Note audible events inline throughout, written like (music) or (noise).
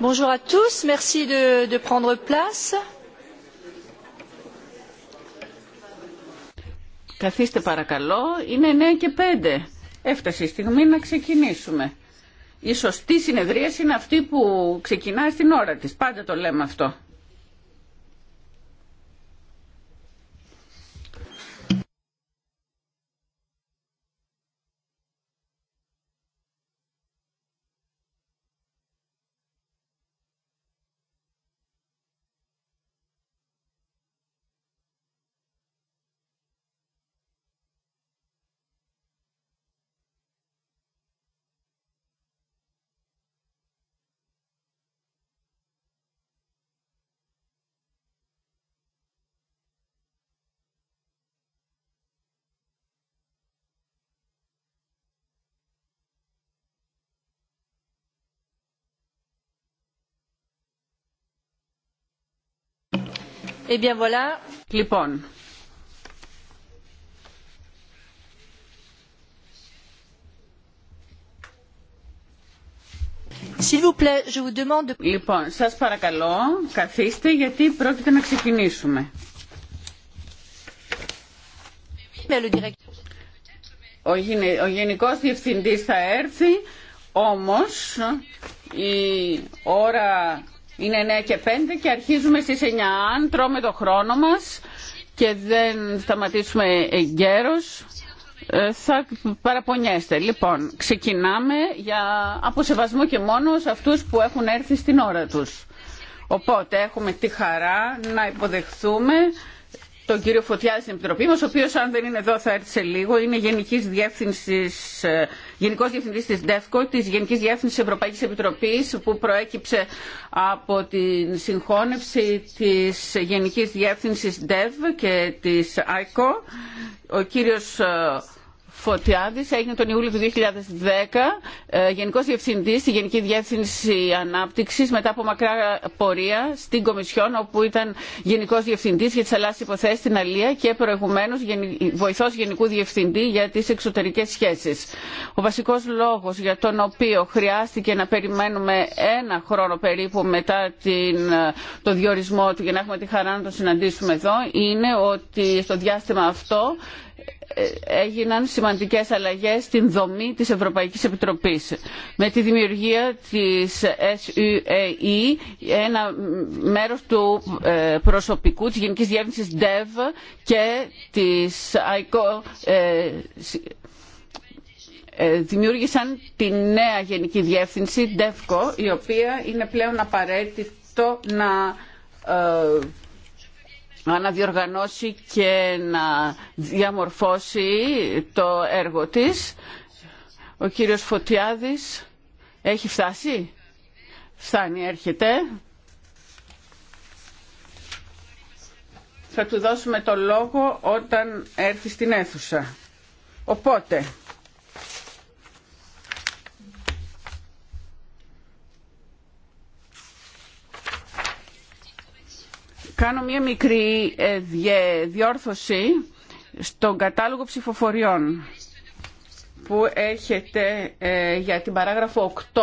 Bonjour à tous, merci de prendre place. Καθίστε παρακαλώ, είναι 9 και 5. Έφτασε η στιγμή να ξεκινήσουμε. Η σωστή συνεδρίαση είναι αυτή που ξεκινά στην ώρα της. Πάντα το λέμε αυτό. Ε, voilà. Λοιπόν. Vous plaît, je λοιπόν, σας παρακαλώ, καθίστε γιατί πρόκειται να ξεκινήσουμε. Ο, γενικό ο Γενικός Διευθυντής θα έρθει, όμως η ώρα είναι 9 και 5 και αρχίζουμε στις 9. Αν τρώμε το χρόνο μας και δεν σταματήσουμε εγκαίρως ε, θα παραπονιέστε. Λοιπόν, ξεκινάμε για αποσεβασμό και μόνο σε αυτούς που έχουν έρθει στην ώρα τους. Οπότε έχουμε τη χαρά να υποδεχθούμε τον κύριο Φωτιά στην Επιτροπή μας, ο οποίος αν δεν είναι εδώ θα έρθει σε λίγο, είναι Γενικής Διεύθυνσης ε, Γενικός Διευθυντής της ΔΕΦΚΟ, της Γενικής Διεύθυνσης Ευρωπαϊκής Επιτροπής, που προέκυψε από την συγχώνευση της Γενικής διεύθυνση ΔΕΒ και της ΑΙΚΟ. Ο κύριος ε, Φωτιάδης έγινε τον Ιούλιο του 2010 ε, Γενικός Διευθυντής στη Γενική Διεύθυνση Ανάπτυξης μετά από μακρά πορεία στην Κομισιόν όπου ήταν Γενικός Διευθυντής για τις αλλάσεις υποθέσεις στην Αλία και προηγουμένως βοηθός Γενικού Διευθυντή για τις εξωτερικές σχέσεις. Ο βασικός λόγος για τον οποίο χρειάστηκε να περιμένουμε ένα χρόνο περίπου μετά την, το διορισμό του για να έχουμε τη χαρά να τον συναντήσουμε εδώ είναι ότι στο διάστημα αυτό έγιναν σημαντικές αλλαγές στην δομή της Ευρωπαϊκής Επιτροπής. Με τη δημιουργία της SUAE, ένα μέρος του ε, προσωπικού της Γενικής Διεύθυνσης DEV και της ICO ε, ε, δημιούργησαν τη νέα Γενική Διεύθυνση DEVCO, η οποία είναι πλέον απαραίτητο να να αναδιοργανώσει και να διαμορφώσει το έργο της. Ο κύριος Φωτιάδης έχει φτάσει. Φτάνει, έρχεται. Θα του δώσουμε το λόγο όταν έρθει στην αίθουσα. Οπότε... κάνω μία μικρή ε, διόρθωση στον κατάλογο ψηφοφοριών που έχετε ε, για την παράγραφο 8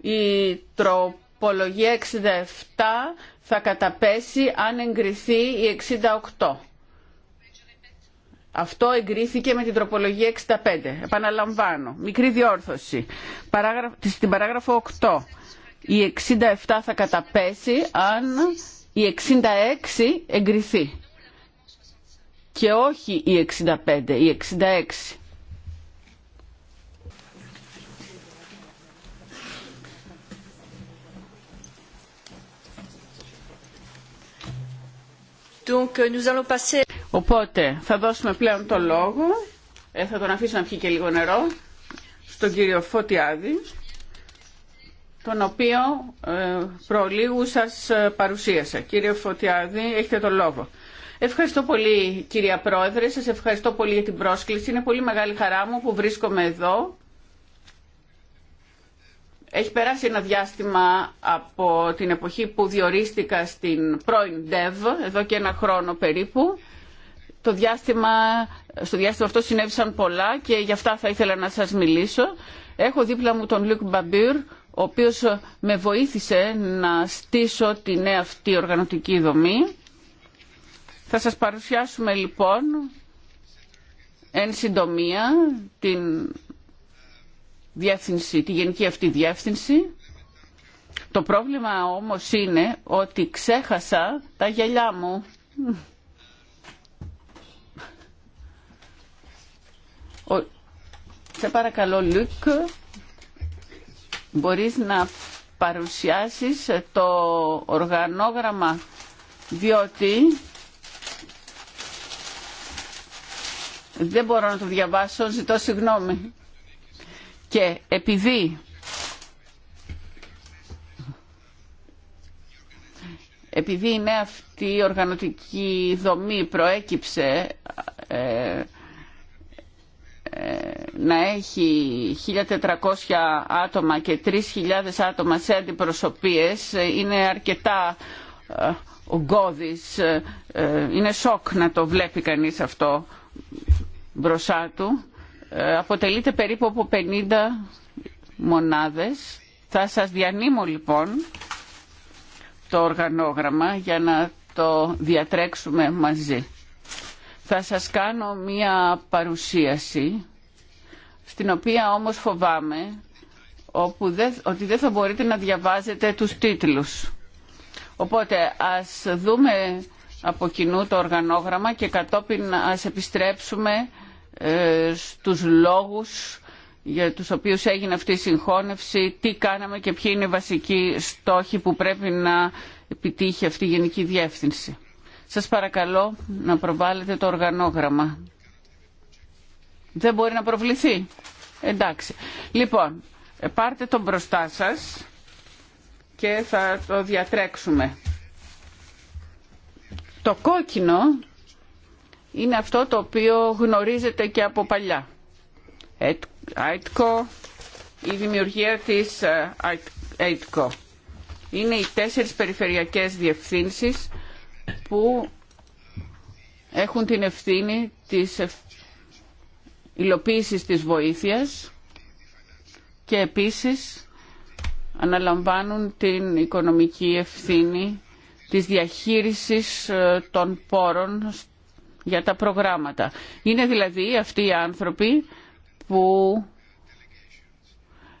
η τροπολογία 67 θα καταπέσει αν εγκριθεί η 68. Αυτό εγκρίθηκε με την τροπολογία 65. Επαναλαμβάνω. Μικρή διόρθωση. Στην παράγραφο 8. Η 67 θα καταπέσει αν η 66 εγκριθεί και όχι η 65, η 66. Οπότε θα δώσουμε πλέον το λόγο, ε, θα τον αφήσω να πιει και λίγο νερό, στον κύριο Φωτιάδη τον οποίο ε, προλίγου σας ε, παρουσίασα. Κύριε Φωτιάδη, έχετε τον λόγο. Ευχαριστώ πολύ κυρία Πρόεδρε, σας ευχαριστώ πολύ για την πρόσκληση. Είναι πολύ μεγάλη χαρά μου που βρίσκομαι εδώ. Έχει περάσει ένα διάστημα από την εποχή που διορίστηκα στην πρώην ΔΕΒ, εδώ και ένα χρόνο περίπου. Το διάστημα, στο διάστημα αυτό συνέβησαν πολλά και γι' αυτά θα ήθελα να σας μιλήσω. Έχω δίπλα μου τον Λουκ Μπαμπύρ, ο οποίος με βοήθησε να στήσω τη νέα αυτή οργανωτική δομή. Θα σας παρουσιάσουμε λοιπόν εν συντομία την τη γενική αυτή διεύθυνση. Το πρόβλημα όμως είναι ότι ξέχασα τα γυαλιά μου. Σε παρακαλώ Λουκ μπορείς να παρουσιάσεις το οργανόγραμμα διότι δεν μπορώ να το διαβάσω, ζητώ συγγνώμη. Και επειδή επειδή είναι αυτή η οργανωτική δομή προέκυψε ε, ε, να έχει 1.400 άτομα και 3.000 άτομα σε αντιπροσωπείες ε, είναι αρκετά ε, ογκώδης, είναι σοκ να το βλέπει κανείς αυτό μπροστά του. Αποτελείται περίπου από 50 μονάδες. Θα σας διανύμω λοιπόν το οργανόγραμμα για να το διατρέξουμε μαζί. Θα σας κάνω μία παρουσίαση, στην οποία όμως φοβάμαι όπου δεν, ότι δεν θα μπορείτε να διαβάζετε τους τίτλους. Οπότε ας δούμε από κοινού το οργανόγραμμα και κατόπιν ας επιστρέψουμε ε, στους λόγους για τους οποίους έγινε αυτή η συγχώνευση, τι κάναμε και ποιοι είναι οι βασικοί στόχοι που πρέπει να επιτύχει αυτή η Γενική Διεύθυνση. Σας παρακαλώ να προβάλλετε το οργανόγραμμα. Δεν μπορεί να προβληθεί. Εντάξει. Λοιπόν, πάρτε τον μπροστά σας και θα το διατρέξουμε. Το κόκκινο είναι αυτό το οποίο γνωρίζετε και από παλιά. ΑΕΤΚΟ, η δημιουργία της ε, ΑΕΤΚΟ. Είναι οι τέσσερις περιφερειακές διευθύνσεις που έχουν την ευθύνη της υλοποίησης της βοήθειας και επίσης αναλαμβάνουν την οικονομική ευθύνη της διαχείρισης ε, των πόρων για τα προγράμματα. Είναι δηλαδή αυτοί οι άνθρωποι που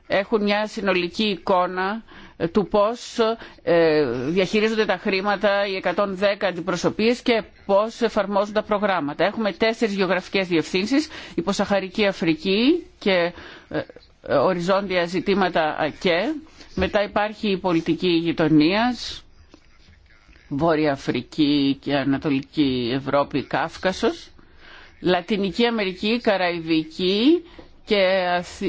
έχουν μια συνολική εικόνα του πώς ε, διαχειρίζονται τα χρήματα οι 110 αντιπροσωπείες και πώς εφαρμόζουν τα προγράμματα. Έχουμε τέσσερις γεωγραφικές διευθύνσεις, η Ποσαχαρική Αφρική και ε, οριζόντια ζητήματα ΑΚΕ. Μετά υπάρχει η πολιτική γειτονίας, Βόρεια Αφρική και Ανατολική Ευρώπη, Κάφκασος. Λατινική Αμερική, Καραϊβική και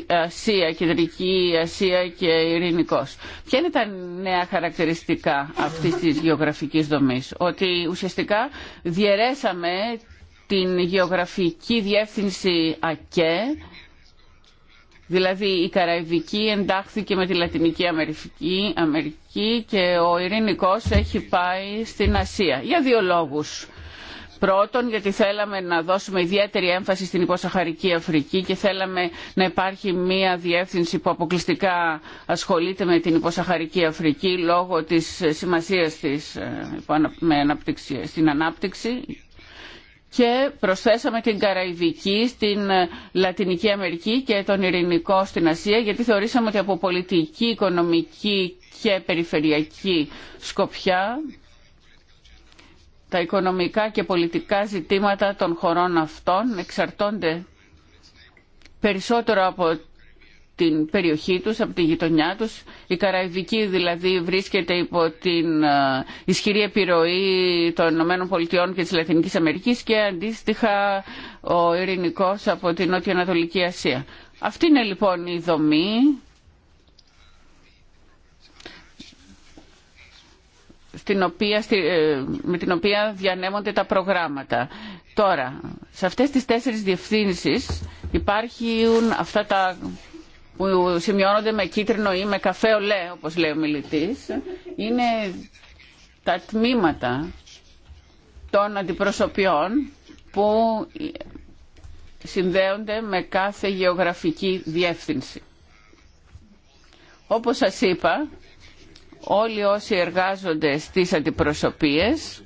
Ασία, Κεντρική Ασία και Ειρηνικό. Ποια είναι τα νέα χαρακτηριστικά αυτής της γεωγραφική δομή, Ότι ουσιαστικά διαιρέσαμε την γεωγραφική διεύθυνση ΑΚΕ, δηλαδή η Καραϊβική εντάχθηκε με τη Λατινική Αμερική, Αμερική και ο Ειρηνικό έχει πάει στην Ασία. Για δύο λόγου. Πρώτον, γιατί θέλαμε να δώσουμε ιδιαίτερη έμφαση στην υποσαχαρική Αφρική και θέλαμε να υπάρχει μια διεύθυνση που αποκλειστικά ασχολείται με την υποσαχαρική Αφρική λόγω της σημασίας της ε, με στην ανάπτυξη και προσθέσαμε την Καραϊβική στην ε, Λατινική Αμερική και τον Ειρηνικό στην Ασία γιατί θεωρήσαμε ότι από πολιτική, οικονομική και περιφερειακή σκοπιά τα οικονομικά και πολιτικά ζητήματα των χωρών αυτών εξαρτώνται περισσότερο από την περιοχή τους, από τη γειτονιά τους. Η Καραϊβική δηλαδή βρίσκεται υπό την ε, ισχυρή επιρροή των Ηνωμένων Πολιτειών και της Λατινικής Αμερικής και αντίστοιχα ο Ειρηνικός από την Νότια Ανατολική Ασία. Αυτή είναι λοιπόν η δομή οποία, ε, με την οποία διανέμονται τα προγράμματα. Τώρα, σε αυτές τις τέσσερις διευθύνσεις υπάρχουν αυτά τα που σημειώνονται με κίτρινο ή με καφέ ολέ, όπως λέει ο μιλητής, είναι τα τμήματα των αντιπροσωπιών που συνδέονται με κάθε γεωγραφική διεύθυνση. Όπως σας είπα, όλοι όσοι εργάζονται στις αντιπροσωπείες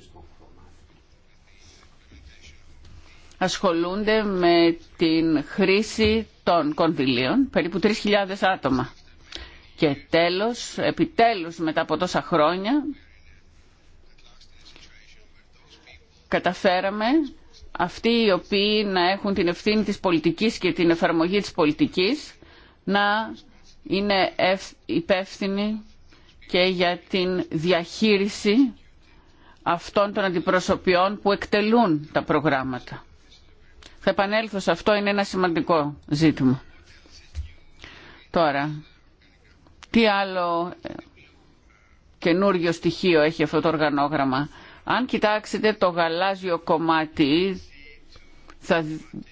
ασχολούνται με την χρήση των κονδυλίων, περίπου 3.000 άτομα. Και τέλος, επιτέλους μετά από τόσα χρόνια, καταφέραμε αυτοί οι οποίοι να έχουν την ευθύνη της πολιτικής και την εφαρμογή της πολιτικής να είναι υπεύθυνοι και για την διαχείριση αυτών των αντιπροσωπιών που εκτελούν τα προγράμματα. Θα επανέλθω σε αυτό, είναι ένα σημαντικό ζήτημα. Τώρα, τι άλλο ε, καινούργιο στοιχείο έχει αυτό το οργανόγραμμα. Αν κοιτάξετε το γαλάζιο κομμάτι, θα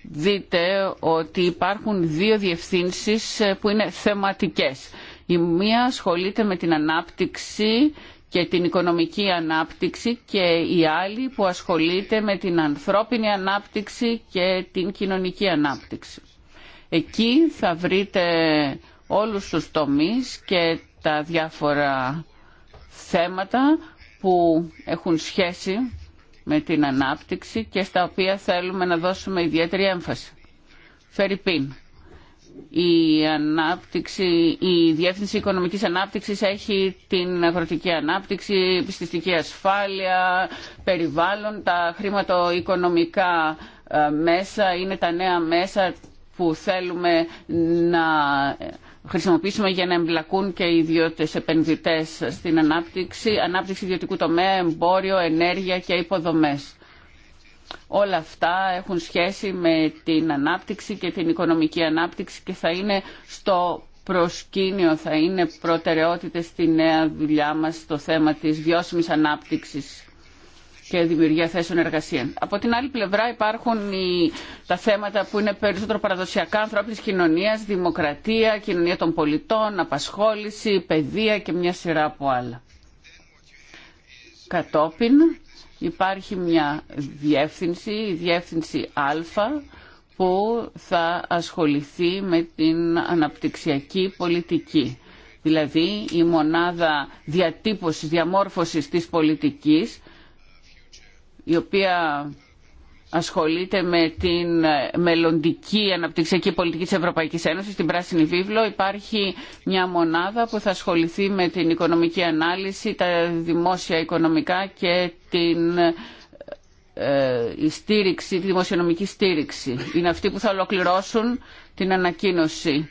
δείτε ότι υπάρχουν δύο διευθύνσεις ε, που είναι θεματικές. Η μία ασχολείται με την ανάπτυξη και την οικονομική ανάπτυξη και η άλλη που ασχολείται με την ανθρώπινη ανάπτυξη και την κοινωνική ανάπτυξη. Εκεί θα βρείτε όλους τους τομείς και τα διάφορα θέματα που έχουν σχέση με την ανάπτυξη και στα οποία θέλουμε να δώσουμε ιδιαίτερη έμφαση. Φερρυπίν η ανάπτυξη, η Διεύθυνση Οικονομικής Ανάπτυξης έχει την αγροτική ανάπτυξη, πιστιστική ασφάλεια, περιβάλλον, τα χρηματοοικονομικά ε, μέσα είναι τα νέα μέσα που θέλουμε να χρησιμοποιήσουμε για να εμπλακούν και οι ιδιώτες επενδυτές στην ανάπτυξη, ανάπτυξη ιδιωτικού τομέα, εμπόριο, ενέργεια και υποδομές όλα αυτά έχουν σχέση με την ανάπτυξη και την οικονομική ανάπτυξη και θα είναι στο προσκήνιο, θα είναι προτεραιότητες στη νέα δουλειά μας στο θέμα της βιώσιμης ανάπτυξης και δημιουργία θέσεων εργασία. Από την άλλη πλευρά υπάρχουν οι, τα θέματα που είναι περισσότερο παραδοσιακά ανθρώπινης κοινωνίας, δημοκρατία, κοινωνία των πολιτών, απασχόληση, παιδεία και μια σειρά από άλλα. Κατόπιν υπάρχει μια διεύθυνση, η διεύθυνση Α, που θα ασχοληθεί με την αναπτυξιακή πολιτική. Δηλαδή η μονάδα διατύπωσης, διαμόρφωσης της πολιτικής, η οποία ασχολείται με την μελλοντική αναπτυξιακή πολιτική της Ευρωπαϊκής Ένωσης, την Πράσινη Βίβλο. Υπάρχει μια μονάδα που θα ασχοληθεί με την οικονομική ανάλυση, τα δημόσια οικονομικά και την ε, στήριξη, τη δημοσιονομική στήριξη. Είναι αυτοί που θα ολοκληρώσουν την ανακοίνωση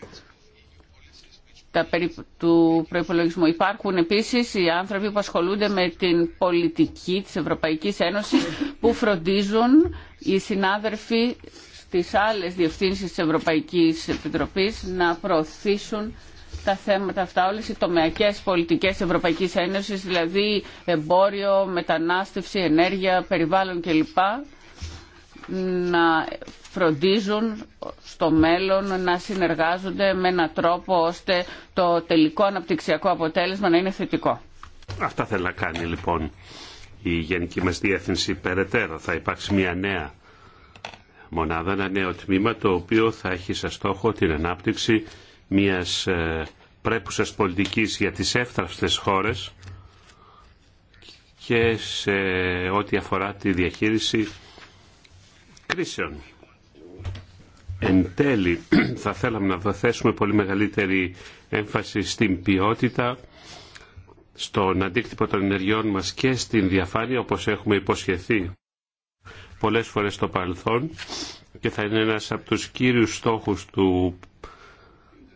τα περί του προϋπολογισμού. Υπάρχουν επίσης οι άνθρωποι που ασχολούνται με την πολιτική της Ευρωπαϊκής Ένωσης που φροντίζουν οι συνάδελφοι στις άλλες διευθύνσεις της Ευρωπαϊκής Επιτροπής να προωθήσουν τα θέματα αυτά, όλες οι τομεακές πολιτικές Ευρωπαϊκής Ένωσης, δηλαδή εμπόριο, μετανάστευση, ενέργεια, περιβάλλον κλπ να φροντίζουν στο μέλλον να συνεργάζονται με έναν τρόπο ώστε το τελικό αναπτυξιακό αποτέλεσμα να είναι θετικό. Αυτά θέλει να κάνει λοιπόν η Γενική μας Διεύθυνση περαιτέρω. Θα υπάρξει μια νέα μονάδα, ένα νέο τμήμα το οποίο θα έχει σε στόχο την ανάπτυξη μιας ε, πρέπουσας πολιτικής για τις εύθραυστες χώρες και σε ό,τι αφορά τη διαχείριση κρίσεων. Εν τέλει, (clears throat) θα θέλαμε να δοθέσουμε πολύ μεγαλύτερη έμφαση στην ποιότητα, στον αντίκτυπο των ενεργειών μας και στην διαφάνεια, όπως έχουμε υποσχεθεί πολλές φορές στο παρελθόν και θα είναι ένας από τους κύριους στόχους του,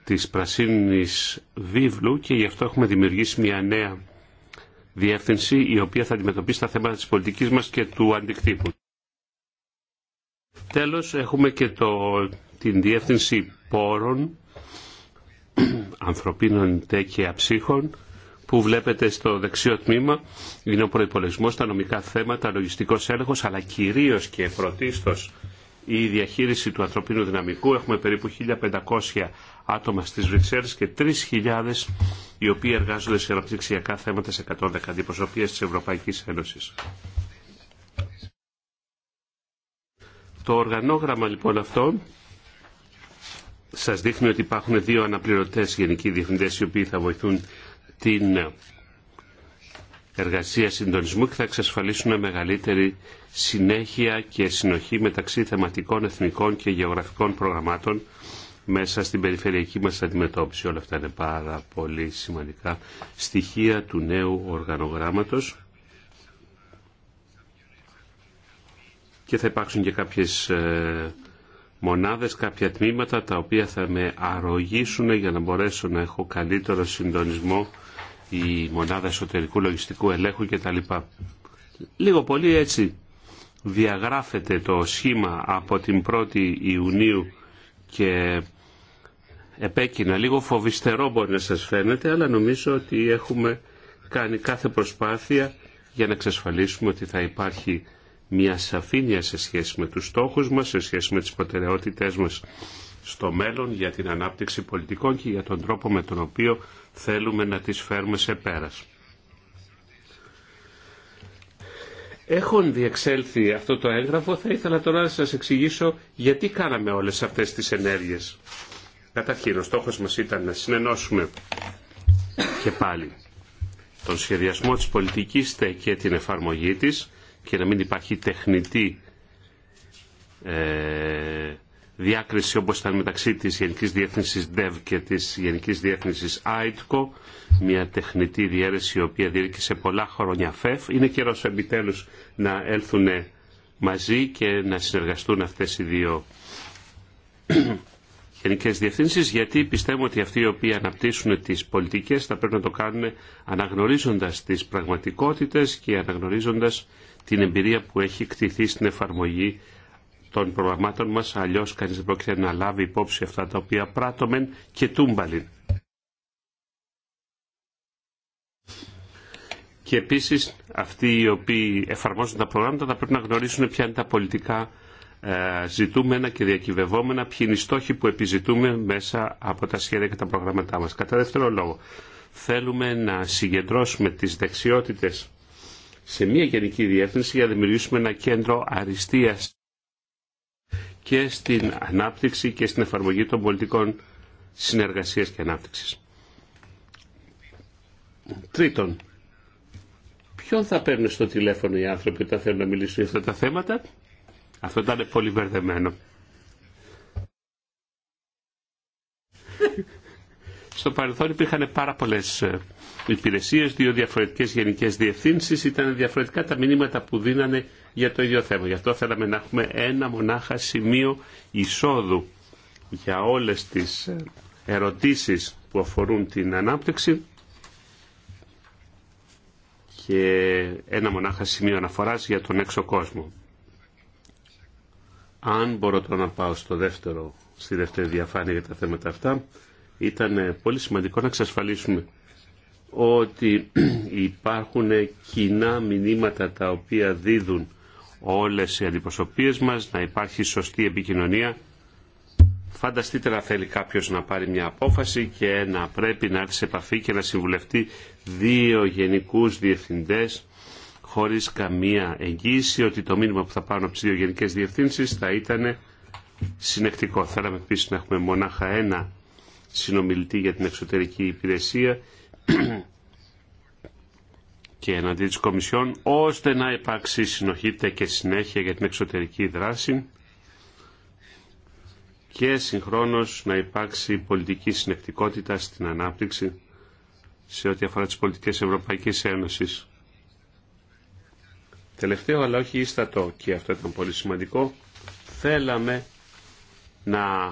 της Πρασίνης Βίβλου και γι' αυτό έχουμε δημιουργήσει μια νέα διεύθυνση η οποία θα αντιμετωπίσει τα θέματα της πολιτικής μας και του αντικτύπου. Τέλος έχουμε και το, την διεύθυνση πόρων ανθρωπίνων τέ και αψύχων που βλέπετε στο δεξιό τμήμα είναι ο προπολογισμό, τα νομικά θέματα, λογιστικό έλεγχο, αλλά κυρίως και πρωτίστως η διαχείριση του ανθρωπίνου δυναμικού. Έχουμε περίπου 1.500 άτομα στις Βρυξέλλε και 3.000 οι οποίοι εργάζονται σε αναπτυξιακά θέματα σε 110 αντιπροσωπείε της Ευρωπαϊκής Ένωσης. Το οργανόγραμμα λοιπόν αυτό σας δείχνει ότι υπάρχουν δύο αναπληρωτές γενικοί διευθυντές οι οποίοι θα βοηθούν την εργασία συντονισμού και θα εξασφαλίσουν μεγαλύτερη συνέχεια και συνοχή μεταξύ θεματικών, εθνικών και γεωγραφικών προγραμμάτων μέσα στην περιφερειακή μας αντιμετώπιση. Όλα αυτά είναι πάρα πολύ σημαντικά στοιχεία του νέου οργανογράμματος. και θα υπάρξουν και κάποιες ε, μονάδες, κάποια τμήματα τα οποία θα με αρρωγήσουν για να μπορέσω να έχω καλύτερο συντονισμό η μονάδα εσωτερικού λογιστικού ελέγχου κτλ. Λίγο πολύ έτσι διαγράφεται το σχήμα από την 1η Ιουνίου και επέκεινα. Λίγο φοβιστερό μπορεί να σας φαίνεται, αλλά νομίζω ότι έχουμε κάνει κάθε προσπάθεια για να εξασφαλίσουμε ότι θα υπάρχει μια σαφήνεια σε σχέση με τους στόχους μας, σε σχέση με τις προτεραιότητές μας στο μέλλον για την ανάπτυξη πολιτικών και για τον τρόπο με τον οποίο θέλουμε να τις φέρουμε σε πέρας. Έχουν διεξέλθει αυτό το έγγραφο, θα ήθελα τώρα να σας εξηγήσω γιατί κάναμε όλες αυτές τις ενέργειες. Καταρχήν, ο στόχος μας ήταν να συνενώσουμε και πάλι τον σχεδιασμό της πολιτικής και την εφαρμογή της, και να μην υπάρχει τεχνητή ε, διάκριση όπως ήταν μεταξύ της Γενικής Διεύθυνσης ΔΕΒ και της Γενικής Διεύθυνσης ΑΙΤΚΟ, μια τεχνητή διαίρεση η οποία διήρκησε πολλά χρόνια ΦΕΦ. Είναι καιρό επιτέλους να έλθουν μαζί και να συνεργαστούν αυτές οι δύο (clears throat) γενικές διευθύνσεις γιατί πιστεύω ότι αυτοί οι οποίοι αναπτύσσουν τις πολιτικές θα πρέπει να το κάνουν αναγνωρίζοντας τις πραγματικότητες και αναγνωρίζοντας την εμπειρία που έχει κτηθεί στην εφαρμογή των προγραμμάτων μας, αλλιώς κανείς δεν πρόκειται να λάβει υπόψη αυτά τα οποία πράττομεν και τούμπαλιν. Και επίσης αυτοί οι οποίοι εφαρμόζουν τα προγράμματα θα πρέπει να γνωρίσουν ποια είναι τα πολιτικά ε, ζητούμενα και διακυβευόμενα, ποιοι είναι οι στόχοι που επιζητούμε μέσα από τα σχέδια και τα προγράμματά μας. Κατά δεύτερο λόγο, θέλουμε να συγκεντρώσουμε τις δεξιότητες σε μια γενική διεύθυνση για να δημιουργήσουμε ένα κέντρο αριστείας και στην ανάπτυξη και στην εφαρμογή των πολιτικών συνεργασίας και ανάπτυξης. Τρίτον, ποιον θα παίρνουν στο τηλέφωνο οι άνθρωποι όταν θέλουν να μιλήσουν για αυτά τα θέματα. Αυτό ήταν πολύ μπερδεμένο. στο παρελθόν υπήρχαν πάρα πολλές ε, Υπηρεσίε δύο διαφορετικέ γενικέ διευθύνσει. Ήταν διαφορετικά τα μηνύματα που δίνανε για το ίδιο θέμα. Γι' αυτό θέλαμε να έχουμε ένα μονάχα σημείο εισόδου για όλες τις ερωτήσεις που αφορούν την ανάπτυξη και ένα μονάχα σημείο αναφοράς για τον έξω κόσμο. Αν μπορώ τώρα να πάω στο δεύτερο, στη δεύτερη διαφάνεια για τα θέματα αυτά, ήταν πολύ σημαντικό να εξασφαλίσουμε ότι (clears throat) υπάρχουν κοινά μηνύματα τα οποία δίδουν όλες οι αντιπροσωπείες μας, να υπάρχει σωστή επικοινωνία. Φανταστείτε να θέλει κάποιος να πάρει μια απόφαση και να πρέπει να έρθει σε επαφή και να συμβουλευτεί δύο γενικούς διευθυντές χωρίς καμία εγγύηση ότι το μήνυμα που θα πάρουν από τις δύο γενικές διευθύνσεις θα ήταν συνεκτικό. Θέλαμε επίση να έχουμε μονάχα ένα συνομιλητή για την εξωτερική υπηρεσία (coughs) και εναντί της Κομισιόν, ώστε να υπάρξει συνοχή και συνέχεια για την εξωτερική δράση και συγχρόνως να υπάρξει πολιτική συνεκτικότητα στην ανάπτυξη σε ό,τι αφορά τις πολιτικές Ευρωπαϊκής Ένωσης. Τελευταίο αλλά όχι ίστατο και αυτό ήταν πολύ σημαντικό, θέλαμε να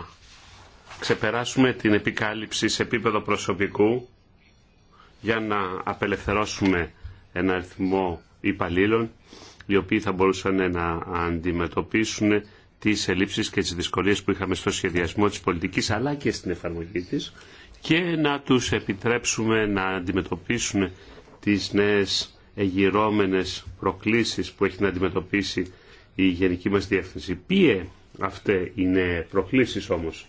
ξεπεράσουμε την επικάλυψη σε επίπεδο προσωπικού για να απελευθερώσουμε ένα αριθμό υπαλλήλων οι οποίοι θα μπορούσαν να αντιμετωπίσουν τις ελλείψεις και τις δυσκολίες που είχαμε στο σχεδιασμό της πολιτικής αλλά και στην εφαρμογή της και να τους επιτρέψουμε να αντιμετωπίσουν τις νέες εγυρώμενες προκλήσεις που έχει να αντιμετωπίσει η γενική μας διεύθυνση. Ποιε αυτέ είναι προκλήσεις όμως.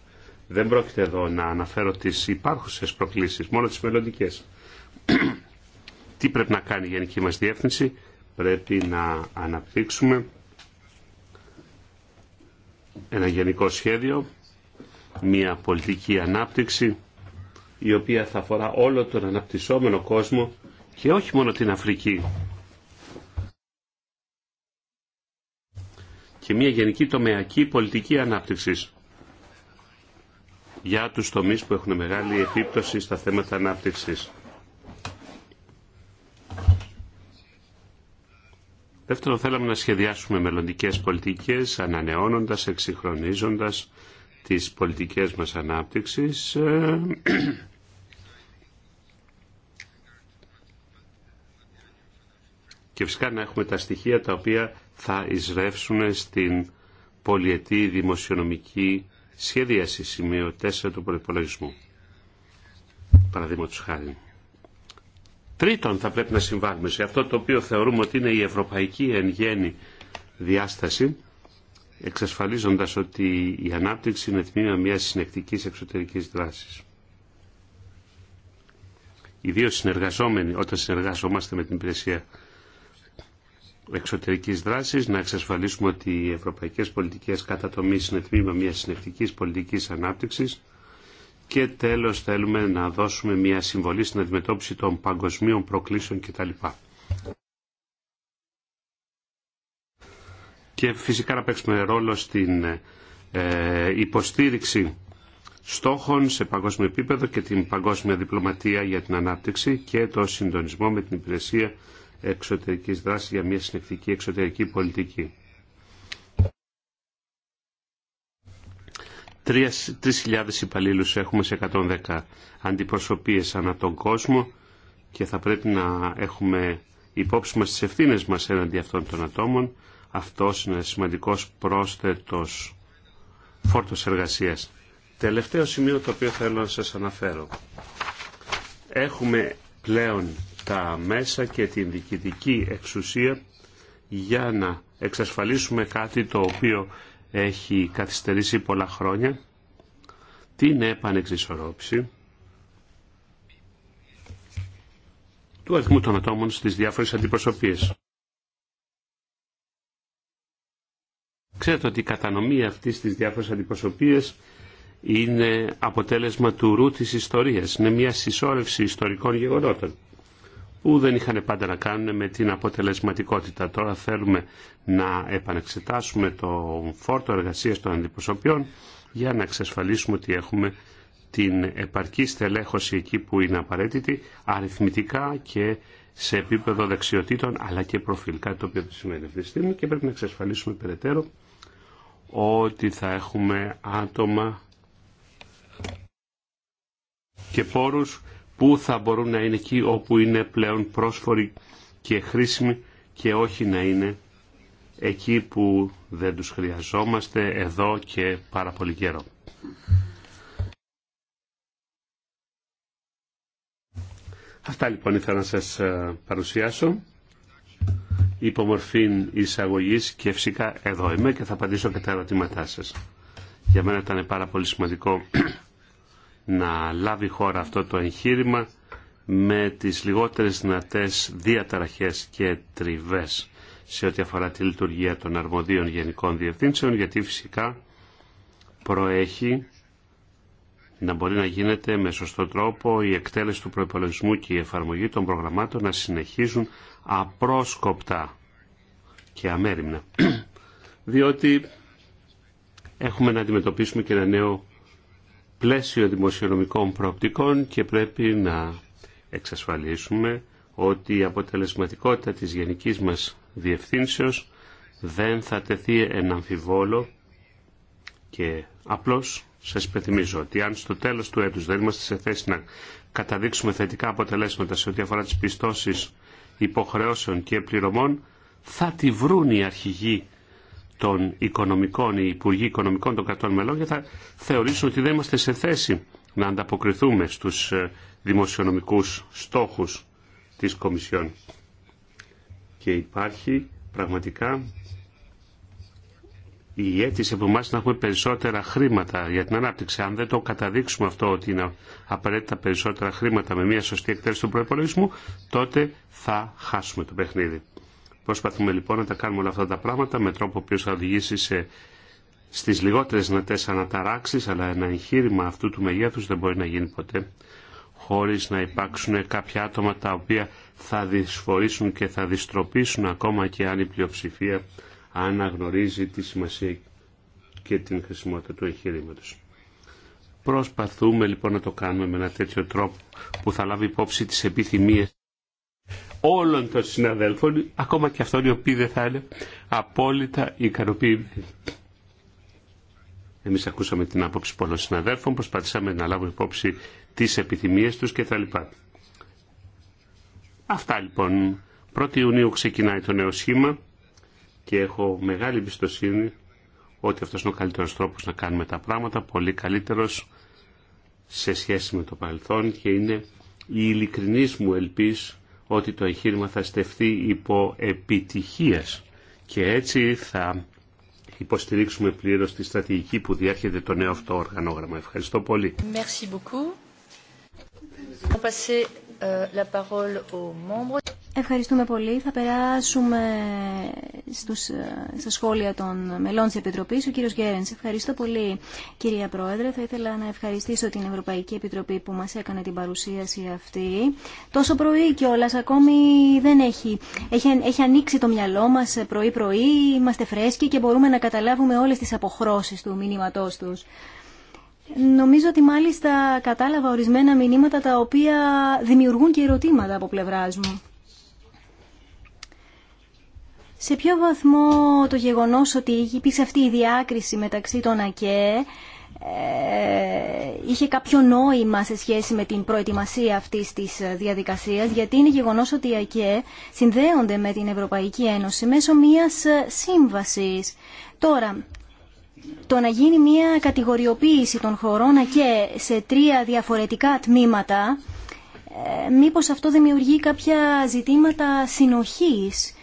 Δεν πρόκειται εδώ να αναφέρω τις υπάρχουσες προκλήσεις, μόνο τις μελλοντικές. Τι πρέπει να κάνει η Γενική μας Διεύθυνση. Πρέπει να αναπτύξουμε ένα γενικό σχέδιο, μια πολιτική ανάπτυξη η οποία θα αφορά όλο τον αναπτυσσόμενο κόσμο και όχι μόνο την Αφρική. Και μια γενική τομεακή πολιτική ανάπτυξης για τους τομείς που έχουν μεγάλη επίπτωση στα θέματα ανάπτυξης. Δεύτερον, θέλαμε να σχεδιάσουμε μελλοντικές πολιτικές ανανεώνοντας, εξυγχρονίζοντας τις πολιτικές μας ανάπτυξης ε, και φυσικά να έχουμε τα στοιχεία τα οποία θα εισρεύσουν στην πολιετή δημοσιονομική σχεδίαση σημείο 4 του προπολογισμού. Παραδείγματος χάρη. Τρίτον, θα πρέπει να συμβάλλουμε σε αυτό το οποίο θεωρούμε ότι είναι η ευρωπαϊκή εν γέννη διάσταση, εξασφαλίζοντας ότι η ανάπτυξη είναι τμήμα μιας συνεκτικής εξωτερικής δράσης. δύο συνεργαζόμενοι, όταν συνεργαζόμαστε με την υπηρεσία εξωτερικής δράσης, να εξασφαλίσουμε ότι οι ευρωπαϊκές πολιτικές κατατομής είναι τμήμα μιας συνεκτικής πολιτικής ανάπτυξης, και τέλος θέλουμε να δώσουμε μια συμβολή στην αντιμετώπιση των παγκοσμίων προκλήσεων κτλ. Και φυσικά να παίξουμε ρόλο στην ε, υποστήριξη στόχων σε παγκόσμιο επίπεδο και την παγκόσμια διπλωματία για την ανάπτυξη και το συντονισμό με την υπηρεσία εξωτερικής δράσης για μια συνεκτική εξωτερική πολιτική. 3.000 υπαλλήλους έχουμε σε 110 αντιπροσωπείες ανά τον κόσμο και θα πρέπει να έχουμε υπόψη μας τις ευθύνες μας έναντι αυτών των ατόμων. Αυτό είναι σημαντικός πρόσθετος φόρτος εργασίας. Τελευταίο σημείο το οποίο θέλω να σας αναφέρω. Έχουμε πλέον τα μέσα και την διοικητική εξουσία για να εξασφαλίσουμε κάτι το οποίο έχει καθυστερήσει πολλά χρόνια, την επανεξισορρόψη του αριθμού των ατόμων στις διάφορες αντιπροσωπείες. Ξέρετε ότι η κατανομή αυτή στις διάφορες αντιπροσωπείες είναι αποτέλεσμα του ρού της ιστορίας. Είναι μια συσσόρευση ιστορικών γεγονότων που δεν είχαν πάντα να κάνουν με την αποτελεσματικότητα. Τώρα θέλουμε να επανεξετάσουμε το φόρτο εργασίας των αντιπροσωπιών για να εξασφαλίσουμε ότι έχουμε την επαρκή στελέχωση εκεί που είναι απαραίτητη, αριθμητικά και σε επίπεδο δεξιοτήτων, αλλά και προφιλικά το οποίο σημαίνει αυτή τη στιγμή και πρέπει να εξασφαλίσουμε περαιτέρω ότι θα έχουμε άτομα και πόρους που θα μπορούν να είναι εκεί όπου είναι πλέον πρόσφοροι και χρήσιμοι και όχι να είναι εκεί που δεν τους χρειαζόμαστε εδώ και πάρα πολύ καιρό. Αυτά λοιπόν ήθελα να σας ε, παρουσιάσω υπομορφή εισαγωγή και φυσικά εδώ είμαι και θα απαντήσω και τα ερωτήματά σας. Για μένα ήταν πάρα πολύ σημαντικό να λάβει χώρα αυτό το εγχείρημα με τις λιγότερες δυνατέ διαταραχές και τριβές σε ό,τι αφορά τη λειτουργία των αρμοδίων γενικών διευθύνσεων, γιατί φυσικά προέχει να μπορεί να γίνεται με σωστό τρόπο η εκτέλεση του προϋπολογισμού και η εφαρμογή των προγραμμάτων να συνεχίζουν απρόσκοπτα και αμέριμνα. (clears throat) Διότι έχουμε να αντιμετωπίσουμε και ένα νέο πλαίσιο δημοσιονομικών προοπτικών και πρέπει να εξασφαλίσουμε ότι η αποτελεσματικότητα της γενικής μας διευθύνσεως δεν θα τεθεί εν αμφιβόλο και απλώς σας υπενθυμίζω ότι αν στο τέλος του έτους δεν είμαστε σε θέση να καταδείξουμε θετικά αποτελέσματα σε ό,τι αφορά τις πιστώσεις υποχρεώσεων και πληρωμών, θα τη βρουν οι αρχηγοί των οικονομικών, οι Υπουργοί Οικονομικών των κρατών μελών και θα θεωρήσουν ότι δεν είμαστε σε θέση να ανταποκριθούμε στους ε, δημοσιονομικούς στόχους της Κομισιόν. Και υπάρχει πραγματικά η αίτηση από εμάς να έχουμε περισσότερα χρήματα για την ανάπτυξη. Αν δεν το καταδείξουμε αυτό ότι είναι απαραίτητα περισσότερα χρήματα με μια σωστή εκτέλεση του προπολογισμού, τότε θα χάσουμε το παιχνίδι. Προσπαθούμε λοιπόν να τα κάνουμε όλα αυτά τα πράγματα με τρόπο που θα οδηγήσει σε στις λιγότερες νατές αναταράξεις, αλλά ένα εγχείρημα αυτού του μεγέθους δεν μπορεί να γίνει ποτέ χωρίς να υπάρξουν κάποια άτομα τα οποία θα δυσφορήσουν και θα δυστροπήσουν ακόμα και αν η πλειοψηφία αναγνωρίζει τη σημασία και την χρησιμότητα του εγχειρήματο. Προσπαθούμε λοιπόν να το κάνουμε με ένα τέτοιο τρόπο που θα λάβει υπόψη τις επιθυμίες όλων των συναδέλφων, ακόμα και αυτών οι οποίοι δεν θα είναι απόλυτα ικανοποιημένοι. Εμείς ακούσαμε την άποψη πολλών συναδέλφων, προσπαθήσαμε να λάβουμε υπόψη τις επιθυμίες τους κτλ. Αυτά λοιπόν. 1η Ιουνίου ξεκινάει το νέο σχήμα και έχω μεγάλη εμπιστοσύνη ότι αυτός είναι ο καλύτερος τρόπος να κάνουμε τα πράγματα, πολύ καλύτερος σε σχέση με το παρελθόν και είναι η ειλικρινής μου ελπίς ότι το εγχείρημα θα στεφθεί υπό επιτυχίας και έτσι θα υποστηρίξουμε πλήρως τη στρατηγική που διέρχεται το νέο αυτό οργανόγραμμα. Ευχαριστώ πολύ. Euh, Ευχαριστούμε πολύ. Θα περάσουμε στους, ε, στα σχόλια των μελών της Επιτροπής. Ο κύριος Γκέρεν, ευχαριστώ πολύ κυρία Πρόεδρε. Θα ήθελα να ευχαριστήσω την Ευρωπαϊκή Επιτροπή που μας έκανε την παρουσίαση αυτή. Τόσο πρωί κιόλα, ακόμη δεν έχει. έχει. Έχει ανοίξει το μυαλό μας πρωί-πρωί, είμαστε φρέσκοι και μπορούμε να καταλάβουμε όλες τις αποχρώσεις του μήνυματός τους. Νομίζω ότι μάλιστα κατάλαβα ορισμένα μηνύματα τα οποία δημιουργούν και ερωτήματα από πλευρά. μου. Σε ποιο βαθμό το γεγονός ότι υπήρξε αυτή η διάκριση μεταξύ των ΑΚΕ ε, είχε κάποιο νόημα σε σχέση με την προετοιμασία αυτής της διαδικασίας γιατί είναι γεγονός ότι οι ΑΚΕ συνδέονται με την Ευρωπαϊκή Ένωση μέσω μιας σύμβασης. Τώρα, το να γίνει μια κατηγοριοποίηση των χωρών και σε τρία διαφορετικά τμήματα, ε, μήπως αυτό δημιουργεί κάποια ζητήματα συνοχής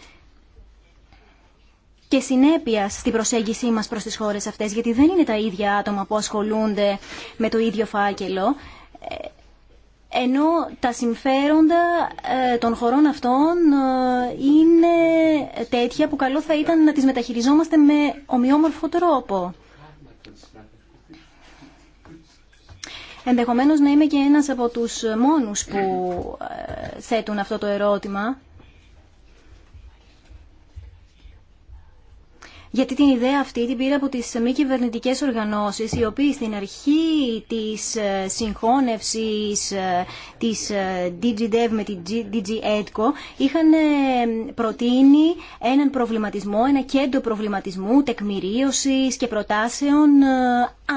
και συνέπεια στην προσέγγιση μας προς τις χώρες αυτές, γιατί δεν είναι τα ίδια άτομα που ασχολούνται με το ίδιο φάκελο. Ε, ενώ τα συμφέροντα ε, των χωρών αυτών ε, είναι τέτοια που καλό θα ήταν να τις μεταχειριζόμαστε με ομοιόμορφο τρόπο. Ενδεχομένως να είμαι και ένας από τους μόνους που ε, θέτουν αυτό το ερώτημα. γιατί την ιδέα αυτή την πήρε από τις μη κυβερνητικέ οργανώσεις οι οποίοι στην αρχή της ε, συγχώνευσης ε, της ε, DGDEV με την DGEDCO είχαν προτείνει έναν προβληματισμό, ένα κέντρο προβληματισμού, τεκμηρίωσης και προτάσεων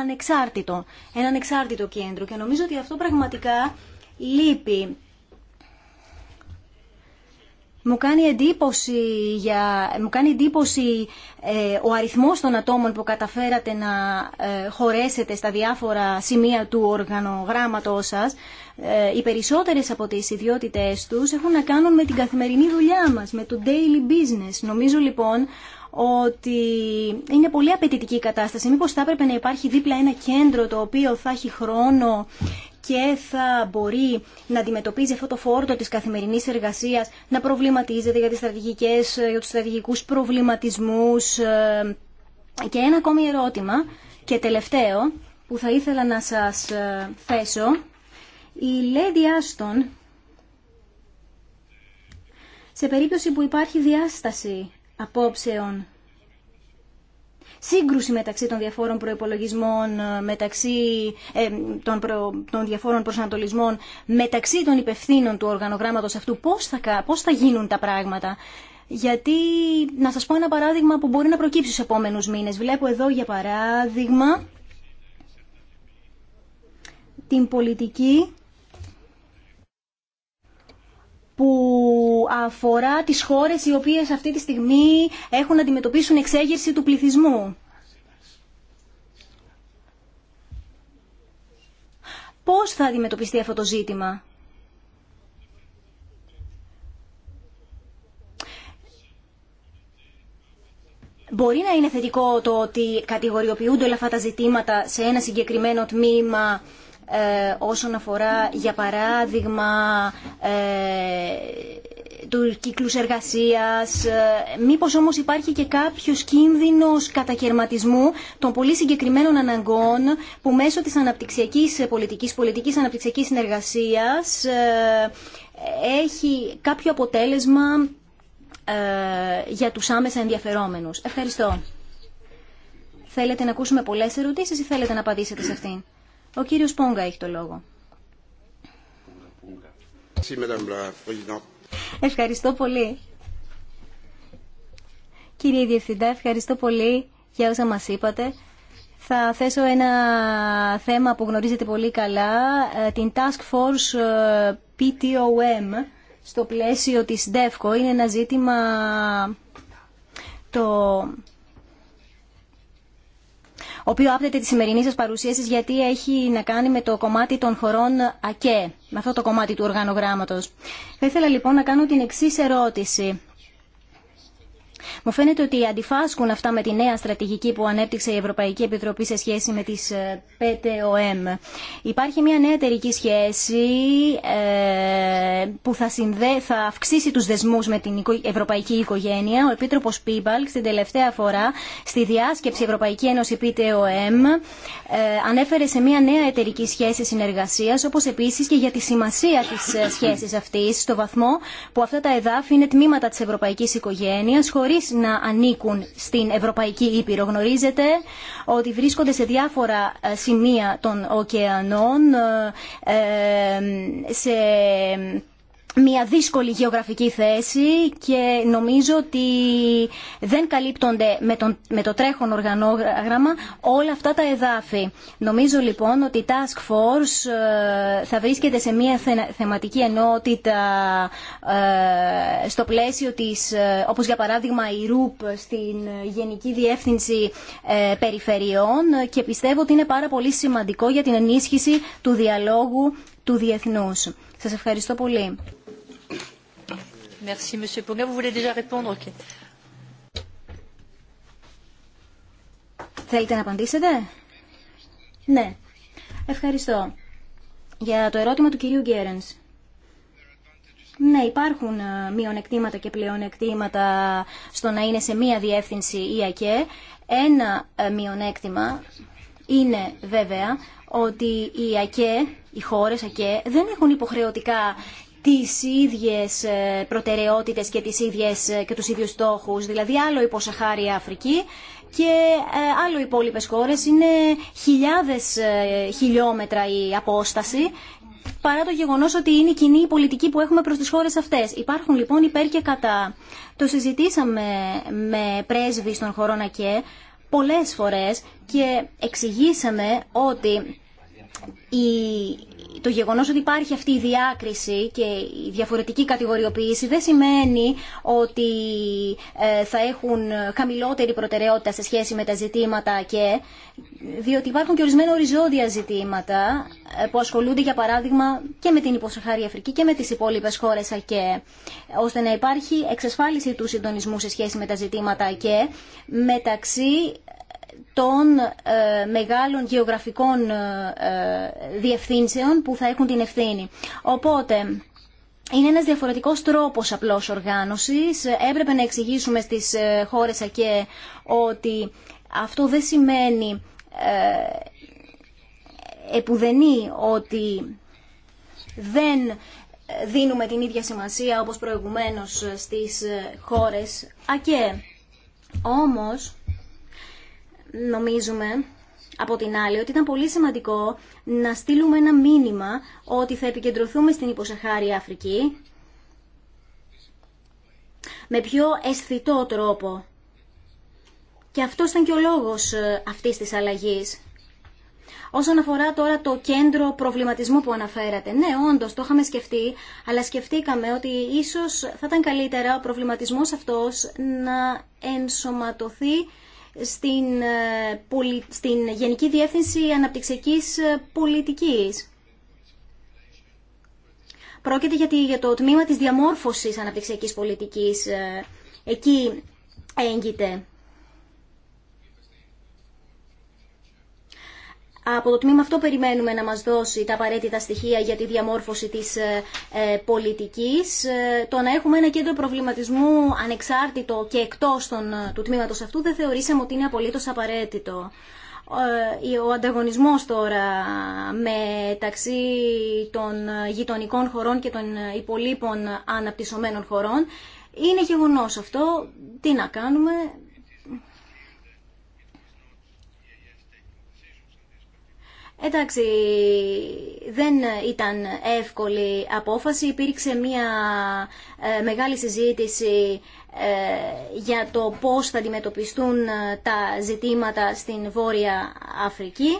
ανεξάρτητο. Ένα ανεξάρτητο κέντρο και νομίζω ότι αυτό πραγματικά λείπει μου κάνει εντύπωση, για, μου κάνει ε, ο αριθμός των ατόμων που καταφέρατε να ε, χωρέσετε στα διάφορα σημεία του οργανογράμματός σας. Ε, οι περισσότερες από τις ιδιότητες τους έχουν να κάνουν με την καθημερινή δουλειά μας, με το daily business. Νομίζω λοιπόν ότι είναι πολύ απαιτητική η κατάσταση. Μήπως θα έπρεπε να υπάρχει δίπλα ένα κέντρο το οποίο θα έχει χρόνο και θα μπορεί να αντιμετωπίζει αυτό το φόρτο της καθημερινής εργασίας, να προβληματίζεται για, τις στρατηγικές, ε, για τους στρατηγικούς προβληματισμούς. Ε. Και ένα ακόμη ερώτημα και τελευταίο που θα ήθελα να σας ε, θέσω. Η Lady Άστον, σε περίπτωση που υπάρχει διάσταση απόψεων σύγκρουση μεταξύ των διαφόρων προπολογισμών, ε, μεταξύ ε, των, των διαφόρων προσανατολισμών, μεταξύ των υπευθύνων του οργανογράμματος αυτού, πώς θα, πώς θα γίνουν τα πράγματα. Γιατί, να σας πω ένα παράδειγμα που μπορεί να προκύψει στους επόμενους μήνες. Βλέπω εδώ, για παράδειγμα, την πολιτική που αφορά τις χώρες οι οποίες αυτή τη στιγμή έχουν να αντιμετωπίσουν εξέγερση του πληθυσμού. Πώς θα αντιμετωπιστεί αυτό το ζήτημα. Μπορεί να είναι θετικό το ότι κατηγοριοποιούνται όλα αυτά τα ζητήματα σε ένα συγκεκριμένο τμήμα ε, όσον αφορά, για παράδειγμα, ε, του κύκλου εργασίας. Ε, μήπως όμως υπάρχει και κάποιος κίνδυνος κατακαιρματισμού των πολύ συγκεκριμένων αναγκών που μέσω της αναπτυξιακής πολιτικής, πολιτικής αναπτυξιακής συνεργασίας έχει κάποιο αποτέλεσμα για τους άμεσα ενδιαφερόμενους. Ευχαριστώ. Θέλετε να ακούσουμε πολλές ερωτήσεις ή θέλετε να απαντήσετε σε αυτήν. Ο κύριος Πόγκα έχει το λόγο. Ευχαριστώ πολύ. Κύριε Διευθυντά, ευχαριστώ πολύ για όσα μας είπατε. Θα θέσω ένα θέμα που γνωρίζετε πολύ καλά, ε, την Task Force ε, PTOM στο πλαίσιο της DEFCO. Είναι ένα ζήτημα το οποίο άπτεται τη σημερινή σα παρουσίαση γιατί έχει να κάνει με το κομμάτι των χωρών ΑΚΕ, με αυτό το κομμάτι του οργανογράμματος. Θα ήθελα λοιπόν να κάνω την εξή ερώτηση. Μου φαίνεται ότι αντιφάσκουν αυτά με τη νέα στρατηγική που ανέπτυξε η Ευρωπαϊκή Επιτροπή σε σχέση με τις ε, ΠΤΟΜ. Υπάρχει μια νέα εταιρική σχέση ε, που θα, συνδέ, θα αυξήσει τους δεσμούς με την ευρωπαϊκή οικογένεια. Ο Επίτροπος Πίμπαλ στην τελευταία φορά στη διάσκεψη Ευρωπαϊκή Ένωση ΠΤΟΜ ε, ανέφερε σε μια νέα εταιρική σχέση συνεργασίας όπως επίσης και για τη σημασία της σχέσης αυτής στο βαθμό που αυτά τα εδάφη είναι τμήματα της ευρωπαϊκής οικογένειας να ανήκουν στην Ευρωπαϊκή Ήπειρο. Γνωρίζετε ότι βρίσκονται σε διάφορα ε, σημεία των ωκεανών, ε, ε, σε μια δύσκολη γεωγραφική θέση και νομίζω ότι δεν καλύπτονται με, τον, με το τρέχον οργανόγραμμα όλα αυτά τα εδάφη. Νομίζω λοιπόν ότι η Task Force ε, θα βρίσκεται σε μια θεματική ενότητα ε, στο πλαίσιο της, ε, όπως για παράδειγμα η ΡΟΥΠ στην Γενική Διεύθυνση Περιφερειών και πιστεύω ότι είναι πάρα πολύ σημαντικό για την ενίσχυση του διαλόγου του διεθνούς. Σας ευχαριστώ πολύ. Merci, Monsieur Ponga. Vous voulez déjà répondre Θέλετε να απαντήσετε? Ναι. Ευχαριστώ. Για το ερώτημα του κυρίου Γκέρενς. Ναι, υπάρχουν ε, μειονεκτήματα και πλεονεκτήματα στο να είναι σε μία διεύθυνση η ΑΚΕ. Ένα ε, μειονέκτημα είναι βέβαια ότι οι ΑΚΕ, οι χώρες ΑΚΕ δεν έχουν υποχρεωτικά τις ίδιες ε, προτεραιότητες και, τις ίδιες, ε, και τους ίδιους στόχους. Δηλαδή άλλο η Ποσαχάρια Αφρική και ε, άλλο οι υπόλοιπε χώρες είναι χιλιάδες χιλιόμετρα η απόσταση παρά το γεγονός ότι είναι η κοινή πολιτική που έχουμε προς τις χώρες αυτές. Υπάρχουν λοιπόν υπέρ και κατά. Το συζητήσαμε με πρέσβη στον χωρών ΑΚΕ πολλές φορές και εξηγήσαμε ότι η το γεγονός ότι υπάρχει αυτή η διάκριση και η διαφορετική κατηγοριοποίηση δεν σημαίνει ότι ε, θα έχουν χαμηλότερη προτεραιότητα σε σχέση με τα ζητήματα και διότι υπάρχουν και ορισμένα οριζόντια ζητήματα ε, που ασχολούνται για παράδειγμα και με την υποσαχάρη Αφρική και με τις υπόλοιπες χώρες ΑΚΕ ώστε να υπάρχει εξασφάλιση του συντονισμού σε σχέση με τα ζητήματα ΑΚΕ μεταξύ των ε, μεγάλων γεωγραφικών ε, ε, διευθύνσεων που θα έχουν την ευθύνη. Οπότε... Είναι ένας διαφορετικός τρόπος απλώς οργάνωσης. Έπρεπε να εξηγήσουμε στις χώρες ΑΚΕ ότι αυτό δεν σημαίνει επουδενή ότι δεν δίνουμε την ίδια σημασία όπως προηγουμένως στις χώρες ΑΚΕ. Όμως νομίζουμε από την άλλη ότι ήταν πολύ σημαντικό να στείλουμε ένα μήνυμα ότι θα επικεντρωθούμε στην υποσαχάρια Αφρική με πιο αισθητό τρόπο. Και αυτό ήταν και ο λόγος ε, αυτής της αλλαγής. Όσον αφορά τώρα το κέντρο προβληματισμού που αναφέρατε, ναι, όντω το είχαμε σκεφτεί, αλλά σκεφτήκαμε ότι ίσω θα ήταν καλύτερα ο προβληματισμό αυτό να ενσωματωθεί στην, ε, στην Γενική Διεύθυνση Αναπτυξιακής ε, Πολιτικής. Πρόκειται γιατί για το τμήμα της διαμόρφωσης αναπτυξιακής πολιτικής. Ε, εκεί έγκυται Από το τμήμα αυτό περιμένουμε να μας δώσει τα απαραίτητα στοιχεία για τη διαμόρφωση της ε, ε, πολιτικής. Ε, το να έχουμε ένα κέντρο προβληματισμού ανεξάρτητο και εκτός των, του τμήματος αυτού δεν θεωρήσαμε ότι είναι απολύτως απαραίτητο ο ανταγωνισμός τώρα μεταξύ των γειτονικών χωρών και των υπολείπων αναπτυσσομένων χωρών είναι γεγονός αυτό. Τι να κάνουμε, Εντάξει, δεν ήταν εύκολη απόφαση. Υπήρξε μια ε, μεγάλη συζήτηση ε, για το πώς θα αντιμετωπιστούν ε, τα ζητήματα στην Βόρεια Αφρική.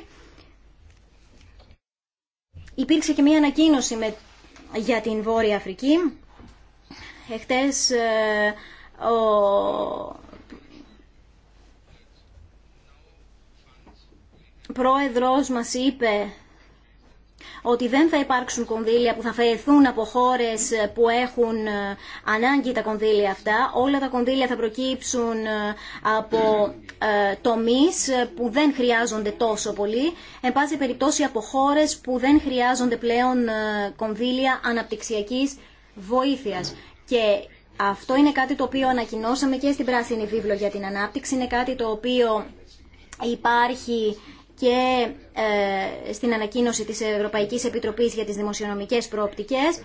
Υπήρξε και μια ανακοίνωση με, για την Βόρεια Αφρική. Εχθές ο πρόεδρος μας είπε ότι δεν θα υπάρξουν κονδύλια που θα φερεθούν από χώρες που έχουν ε, ανάγκη τα κονδύλια αυτά. Όλα τα κονδύλια θα προκύψουν ε, από ε, τομείς που δεν χρειάζονται τόσο πολύ. Εν πάση περιπτώσει από χώρες που δεν χρειάζονται πλέον κονδύλια αναπτυξιακή βοήθειας. Και αυτό είναι κάτι το οποίο ανακοινώσαμε και στην Πράσινη Βίβλο για την Ανάπτυξη. Είναι κάτι το οποίο υπάρχει και ε, στην ανακοίνωση της Ευρωπαϊκής Επιτροπής για τις δημοσιονομικές προοπτικές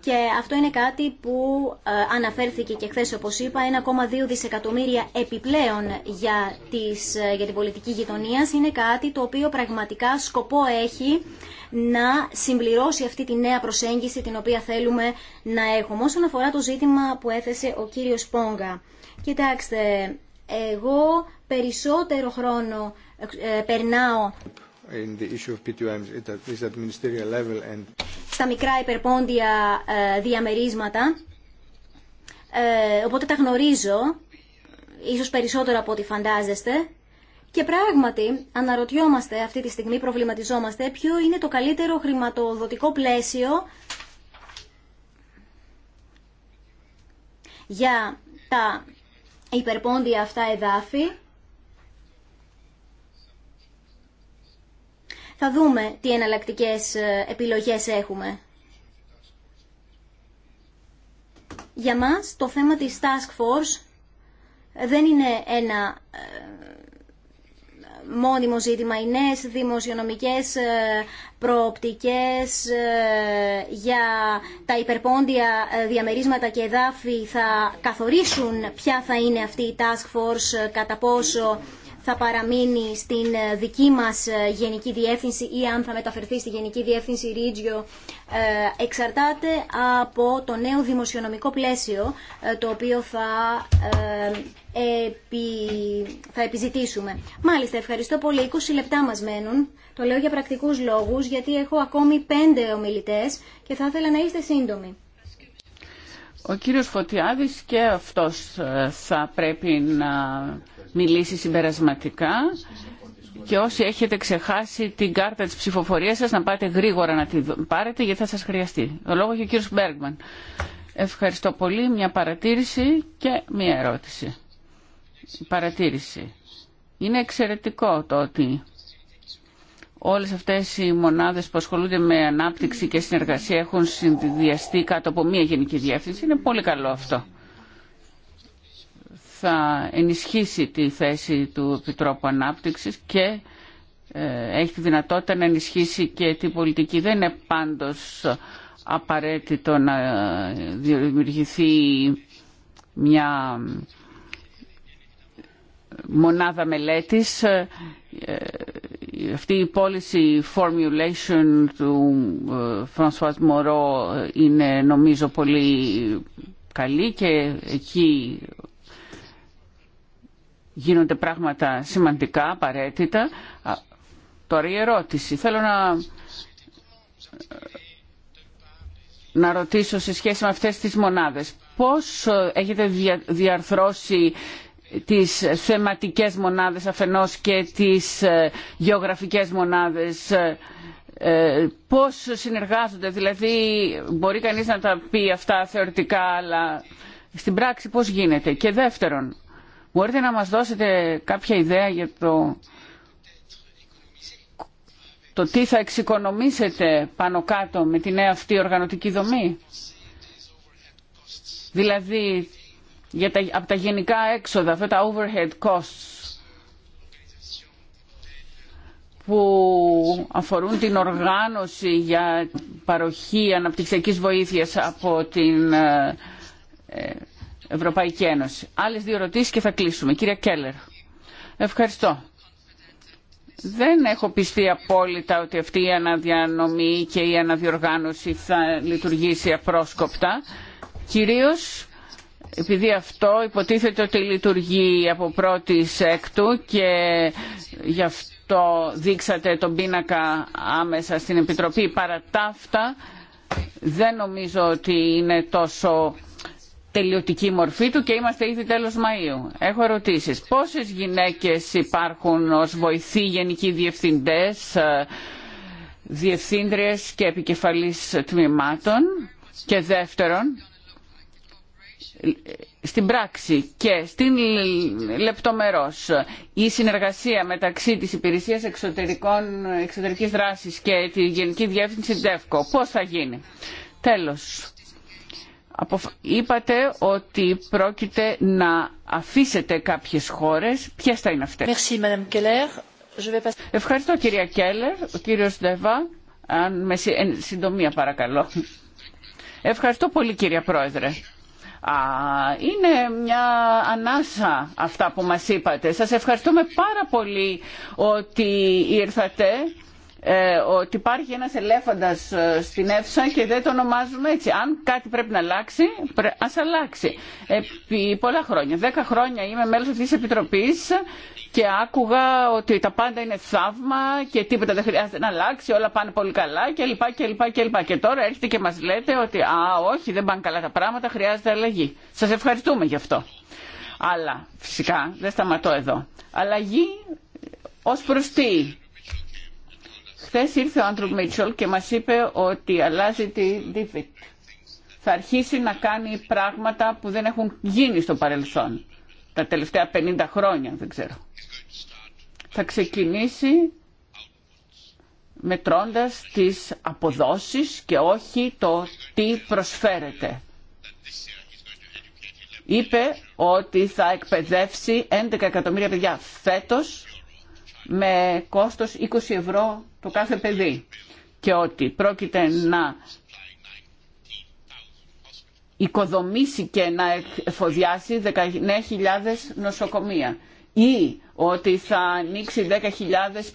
και αυτό είναι κάτι που ε, αναφέρθηκε και χθε, όπως είπα, 1,2 δισεκατομμύρια επιπλέον για, τις, ε, για την πολιτική γειτονία είναι κάτι το οποίο πραγματικά σκοπό έχει να συμπληρώσει αυτή τη νέα προσέγγιση την οποία θέλουμε να έχουμε. Όσον αφορά το ζήτημα που έθεσε ο κύριος Πόγκα. Κοιτάξτε, εγώ περισσότερο χρόνο ε, περνάω στα μικρά υπερπόντια ε, διαμερίσματα, ε, οπότε τα γνωρίζω, ίσως περισσότερο από ό,τι φαντάζεστε. Και πράγματι αναρωτιόμαστε αυτή τη στιγμή, προβληματιζόμαστε ποιο είναι το καλύτερο χρηματοδοτικό πλαίσιο για τα υπερπόντια αυτά εδάφη Θα δούμε τι εναλλακτικέ ε, επιλογές έχουμε. Για μας το θέμα της Task Force δεν είναι ένα ε, μόνιμο ζήτημα. Οι νέες δημοσιονομικές ε, προοπτικές για τα υπερπόντια διαμερίσματα και εδάφη θα καθορίσουν ποια θα είναι αυτή η task force, κατά πόσο θα παραμείνει στην ε, δική μας ε, Γενική Διεύθυνση ή αν θα μεταφερθεί στη Γενική Διεύθυνση Ρίτζιο ε, εξαρτάται από το νέο δημοσιονομικό πλαίσιο το οποίο θα, θα επιζητήσουμε. Μάλιστα, ευχαριστώ πολύ. 20 λεπτά μας μένουν. Το λέω για πρακτικούς λόγους γιατί έχω ακόμη 5 ομιλητές και θα ήθελα να είστε σύντομοι. Ο κύριος Φωτιάδης και αυτός θα πρέπει να μιλήσει συμπερασματικά και όσοι έχετε ξεχάσει την κάρτα της ψηφοφορίας σας να πάτε γρήγορα να την πάρετε γιατί θα σας χρειαστεί. Ο λόγο έχει ο κύριος Μπέργμαν. Ευχαριστώ πολύ. Μια παρατήρηση και μια ερώτηση. Παρατήρηση. Είναι εξαιρετικό το ότι όλες αυτές οι μονάδες που ασχολούνται με ανάπτυξη και συνεργασία έχουν συνδυαστεί κάτω από μια γενική διεύθυνση. Είναι πολύ καλό αυτό θα ενισχύσει τη θέση του Επιτρόπου Ανάπτυξης και ε, έχει τη δυνατότητα να ενισχύσει και την πολιτική. Δεν είναι πάντως απαραίτητο να ε, δημιουργηθεί μια μονάδα μελέτης. Ε, αυτή η policy formulation του François Moreau είναι νομίζω πολύ καλή και εκεί γίνονται πράγματα σημαντικά, απαραίτητα. Τώρα η ερώτηση. Θέλω να, να ρωτήσω σε σχέση με αυτές τις μονάδες. Πώς ε, έχετε διαρθρώσει τις θεματικές μονάδες αφενός και τις ε, γεωγραφικές μονάδες ε, πώς συνεργάζονται, δηλαδή μπορεί κανείς να τα πει αυτά θεωρητικά αλλά στην πράξη πώς γίνεται. Και δεύτερον, Μπορείτε να μας δώσετε κάποια ιδέα για το, το τι θα εξοικονομήσετε πάνω κάτω με τη νέα αυτή οργανωτική δομή. Δηλαδή, για τα, από τα γενικά έξοδα, αυτά τα overhead costs που αφορούν την οργάνωση για παροχή αναπτυξιακής βοήθειας από την ε, ε, Ευρωπαϊκή Ένωση. Άλλες δύο και θα κλείσουμε. Κυρία Κέλλερ. Ευχαριστώ. Δεν έχω πιστεί απόλυτα ότι αυτή η αναδιανομή και η αναδιοργάνωση θα λειτουργήσει απρόσκοπτα. Κυρίως επειδή αυτό υποτίθεται ότι λειτουργεί από πρώτη έκτου και γι' αυτό δείξατε τον πίνακα άμεσα στην Επιτροπή. Παρά ταύτα, δεν νομίζω ότι είναι τόσο τελειωτική μορφή του και είμαστε ήδη τέλος Μαΐου. Έχω ερωτήσεις. Πόσες γυναίκες υπάρχουν ως βοηθοί γενικοί διευθυντές, ε, διευθύντριες και επικεφαλής τμήματων και δεύτερον, στην πράξη και στην λεπτομερός η συνεργασία μεταξύ της Υπηρεσίας Εξωτερικών, Εξωτερικής Δράσης και τη Γενική Διεύθυνση ΔΕΦΚΟ. Πώς θα γίνει. Τέλος, Είπατε ότι πρόκειται να αφήσετε κάποιες χώρες. Ποιες θα είναι αυτές. Ευχαριστώ κυρία Κέλλερ, ο κύριος Ντεβά. Αν με συντομία παρακαλώ. Ευχαριστώ πολύ κυρία Πρόεδρε. Α, είναι μια ανάσα αυτά που μας είπατε. Σας ευχαριστούμε πάρα πολύ ότι ήρθατε ε, ότι υπάρχει ένας ελέφαντας ε, στην αίθουσα και δεν το ονομάζουμε έτσι. Αν κάτι πρέπει να αλλάξει, ας αλλάξει. Επί πολλά χρόνια, δέκα χρόνια είμαι μέλος αυτής της Επιτροπής και άκουγα ότι τα πάντα είναι θαύμα και τίποτα δεν χρειάζεται να αλλάξει, όλα πάνε πολύ καλά κλπ. Και, και, λοιπά. και τώρα έρχεται και μας λέτε ότι α, όχι, δεν πάνε καλά τα πράγματα, χρειάζεται αλλαγή. Σας ευχαριστούμε γι' αυτό. Αλλά φυσικά δεν σταματώ εδώ. Αλλαγή ως προς τι Χθε ήρθε ο Άντρου Μίτσολ και μας είπε ότι αλλάζει τη DFID. Θα αρχίσει να κάνει πράγματα που δεν έχουν γίνει στο παρελθόν. Τα τελευταία 50 χρόνια, δεν ξέρω. Θα ξεκινήσει μετρώντας τις αποδόσεις και όχι το τι προσφέρεται. Είπε ότι θα εκπαιδεύσει 11 εκατομμύρια παιδιά φέτος με κόστος 20 ευρώ το κάθε παιδί και ότι πρόκειται να οικοδομήσει και να εφοδιάσει 19.000 νοσοκομεία ή ότι θα ανοίξει 10.000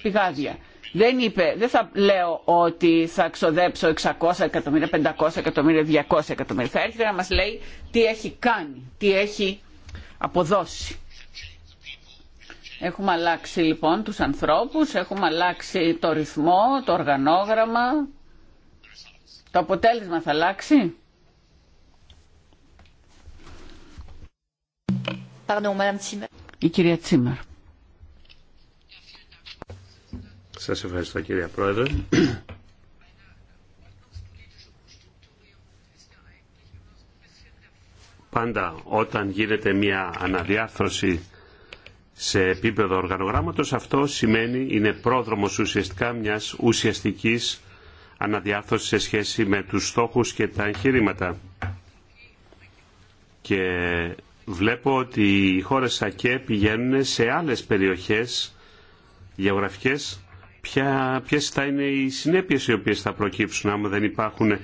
πηγάδια. Δεν είπε, δεν θα λέω ότι θα ξοδέψω 600 εκατομμύρια, 500 εκατομμύρια, 200 εκατομμύρια. Θα έρχεται να μας λέει τι έχει κάνει, τι έχει αποδώσει. Έχουμε αλλάξει λοιπόν τους ανθρώπους, έχουμε αλλάξει το ρυθμό, το οργανόγραμμα. Το αποτέλεσμα θα αλλάξει. Η κυρία Τσίμερ. Σας ευχαριστώ κυρία Πρόεδρε. Πάντα όταν γίνεται μια αναδιάρθρωση σε επίπεδο οργανογράμματος αυτό σημαίνει είναι πρόδρομος ουσιαστικά μιας ουσιαστικής αναδιάρθρωσης σε σχέση με τους στόχους και τα εγχειρήματα. Και βλέπω ότι οι χώρες ΑΚΕ πηγαίνουν σε άλλες περιοχές γεωγραφικές ποια, ποιες θα είναι οι συνέπειες οι οποίες θα προκύψουν άμα δεν υπάρχουν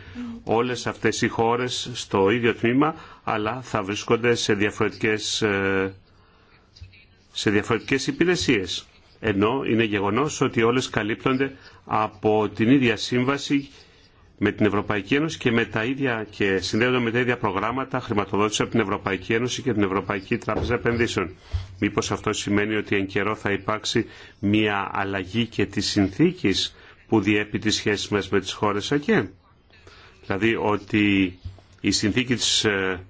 όλες αυτές οι χώρες στο ίδιο τμήμα αλλά θα βρίσκονται σε διαφορετικές ε, σε διαφορετικές υπηρεσίες. Ενώ είναι γεγονός ότι όλες καλύπτονται από την ίδια σύμβαση με την Ευρωπαϊκή Ένωση και, με τα ίδια, και συνδέονται με τα ίδια προγράμματα χρηματοδότηση από την Ευρωπαϊκή Ένωση και την Ευρωπαϊκή Τράπεζα Επενδύσεων. Μήπως αυτό σημαίνει ότι εν καιρό θα υπάρξει μια αλλαγή και τη συνθήκη που διέπει τις σχέσεις μας με τις χώρες ΑΚΕ. Δηλαδή ότι η συνθήκη της ε,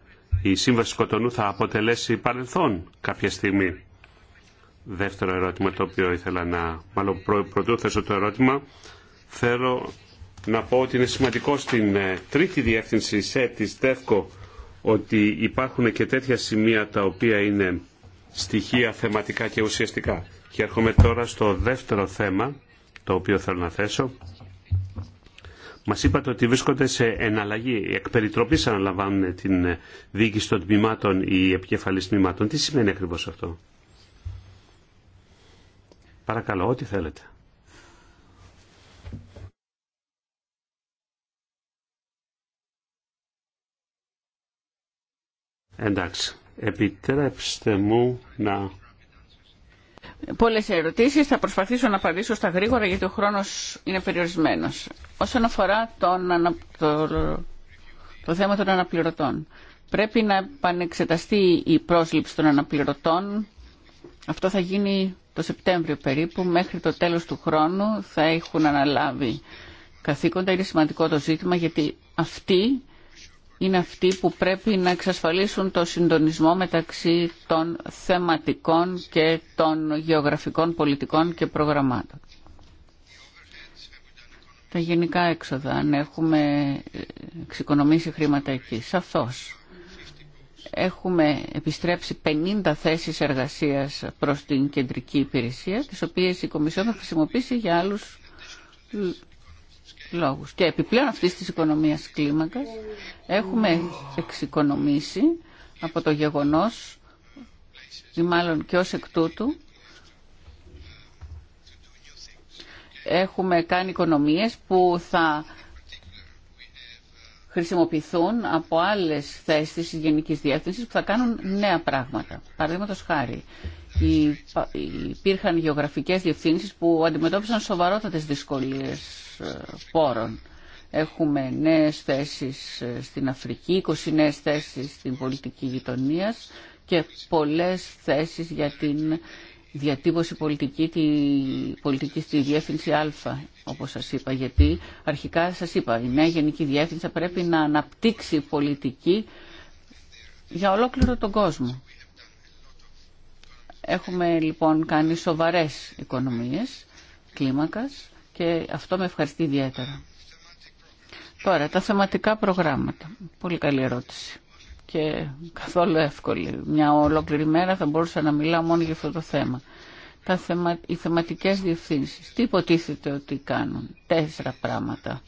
Σύμβαση Κοτονού θα αποτελέσει παρελθόν κάποια στιγμή δεύτερο ερώτημα το οποίο ήθελα να... Μάλλον πρωτού θέσω το ερώτημα. Θέλω να πω ότι είναι σημαντικό στην ε, τρίτη διεύθυνση σε της ΤΕΦΚΟ, ότι υπάρχουν και τέτοια σημεία τα οποία είναι στοιχεία θεματικά και ουσιαστικά. Και έρχομαι τώρα στο δεύτερο θέμα το οποίο θέλω να θέσω. Μας είπατε ότι βρίσκονται σε εναλλαγή. Εκ περιτροπή, αναλαμβάνουν την ε, διοίκηση των τμήματων ή επικεφαλής τμήματων. Τι σημαίνει ακριβώς αυτό. Παρακαλώ, ό,τι θέλετε. Εντάξει, επιτρέψτε μου να... Πολλές ερωτήσεις, θα προσπαθήσω να απαντήσω στα γρήγορα γιατί ο χρόνος είναι περιορισμένος. Όσον αφορά τον το... το θέμα των αναπληρωτών, πρέπει να επανεξεταστεί η πρόσληψη των αναπληρωτών. Αυτό θα γίνει το Σεπτέμβριο περίπου, μέχρι το τέλος του χρόνου θα έχουν αναλάβει καθήκοντα. Είναι σημαντικό το ζήτημα γιατί αυτοί είναι αυτοί που πρέπει να εξασφαλίσουν το συντονισμό μεταξύ των θεματικών και των γεωγραφικών πολιτικών και προγραμμάτων. Τα γενικά έξοδα, αν έχουμε εξοικονομήσει χρήματα εκεί, σαφώς έχουμε επιστρέψει 50 θέσεις εργασίας προς την κεντρική υπηρεσία, τις οποίες η Κομισιόν θα χρησιμοποιήσει για άλλους λόγους. Και επιπλέον αυτή της οικονομία κλίμακας έχουμε εξοικονομήσει από το γεγονός ή μάλλον και ω εκ τούτου έχουμε κάνει οικονομίες που θα χρησιμοποιηθούν από άλλες θέσεις τη Γενική Διεύθυνση που θα κάνουν νέα πράγματα. Παραδείγματο χάρη, υπήρχαν γεωγραφικές διευθύνσει που αντιμετώπισαν σοβαρότατες δυσκολίες ε, πόρων. Έχουμε νέες θέσει ε, στην Αφρική, 20 νέε θέσει στην πολιτική γειτονία και πολλές θέσει για την διατύπωση πολιτική, τη, πολιτική στη διεύθυνση Α, όπως σας είπα, γιατί αρχικά σας είπα, η νέα γενική διεύθυνση πρέπει να αναπτύξει πολιτική για ολόκληρο τον κόσμο. Έχουμε λοιπόν κάνει σοβαρές οικονομίες κλίμακας και αυτό με ευχαριστεί ιδιαίτερα. Τώρα, τα θεματικά προγράμματα. Πολύ καλή ερώτηση και καθόλου εύκολη. Μια ολόκληρη μέρα θα μπορούσα να μιλάω μόνο για αυτό το θέμα. Τα Οι θεματικές διευθύνσεις. Τι υποτίθεται ότι κάνουν. Τέσσερα πράγματα.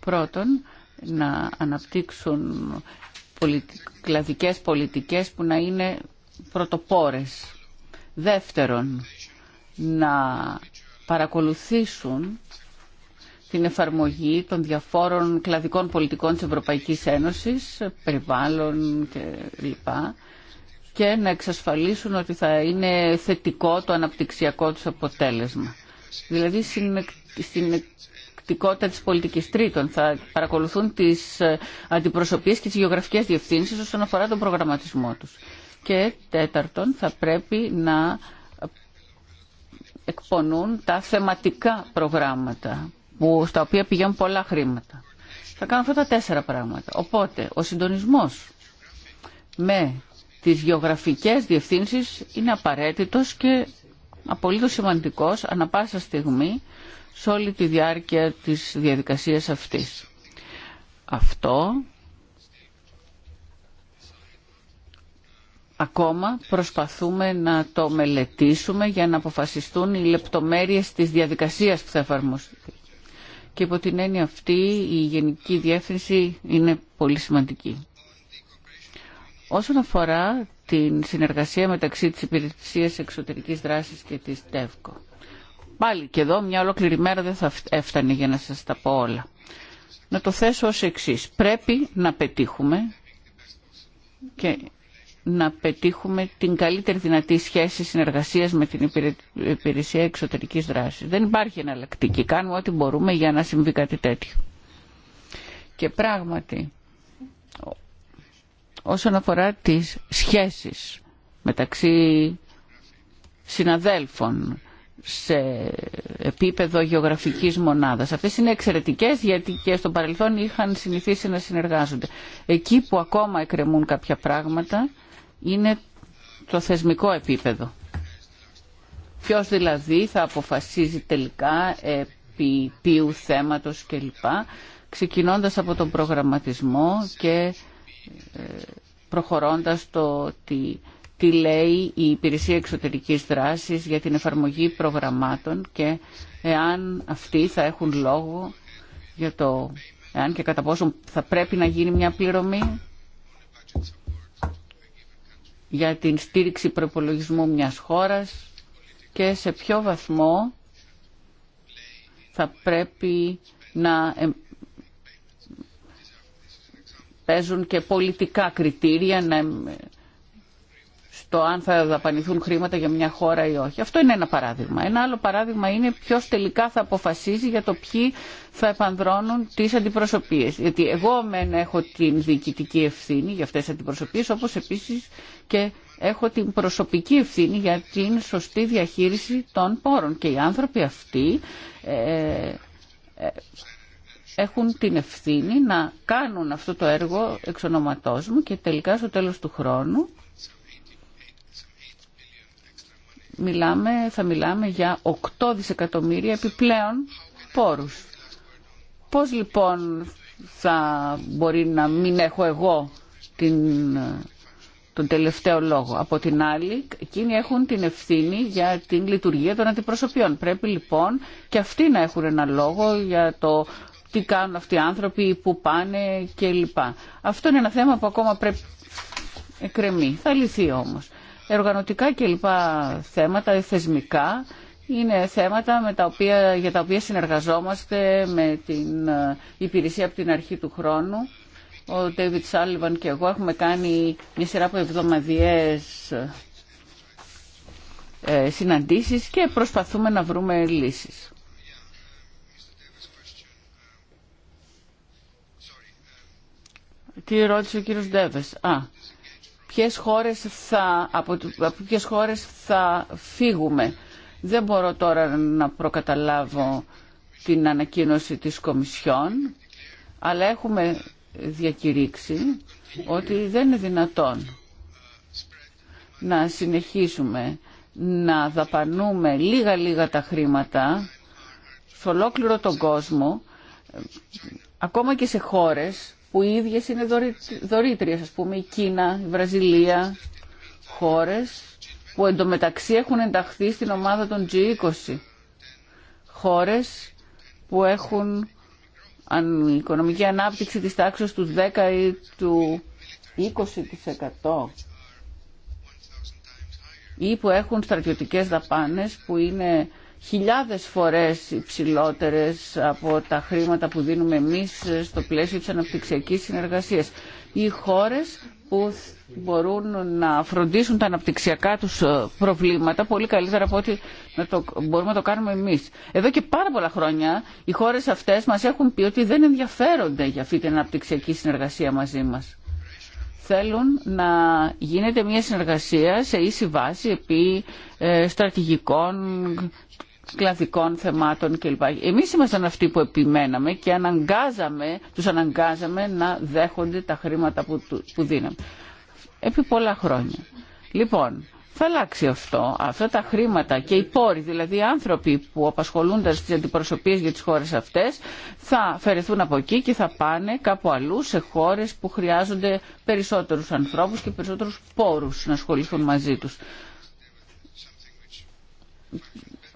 Πρώτον, να αναπτύξουν πολιτικ... κλαδικές πολιτικές που να είναι πρωτοπόρες. Δεύτερον, να παρακολουθήσουν την εφαρμογή των διαφόρων κλαδικών πολιτικών της Ευρωπαϊκής Ένωσης, περιβάλλον και και να εξασφαλίσουν ότι θα είναι θετικό το αναπτυξιακό τους αποτέλεσμα. Δηλαδή στην εκτικότητα της πολιτικής τρίτων θα παρακολουθούν τις ε, αντιπροσωπείες και τις γεωγραφικές διευθύνσεις όσον αφορά τον προγραμματισμό τους. Και τέταρτον θα πρέπει να εκπονούν τα θεματικά προγράμματα που, στα οποία πηγαίνουν πολλά χρήματα. Θα κάνω αυτά τα τέσσερα πράγματα. Οπότε, ο συντονισμός με τις γεωγραφικές διευθύνσεις είναι απαραίτητος και απολύτως σημαντικός ανα πάσα στιγμή σε όλη τη διάρκεια της διαδικασίας αυτής. Αυτό ακόμα προσπαθούμε να το μελετήσουμε για να αποφασιστούν οι λεπτομέρειες της διαδικασίας που θα εφαρμοστεί. Και υπό την έννοια αυτή η Γενική Διεύθυνση είναι πολύ σημαντική. Όσον αφορά την συνεργασία μεταξύ της Υπηρεσίας Εξωτερικής Δράσης και της ΤΕΒΚΟ. Πάλι και εδώ μια ολόκληρη μέρα δεν θα έφτανε για να σας τα πω όλα. Να το θέσω ως εξής. Πρέπει να πετύχουμε και να πετύχουμε την καλύτερη δυνατή σχέση συνεργασίας με την υπηρεσία εξωτερικής δράσης. Δεν υπάρχει εναλλακτική. Κάνουμε ό,τι μπορούμε για να συμβεί κάτι τέτοιο. Και πράγματι, όσον αφορά τις σχέσεις μεταξύ συναδέλφων σε επίπεδο γεωγραφικής μονάδας. Αυτές είναι εξαιρετικές γιατί και στο παρελθόν είχαν συνηθίσει να συνεργάζονται. Εκεί που ακόμα εκκρεμούν κάποια πράγματα είναι το θεσμικό επίπεδο. Ποιος δηλαδή θα αποφασίζει τελικά επί ποιου θέματος κλπ. Ξεκινώντας από τον προγραμματισμό και ε, προχωρώντας το τι, λέει η Υπηρεσία Εξωτερικής Δράσης για την εφαρμογή προγραμμάτων και εάν αυτοί θα έχουν λόγο για το εάν και κατά πόσο θα πρέπει να γίνει μια πληρωμή για την στήριξη προπολογισμού μιας χώρας και σε ποιο βαθμό θα πρέπει να ε, παίζουν και πολιτικά κριτήρια, να ε, το αν θα δαπανηθούν χρήματα για μια χώρα ή όχι. Αυτό είναι ένα παράδειγμα. Ένα άλλο παράδειγμα είναι ποιο τελικά θα αποφασίζει για το ποιοι θα επανδρώνουν τι αντιπροσωπείε. Γιατί εγώ μεν έχω την διοικητική ευθύνη για αυτέ τι αντιπροσωπείε, όπω επίση και έχω την προσωπική ευθύνη για την σωστή διαχείριση των πόρων. Και οι άνθρωποι αυτοί ε, ε έχουν την ευθύνη να κάνουν αυτό το έργο εξ μου και τελικά στο τέλος του χρόνου μιλάμε, θα μιλάμε για 8 δισεκατομμύρια επιπλέον πόρους. Πώς λοιπόν θα μπορεί να μην έχω εγώ την, τον τελευταίο λόγο. Από την άλλη, εκείνοι έχουν την ευθύνη για την λειτουργία των αντιπροσωπιών. Πρέπει λοιπόν και αυτοί να έχουν ένα λόγο για το τι κάνουν αυτοί οι άνθρωποι, που πάνε κλπ. Αυτό είναι ένα θέμα που ακόμα πρέπει εκρεμεί. Θα λυθεί όμως. Εργανωτικά και λοιπά θέματα, ε, θεσμικά, είναι θέματα με τα οποία, για τα οποία συνεργαζόμαστε με την ε, υπηρεσία από την αρχή του χρόνου. Ο David Σάλιβαν και εγώ έχουμε κάνει μια σειρά από εβδομαδιαίες ε, συναντήσεις και προσπαθούμε να βρούμε λύσεις. Τι ρώτησε ο κύριος Ντέβες. Α, ποιες χώρες θα, από, από ποιες χώρες θα φύγουμε. Δεν μπορώ τώρα να προκαταλάβω την ανακοίνωση της Κομισιόν, αλλά έχουμε διακηρύξει ότι δεν είναι δυνατόν να συνεχίσουμε να δαπανούμε λίγα-λίγα τα χρήματα σε ολόκληρο τον κόσμο, ακόμα και σε χώρες που οι ίδιες είναι δωρήτριες, ας πούμε η Κίνα, η Βραζιλία, χώρες που εντωμεταξύ έχουν ενταχθεί στην ομάδα των G20. Χώρες που έχουν αν, οικονομική ανάπτυξη της τάξης του 10 ή του 20% ή που έχουν στρατιωτικές δαπάνες που είναι χιλιάδες φορές υψηλότερες από τα χρήματα που δίνουμε εμείς στο πλαίσιο της αναπτυξιακής συνεργασίας. Οι χώρες που μπορούν να φροντίσουν τα αναπτυξιακά τους προβλήματα πολύ καλύτερα από ό,τι το, μπορούμε να το κάνουμε εμείς. Εδώ και πάρα πολλά χρόνια οι χώρες αυτές μας έχουν πει ότι δεν ενδιαφέρονται για αυτή την αναπτυξιακή συνεργασία μαζί μας. Θέλουν να γίνεται μια συνεργασία σε ίση βάση επί ε, στρατηγικών κλαδικών θεμάτων κλπ. Εμείς ήμασταν αυτοί που επιμέναμε και αναγκάζαμε, τους αναγκάζαμε να δέχονται τα χρήματα που, που δίναμε. Επί πολλά χρόνια. Λοιπόν, θα αλλάξει αυτό. Αυτά τα χρήματα και οι πόροι, δηλαδή οι άνθρωποι που απασχολούνται στις αντιπροσωπείες για τις χώρες αυτές, θα φερεθούν από εκεί και θα πάνε κάπου αλλού σε χώρες που χρειάζονται περισσότερους ανθρώπους και περισσότερους πόρους να ασχοληθούν μαζί τους.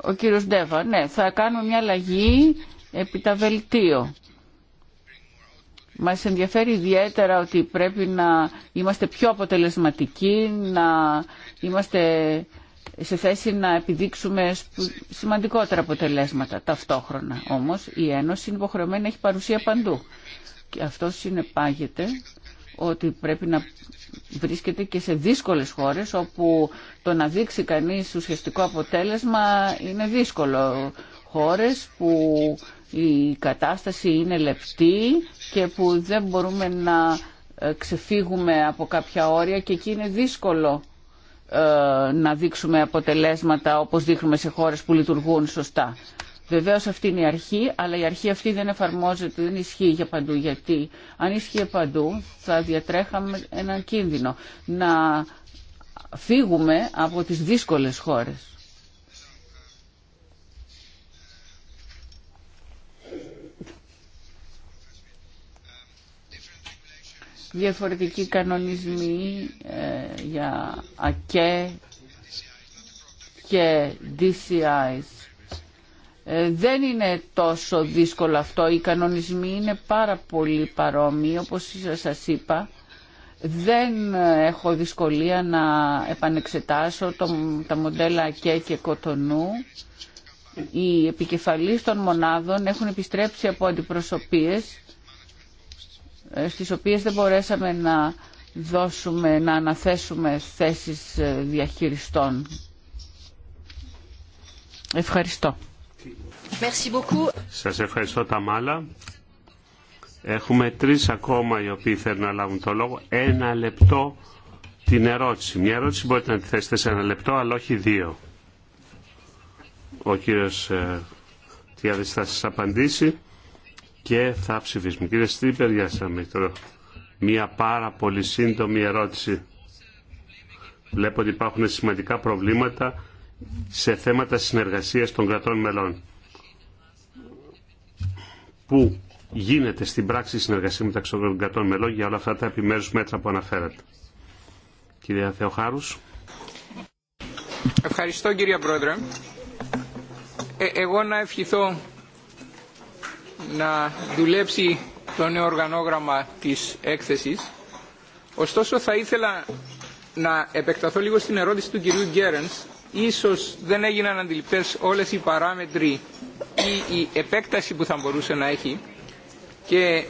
Ο κύριος Ντέβα, ναι, θα κάνουμε μια αλλαγή επί τα βελτίο. Μας ενδιαφέρει ιδιαίτερα ότι πρέπει να είμαστε πιο αποτελεσματικοί, να είμαστε σε θέση να επιδείξουμε σημαντικότερα αποτελέσματα. Ταυτόχρονα όμως η Ένωση είναι υποχρεωμένη να έχει παρουσία παντού. Και αυτό συνεπάγεται ότι πρέπει να βρίσκεται και σε δύσκολες χώρες όπου το να δείξει κανείς ουσιαστικό αποτέλεσμα είναι δύσκολο. Χώρες που η κατάσταση είναι λεπτή και που δεν μπορούμε να ε, ξεφύγουμε από κάποια όρια και εκεί είναι δύσκολο ε, να δείξουμε αποτελέσματα όπως δείχνουμε σε χώρες που λειτουργούν σωστά. Βεβαίω αυτή είναι η αρχή, αλλά η αρχή αυτή δεν εφαρμόζεται, δεν ισχύει για παντού. Γιατί αν ισχύει παντού θα διατρέχαμε έναν κίνδυνο να φύγουμε από τις δύσκολες χώρες. Διαφορετικοί κανονισμοί ε, για ΑΚΕ και DCIs ε, δεν είναι τόσο δύσκολο αυτό. Οι κανονισμοί είναι πάρα πολύ παρόμοιοι, όπως σας είπα. Δεν έχω δυσκολία να επανεξετάσω το, τα μοντέλα ΑΚΕ και Κοτονού. Οι επικεφαλείς των μονάδων έχουν επιστρέψει από αντιπροσωπείες ε, στις οποίες δεν μπορέσαμε να δώσουμε, να αναθέσουμε θέσεις ε, διαχειριστών. Ευχαριστώ. Σας ευχαριστώ τα μάλα. Έχουμε τρεις ακόμα οι οποίοι θέλουν να λάβουν το λόγο. Ένα λεπτό την ερώτηση. Μια ερώτηση μπορείτε να τη θέσετε σε ένα λεπτό, αλλά όχι δύο. Ο κύριος ε, Τιάδης θα σας απαντήσει και θα ψηφίσουμε. Κύριε Στρίπερ, για σας Μία πάρα πολύ σύντομη ερώτηση. Βλέπω ότι υπάρχουν σημαντικά προβλήματα σε θέματα συνεργασίας των κρατών μελών που γίνεται στην πράξη συνεργασία μεταξύ των κρατών μελών για όλα αυτά τα επιμέρους μέτρα που αναφέρατε. Κυρία Θεοχάρους. Ευχαριστώ κύριε Πρόεδρε. Ε, εγώ να ευχηθώ να δουλέψει το νέο οργανόγραμμα της έκθεσης. Ωστόσο θα ήθελα να επεκταθώ λίγο στην ερώτηση του κυρίου Γκέρενς ίσως δεν έγιναν αντιληπτές όλες οι παράμετροι ή η επέκταση που θα μπορούσε να έχει και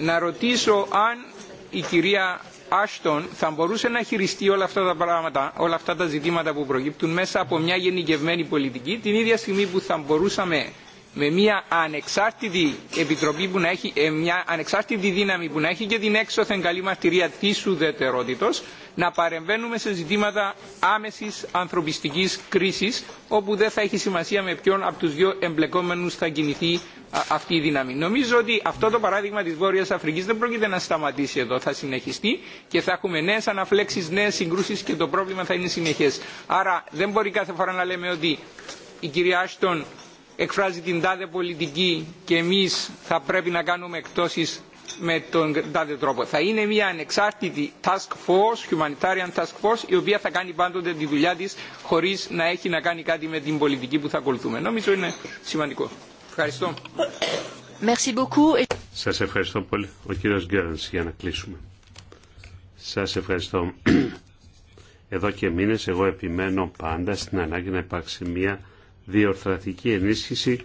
να ρωτήσω αν η κυρία Άστον θα μπορούσε να χειριστεί όλα αυτά τα πράγματα, όλα αυτά τα ζητήματα που προκύπτουν μέσα από μια γενικευμένη πολιτική την ίδια στιγμή που θα μπορούσαμε με μια ανεξάρτητη επιτροπή που να έχει, ε, μια ανεξάρτητη δύναμη που να έχει και την έξωθεν καλή μαρτυρία τη ουδετερότητος, να παρεμβαίνουμε σε ζητήματα άμεση ανθρωπιστική κρίση, όπου δεν θα έχει σημασία με ποιον από του δύο εμπλεκόμενου θα κινηθεί αυτή η δύναμη. Νομίζω ότι αυτό το παράδειγμα τη Βόρεια Αφρικής δεν πρόκειται να σταματήσει εδώ. Θα συνεχιστεί και θα έχουμε νέε αναφλέξει, νέε συγκρούσει και το πρόβλημα θα είναι συνεχέ. Άρα δεν μπορεί κάθε φορά να λέμε ότι η κυρία Άστον εκφράζει την τάδε πολιτική και εμείς θα πρέπει να κάνουμε εκτόσεις με τον τάδε τρόπο. Θα είναι μια ανεξάρτητη task force, humanitarian task force, η οποία θα κάνει πάντοτε τη δουλειά της χωρίς να έχει να κάνει κάτι με την πολιτική που θα ακολουθούμε. Νομίζω είναι σημαντικό. Ευχαριστώ. Merci Σας ευχαριστώ πολύ. Ο κύριος Γκέρνς για να κλείσουμε. Σας ευχαριστώ. (clears throat) Εδώ και μήνες εγώ επιμένω πάντα στην ανάγκη να υπάρξει μια διορθωτική ενίσχυση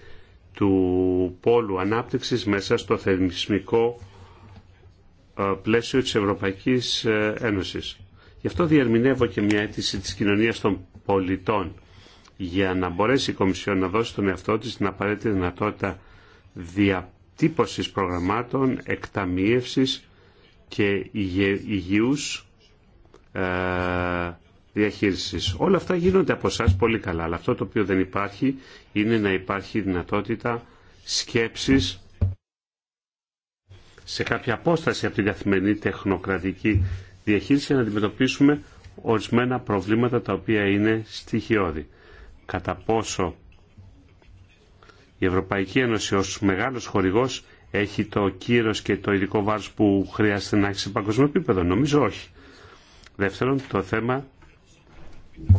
του πόλου ανάπτυξης μέσα στο θερμισμικό ε, πλαίσιο της Ευρωπαϊκής ε, Ένωσης. Γι' αυτό διερμηνεύω και μια αίτηση της κοινωνίας των πολιτών για να μπορέσει η Κομισιόν να δώσει τον εαυτό της την απαραίτητη δυνατότητα διατύπωσης προγραμμάτων, εκταμίευσης και υγιούς ε, διαχείρισης. Όλα αυτά γίνονται από εσά πολύ καλά, αλλά αυτό το οποίο δεν υπάρχει είναι να υπάρχει δυνατότητα σκέψης σε κάποια απόσταση από την καθημερινή τεχνοκρατική διαχείριση να αντιμετωπίσουμε ορισμένα προβλήματα τα οποία είναι στοιχειώδη. Κατά πόσο η Ευρωπαϊκή Ένωση ως μεγάλος χορηγός έχει το κύρος και το ειδικό βάρος που χρειάζεται να έχει σε παγκοσμίο Νομίζω όχι. Δεύτερον, το θέμα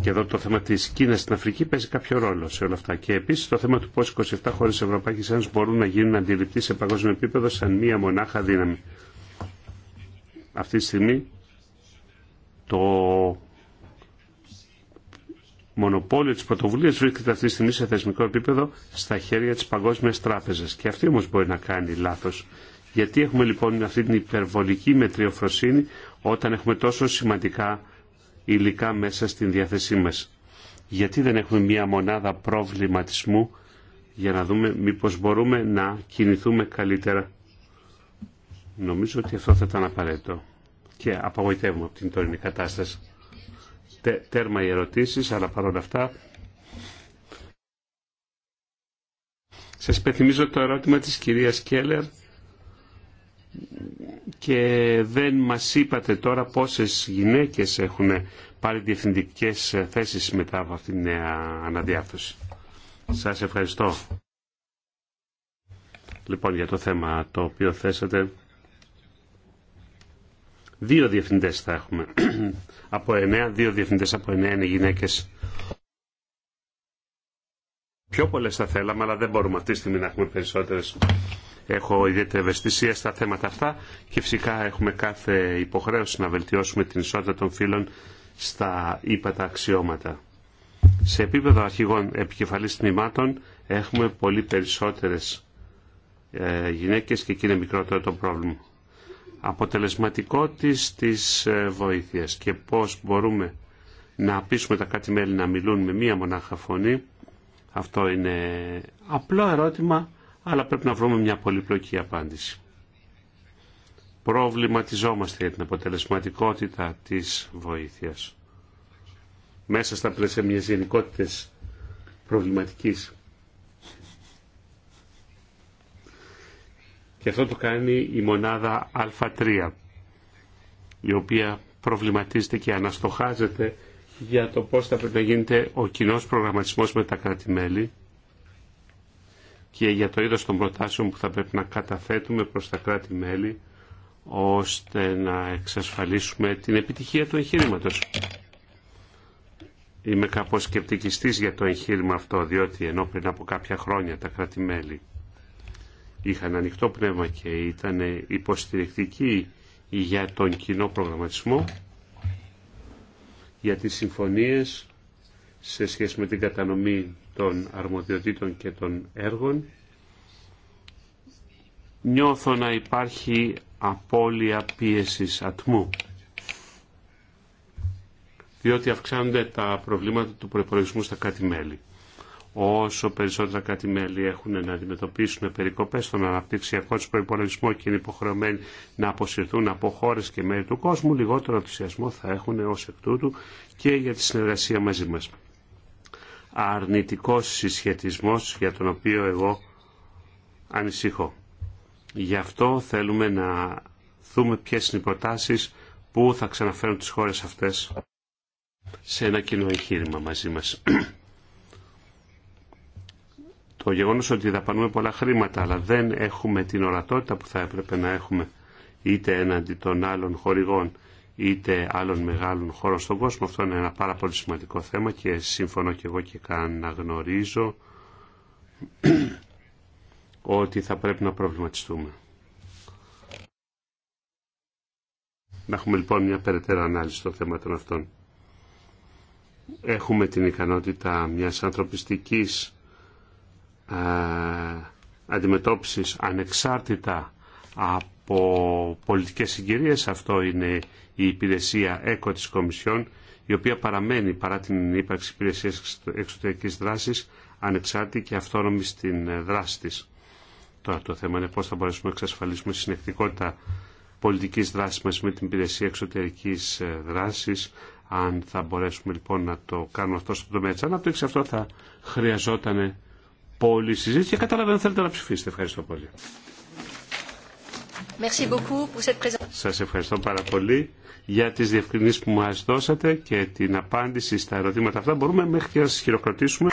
και εδώ το θέμα τη Κίνα στην Αφρική παίζει κάποιο ρόλο σε όλα αυτά. Και επίση το θέμα του πώ 27 χώρε Ευρωπαϊκή Ένωση μπορούν να γίνουν αντιληπτοί σε παγκόσμιο επίπεδο σαν μία μονάχα δύναμη. Αυτή τη στιγμή το μονοπόλιο της πρωτοβουλίας βρίσκεται αυτή τη στιγμή σε θεσμικό επίπεδο στα χέρια της Παγκόσμιας Τράπεζας και αυτή όμως μπορεί να κάνει λάθος. Γιατί έχουμε λοιπόν αυτή την υπερβολική μετριοφροσύνη όταν έχουμε τόσο σημαντικά υλικά μέσα στην διάθεσή μας. Γιατί δεν έχουμε μία μονάδα προβληματισμού για να δούμε μήπως μπορούμε να κινηθούμε καλύτερα. Νομίζω ότι αυτό θα ήταν απαραίτητο. Και απαγοητεύουμε από την τωρινή κατάσταση. Τε, τέρμα οι ερωτήσεις, αλλά παρόλα αυτά... Σας πεθυμίζω το ερώτημα της κυρίας Κέλλερ και δεν μας είπατε τώρα πόσες γυναίκες έχουν πάρει διευθυντικές θέσεις μετά από αυτήν την νέα αναδιάρθρωση. Σας ευχαριστώ. Λοιπόν, για το θέμα το οποίο θέσατε, δύο διευθυντές θα έχουμε. (clears throat) από εννέα, δύο διευθυντές από εννέα είναι γυναίκες. Πιο πολλές θα θέλαμε, αλλά δεν μπορούμε αυτή τη στιγμή να έχουμε περισσότερες έχω ιδιαίτερη ευαισθησία στα θέματα αυτά και φυσικά έχουμε κάθε υποχρέωση να βελτιώσουμε την ισότητα των φύλων στα ύπατα αξιώματα. Σε επίπεδο αρχηγών επικεφαλής τμήματων έχουμε πολύ περισσότερες ε, γυναίκες και εκεί είναι μικρότερο το πρόβλημα. Αποτελεσματικό της ε, βοήθειας και πώς μπορούμε να πείσουμε τα κάτι μέλη να μιλούν με μία μονάχα φωνή. Αυτό είναι απλό ερώτημα αλλά πρέπει να βρούμε μια πολυπλοκή απάντηση. Προβληματιζόμαστε για την αποτελεσματικότητα της βοήθειας. Μέσα στα πλαίσια μια γενικότητα προβληματικής. Και αυτό το κάνει η μονάδα Α3, η οποία προβληματίζεται και αναστοχάζεται για το πώς θα πρέπει να γίνεται ο κοινός προγραμματισμός με τα κράτη-μέλη και για το είδος των προτάσεων που θα πρέπει να καταθέτουμε προς τα κράτη-μέλη ώστε να εξασφαλίσουμε την επιτυχία του εγχείρηματο. Είμαι κάπως σκεπτικιστής για το εγχείρημα αυτό, διότι ενώ πριν από κάποια χρόνια τα κράτη-μέλη είχαν ανοιχτό πνεύμα και ήταν υποστηρικτικοί για τον κοινό προγραμματισμό, για τις συμφωνίες σε σχέση με την κατανομή των αρμοδιοτήτων και των έργων. Νιώθω να υπάρχει απώλεια πίεσης ατμού, διότι αυξάνονται τα προβλήματα του προπολογισμού στα κάτι μελη Όσο περισσοτερα κάτι κράτη-μέλη έχουν να αντιμετωπίσουν περικοπέ στον αναπτυξιακό του προπολογισμό και είναι υποχρεωμένοι να αποσυρθούν από χώρε και μέρη του κόσμου, λιγότερο ενθουσιασμό θα έχουν ω εκ τούτου και για τη συνεργασία μαζί μα αρνητικός συσχετισμός για τον οποίο εγώ ανησυχώ. Γι' αυτό θέλουμε να δούμε ποιες είναι οι προτάσεις που θα ξαναφέρουν τις χώρες αυτές σε ένα κοινό εγχείρημα μαζί μας. (clears throat) Το γεγονός ότι δαπανούμε πολλά χρήματα αλλά δεν έχουμε την ορατότητα που θα έπρεπε να έχουμε είτε έναντι των άλλων χορηγών είτε άλλων μεγάλων χώρων στον κόσμο. Αυτό είναι ένα πάρα πολύ σημαντικό θέμα και συμφωνώ και εγώ και καν να γνωρίζω (clears throat) ότι θα πρέπει να προβληματιστούμε. Να έχουμε λοιπόν μια περαιτέρω ανάλυση των θέματων αυτών. Έχουμε την ικανότητα μιας ανθρωπιστικής α, ε, αντιμετώπισης ανεξάρτητα από από πολιτικές συγκυρίες. Αυτό είναι η υπηρεσία ΕΚΟ της Κομισιόν, η οποία παραμένει παρά την ύπαρξη υπηρεσίας εξωτερικής δράσης ανεξάρτητη και αυτόνομη στην δράση της. Τώρα το θέμα είναι πώς θα μπορέσουμε να εξασφαλίσουμε συνεκτικότητα πολιτικής δράσης μας με την υπηρεσία εξωτερικής ε, δράσης. Αν θα μπορέσουμε λοιπόν να το κάνουμε αυτό στον τομέα της ανάπτυξης, αυτό θα χρειαζόταν πολύ συζήτηση και καταλαβαίνω θέλετε να ψηφίσετε. Ευχαριστώ πολύ. Σας ευχαριστώ πάρα πολύ για τις διευκρινήσεις που μας δώσατε και την απάντηση στα ερωτήματα αυτά. Μπορούμε μέχρι και να σας χειροκροτήσουμε.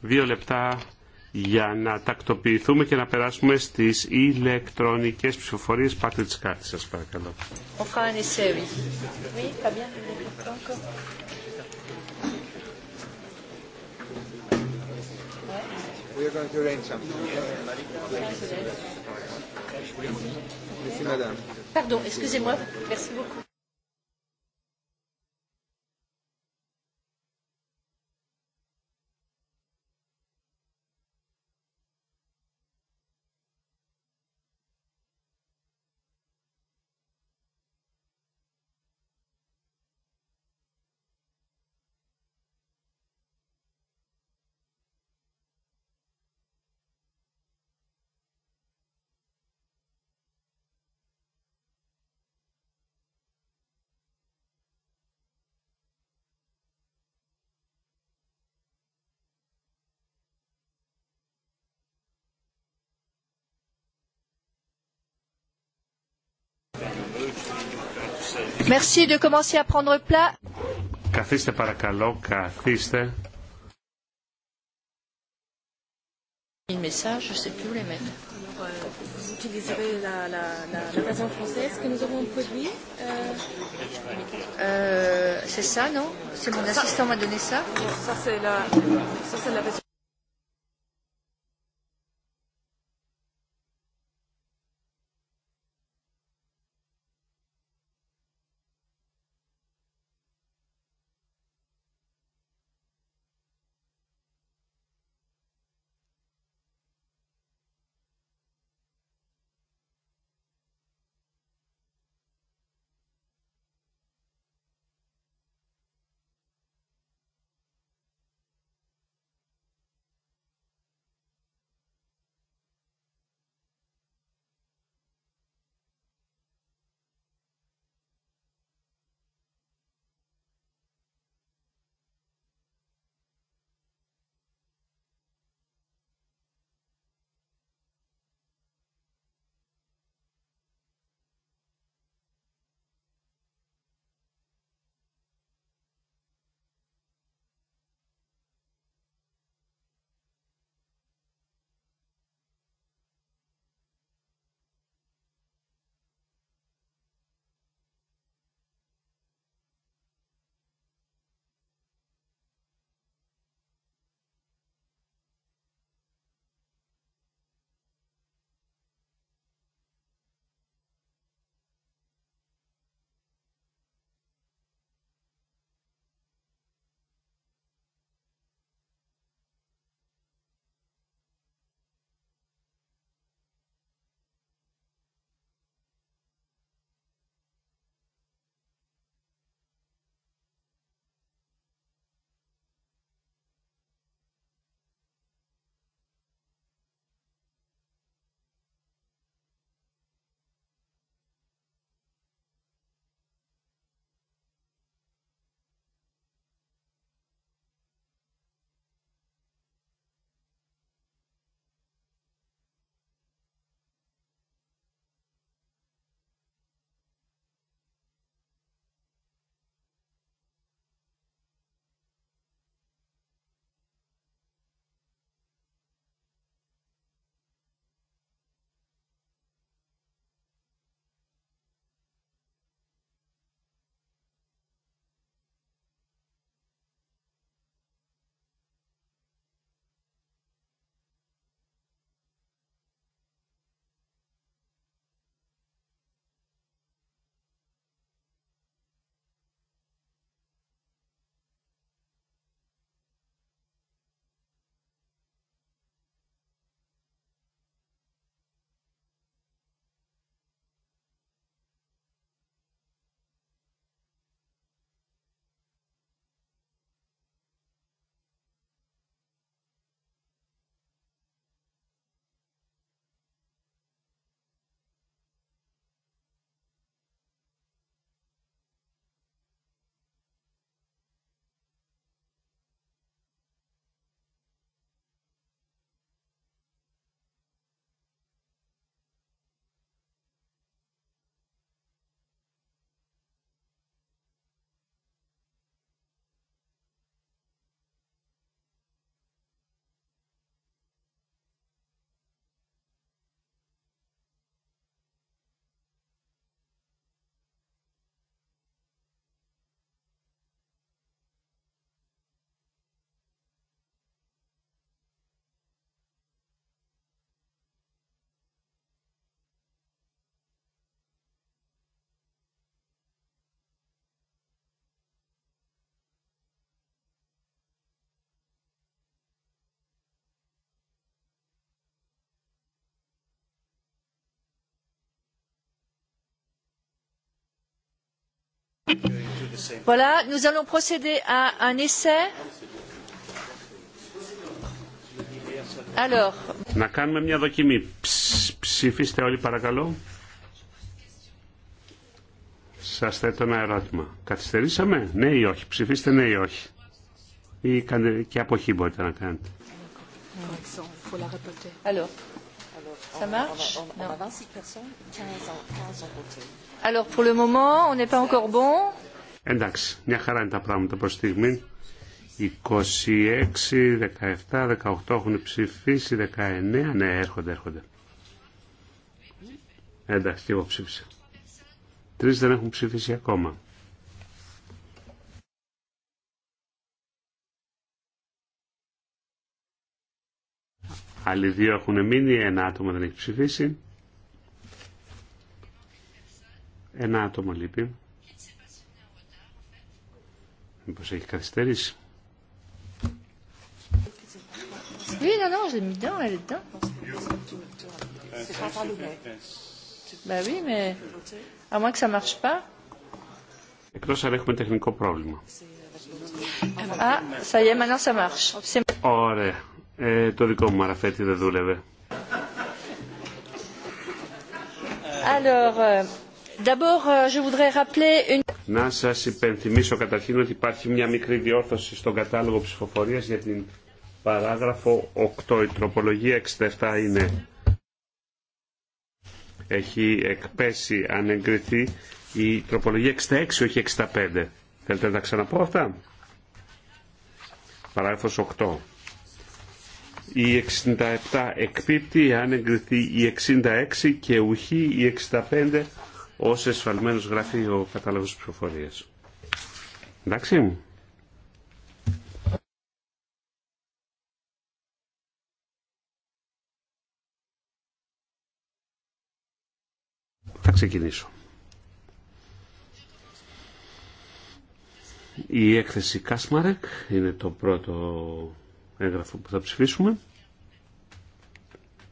Δύο λεπτά για να τακτοποιηθούμε και να περάσουμε στις ηλεκτρονικές ψηφοφορίες. Πάτε τις κάρτες σας παρακαλώ. We are going to arrange something. Merci, madame. Pardon, excusez-moi. Merci beaucoup. Merci de commencer à prendre place. Καθίστε παρακαλώ, καθίστε. Mais message, je ne sais plus où les mettre. Alors, euh, vous utiliserez la, la, la, la version française que nous avons produite. Euh, euh, c'est ça, non C'est mon assistant m'a donné ça. Ça, c'est la, ça, c'est la version. Voilà, nous allons procéder à un essai. Alors. Να κάνουμε μια δοκιμή. Ψηφίστε όλοι παρακαλώ. Σας θέτω ένα ερώτημα. Καθυστερήσαμε, ναι ή όχι. Ψηφίστε ναι ή όχι. Ή και αποχή μπορείτε να κάνετε. Ça marche Alors pour le moment, on n'est pas encore Εντάξει, μια χαρά είναι τα πράγματα προς στιγμή. 26, 17, 18 έχουν ψηφίσει, 19, ναι έρχονται, έρχονται. Εντάξει, και εγώ ψήφισα. Τρεις δεν έχουν ψηφίσει ακόμα. Άλλοι δύο έχουν μείνει, ένα άτομο δεν έχει ψηφίσει. Ένα άτομο λείπει. Μήπως έχει καθυστερήσει. Oui, Εκτός αν έχουμε τεχνικό πρόβλημα. Ah, Ωραία. Ε, το δικό μου μαραφέτη δεν δούλευε. Euh, euh, να σας υπενθυμίσω καταρχήν ότι υπάρχει μια μικρή διόρθωση στον κατάλογο ψηφοφορία για την παράγραφο 8. Η τροπολογία 67 είναι... Έχει εκπέσει αν εγκριθεί η τροπολογία 66, όχι 65. Θέλετε να τα ξαναπώ αυτά. Παράγραφος 8 η 67 εκπίπτει, αν εγκριθεί η 66 και ουχή η 65 ως εσφαλμένος γράφει ο κατάλογος της ψηφοφορίας. Εντάξει. Θα ξεκινήσω. Η έκθεση Κάσμαρεκ είναι το πρώτο έγγραφο που θα ψηφίσουμε.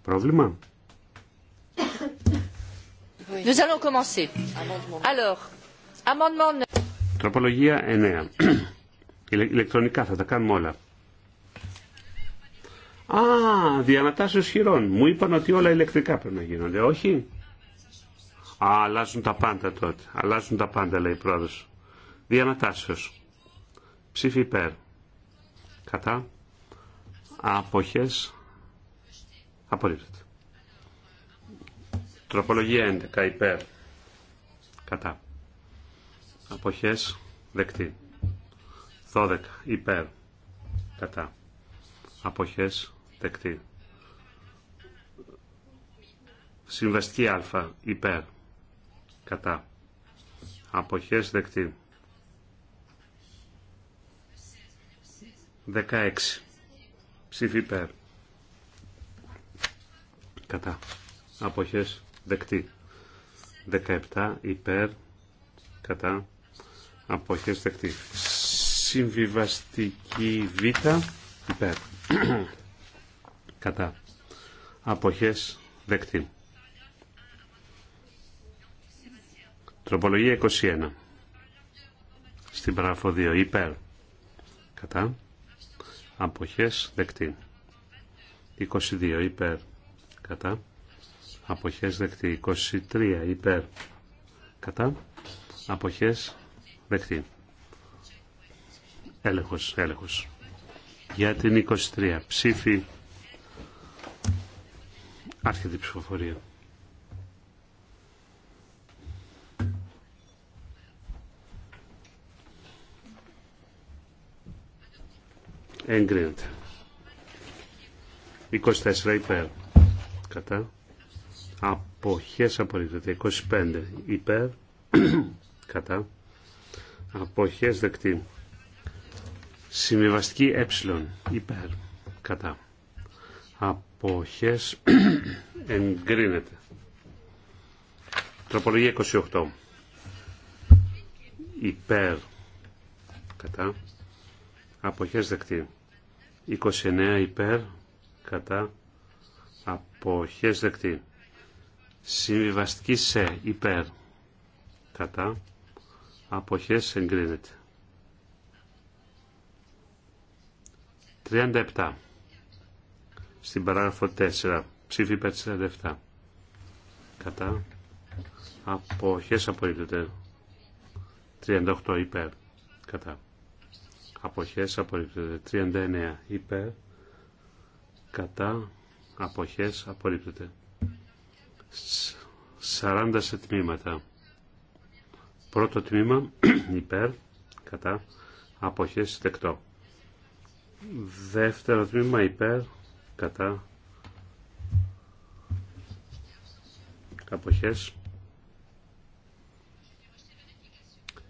Πρόβλημα. Nous allons Alors, amendement... Τροπολογία 9. Ηλεκτρονικά θα τα κάνουμε όλα. Α, διανατάσσεως χειρών. Μου είπαν ότι όλα ηλεκτρικά πρέπει να γίνονται, όχι. Α, αλλάζουν τα πάντα τότε. Αλλάζουν τα πάντα, λέει η πρόεδρος. Διανατάσσεως. Ψήφι υπέρ. Κατά αποχές απορρίπτεται. Τροπολογία 11 υπέρ κατά αποχές δεκτή. 12 υπέρ κατά αποχές δεκτή. Συμβαστική α υπέρ κατά αποχές δεκτή. 16 Ψήφι υπέρ. Κατά. Αποχές δεκτή. 17 υπέρ. Κατά. Αποχές δεκτή. Συμβιβαστική β υπέρ. (clears throat) Κατά. Αποχές δεκτή. Τροπολογία 21. Στην παράγραφο 2. Υπέρ. Κατά αποχές δεκτή. 22 υπέρ κατά αποχές δεκτή. 23 υπέρ κατά αποχές δεκτή. Έλεγχος, έλεγχος. Για την 23 ψήφι άρχεται η ψηφοφορία. εγκρίνεται 24 υπέρ κατά αποχές απορρίπτεται 25 υπέρ (clears throat) κατά αποχές δεκτή συμβιβαστική ε υπέρ κατά αποχές (clears throat) εγκρίνεται τροπολογία 28 υπέρ κατά αποχές δεκτή. 29 υπέρ κατά αποχές δεκτή. Συμβιβαστική σε υπέρ κατά αποχές εγκρίνεται. 37 στην παράγραφο 4 ψήφι υπέρ 37. κατά αποχές απορρίπτεται 38 υπέρ κατά αποχές απορρίπτεται 39 υπέρ κατά αποχές απορρίπτεται 40 σε τμήματα πρώτο τμήμα υπέρ κατά αποχές δεκτό δεύτερο τμήμα υπέρ κατά αποχές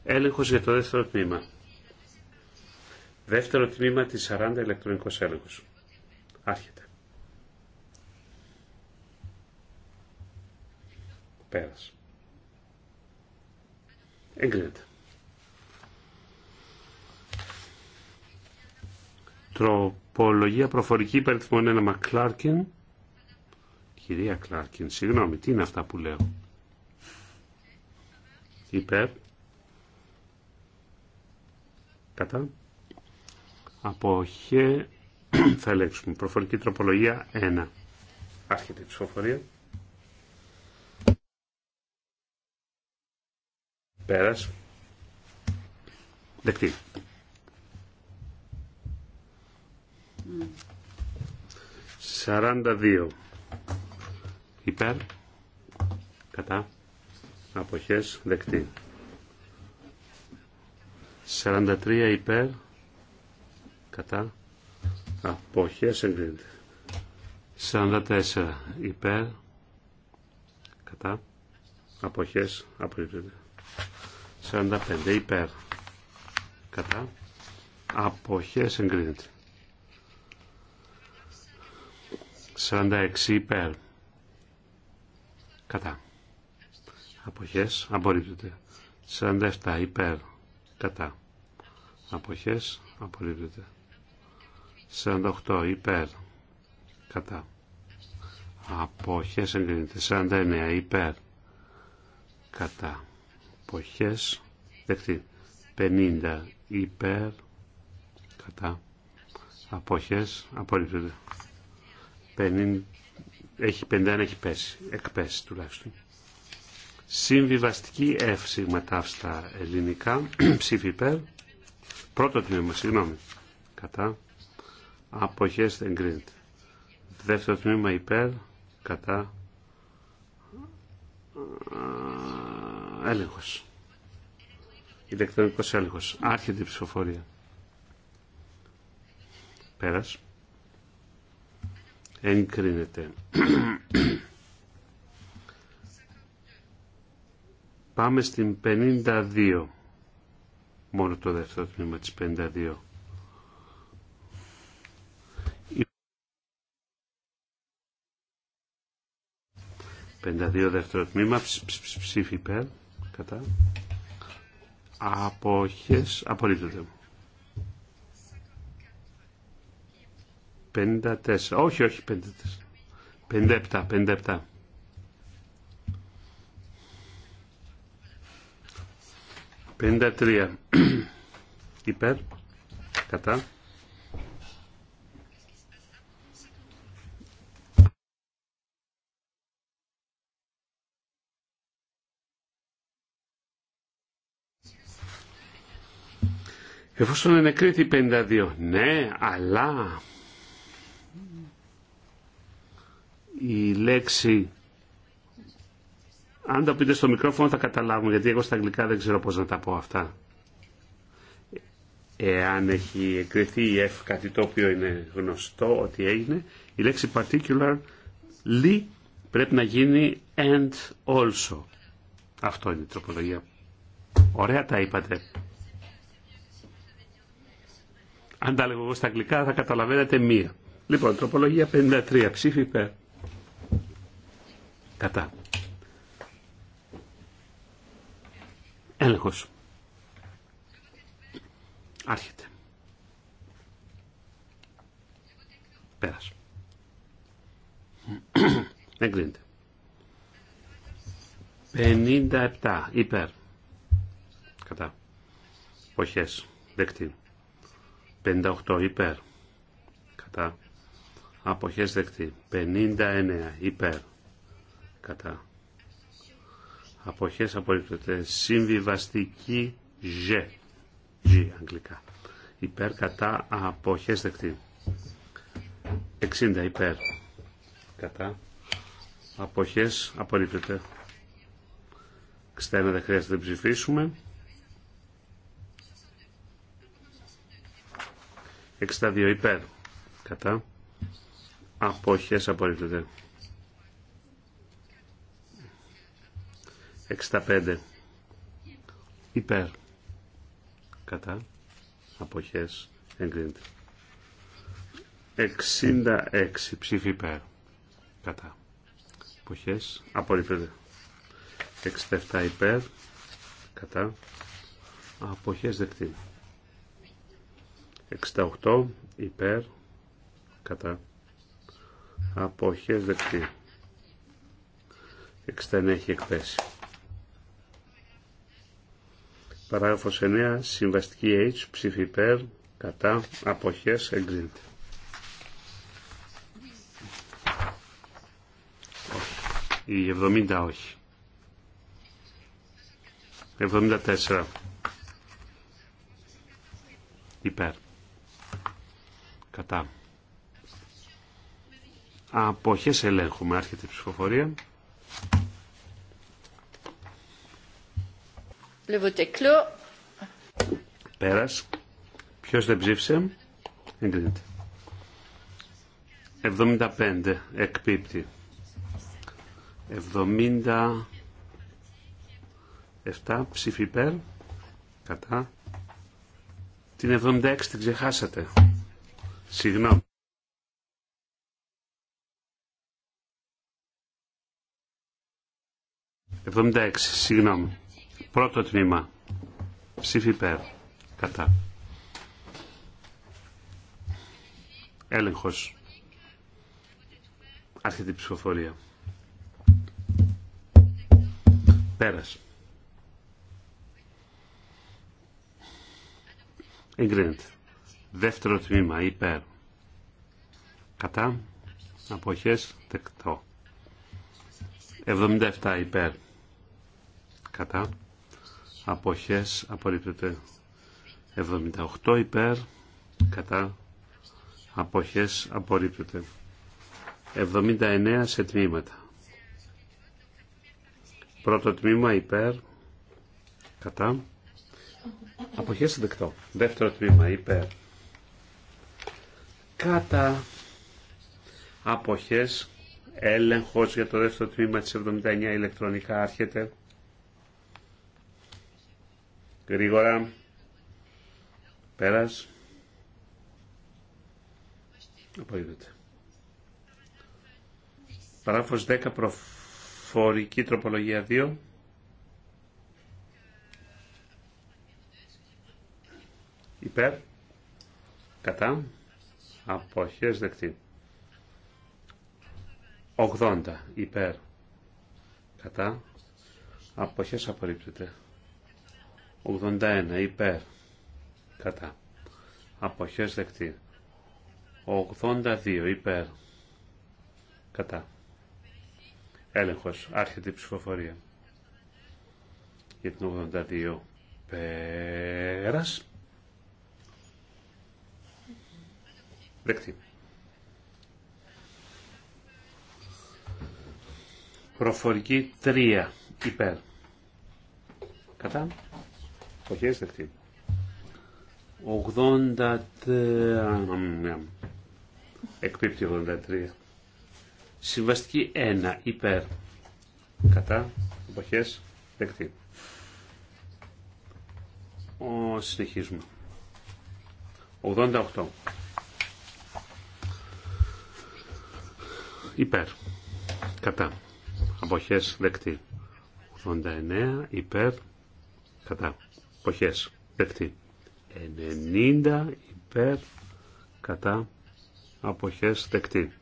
έλεγχος για το δεύτερο τμήμα Δεύτερο τμήμα της 40 ηλεκτρονικός έλεγχος. Άρχεται. Πέρας. Εγκρίνεται. Τροπολογία προφορική υπαριθμών 1 Μακλάρκιν. Κυρία Κλάρκιν, συγγνώμη, τι είναι αυτά που λέω. Υπέρ. Κατά. Αποχέ (clears throat) θα ελέγξουμε. Προφορική τροπολογία 1. Άρχεται η ψηφοφορία. Πέρας. Δεκτή. 42. Υπέρ. Κατά. Αποχές. Δεκτή. 43 υπέρ κατά αποχές εγκρίνεται 44 υπέρ κατά αποχές απορρίπτεται 45 υπέρ κατά αποχές εγκρίνεται 46 υπέρ κατά αποχές απορρίπτεται 47 υπέρ κατά αποχές απορρίπτεται 48 υπέρ κατά αποχές εγκρίνεται 49 υπέρ κατά αποχές δεχτή 50 υπέρ κατά αποχές απορρίπτεται 50 έχει 51 έχει πέσει εκπέσει τουλάχιστον Συμβιβαστική εύση μετά στα ελληνικά, (clears throat) ψήφι υπέρ, πρώτο τμήμα, συγγνώμη, κατά, αποχές εγκρίνεται. Δεύτερο τμήμα υπέρ, κατά, ε, έλεγχος. Ηλεκτρονικός έλεγχος. Άρχεται η ψηφοφορία. Πέρας. Εγκρίνεται. Πάμε στην 52. Μόνο το δεύτερο τμήμα της 52. 52 δεύτερο τμήμα, ψήφι υπέρ, κατά. Αποχές, απορρίπτεται. 54, όχι, όχι, 54. 57, 57. 53. υπέρ, κατά, Εφόσον ενεκρίθη 52, ναι, αλλά η λέξη αν το πείτε στο μικρόφωνο θα καταλάβουμε, γιατί εγώ στα αγγλικά δεν ξέρω πώς να τα πω αυτά. Εάν έχει εκριθεί η F, κάτι το οποίο είναι γνωστό ότι έγινε, η λέξη particular, li πρέπει να γίνει and also. Αυτό είναι η τροπολογία. Ωραία τα είπατε. Αν τα λέγω εγώ στα αγγλικά θα καταλαβαίνετε μία. Λοιπόν, τροπολογία 53, ψήφι υπέρ. Κατά. Έλεγχος. Άρχεται. Πέρας. Δεν (clears throat) 57 υπέρ. Κατά. Όχι. Δεκτή. 58 υπέρ. Κατά. Αποχές δεκτή. 59 υπέρ. Κατά. Αποχές απορρίπτεται. Συμβιβαστική G. G αγγλικά. Υπέρ κατά αποχές δεκτή. 60 υπέρ. Κατά. Αποχές απορρίπτεται. ξέρετε δεν χρειάζεται να ψηφίσουμε. 62 υπέρ. Κατά. Αποχές απορρίπτεται. 65 υπέρ. Κατά. Αποχές εγκρίνεται. 66 ψήφι υπέρ. Κατά. Αποχές απορρίπτεται. 67 υπέρ. Κατά. Αποχές δεκτή. 68 υπέρ κατά αποχές δεκτή 69 έχει εκπέσει παράγραφος 9 συμβαστική H ψήφι υπέρ κατά αποχές εγκρίνεται η 70 όχι 74 υπέρ Κατά. Αποχές ελέγχουμε. Άρχεται η ψηφοφορία. Le vote Πέρας. Ποιος δεν ψήφισε. Εγκρίνεται. 75. Εκπίπτει. 77 ψήφι υπέρ. Κατά. Την 76 την ξεχάσατε. Συγγνώμη. Εβδομήντα Συγγνώμη. Πρώτο τμήμα. Ψήφι περ. Κατά. Έλεγχος. Άρχεται η ψηφοφορία. Πέρας. Εγκρίνεται. Δεύτερο τμήμα υπέρ. Κατά. Αποχές δεκτό. 77 υπέρ. Κατά. Αποχές απορρίπτεται. 78 υπέρ. Κατά. Αποχές απορρίπτεται. 79 σε τμήματα. Πρώτο τμήμα υπέρ. Κατά. Αποχές δεκτό. Δεύτερο τμήμα υπέρ κατά αποχές έλεγχος για το δεύτερο τμήμα της 79 ηλεκτρονικά άρχεται γρήγορα πέρας απογείδεται παράφος 10 προφορική τροπολογία 2 υπέρ κατά αποχές δεκτή. 80 υπέρ κατά αποχές απορρίπτεται. 81 υπέρ κατά αποχές δεκτή. 82 υπέρ κατά έλεγχος άρχεται η ψηφοφορία για την 82 πέρας Δεκτή. Προφορική 3 υπέρ. Κατά. έτσι δεκτή. 83. Εκπίπτει 83. Συμβαστική 1 υπέρ. Κατά. Εποχές. δεκτή. Ο, συνεχίζουμε. 88. υπέρ, κατά, αποχές δεκτή. 89 υπέρ, κατά, αποχές δεκτή. 90 υπέρ, κατά, αποχές δεκτή.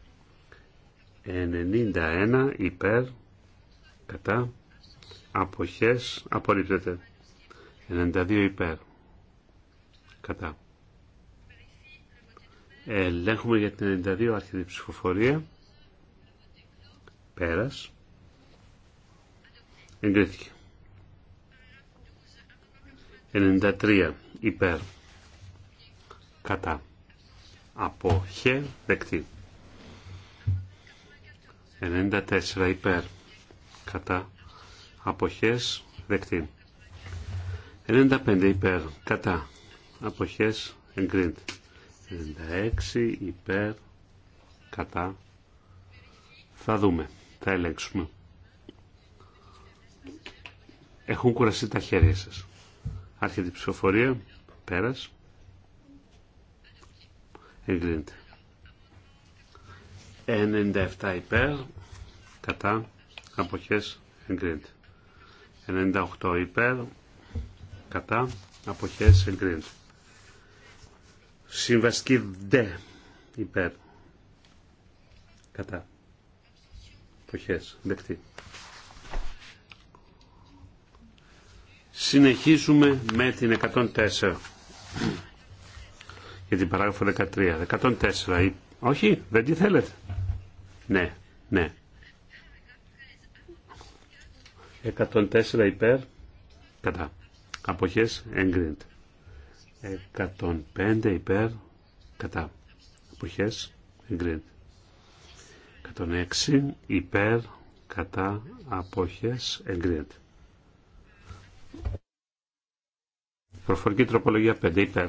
91 υπέρ, κατά, αποχές απορρίπτεται. 92 υπέρ, κατά. Ελέγχουμε για την 92 άρχεται ψηφοφορία. Πέρας. Εγκρίθηκε. 93 υπέρ. Κατά. Από χε δεκτή. 94 υπέρ. Κατά. Αποχές δεκτή. 95 υπέρ. Κατά. Αποχές εγκρίνεται. 96 υπέρ. Κατά. Θα δούμε. Θα ελέγξουμε. Έχουν κουραστεί τα χέρια σας. Άρχεται η ψηφοφορία. Πέρας. Εγκρίνεται. 97 υπέρ. Κατά. Αποχές. Εγκρίνεται. 98 υπέρ. Κατά. Αποχές. Εγκρίνεται. Συμβαστική δε υπέρ. Κατά δεκτή. Συνεχίζουμε με την 104 για την παράγραφο 13. 104. Όχι, δεν τη θέλετε. Ναι, ναι. 104 υπέρ, κατά. Αποχές εγκρίνεται. 105 υπέρ, κατά. Αποχές εγκρίνεται. 106 υπέρ κατά απόχες εγκρίνεται. Προφορική τροπολογία 5 (clears throat) υπέρ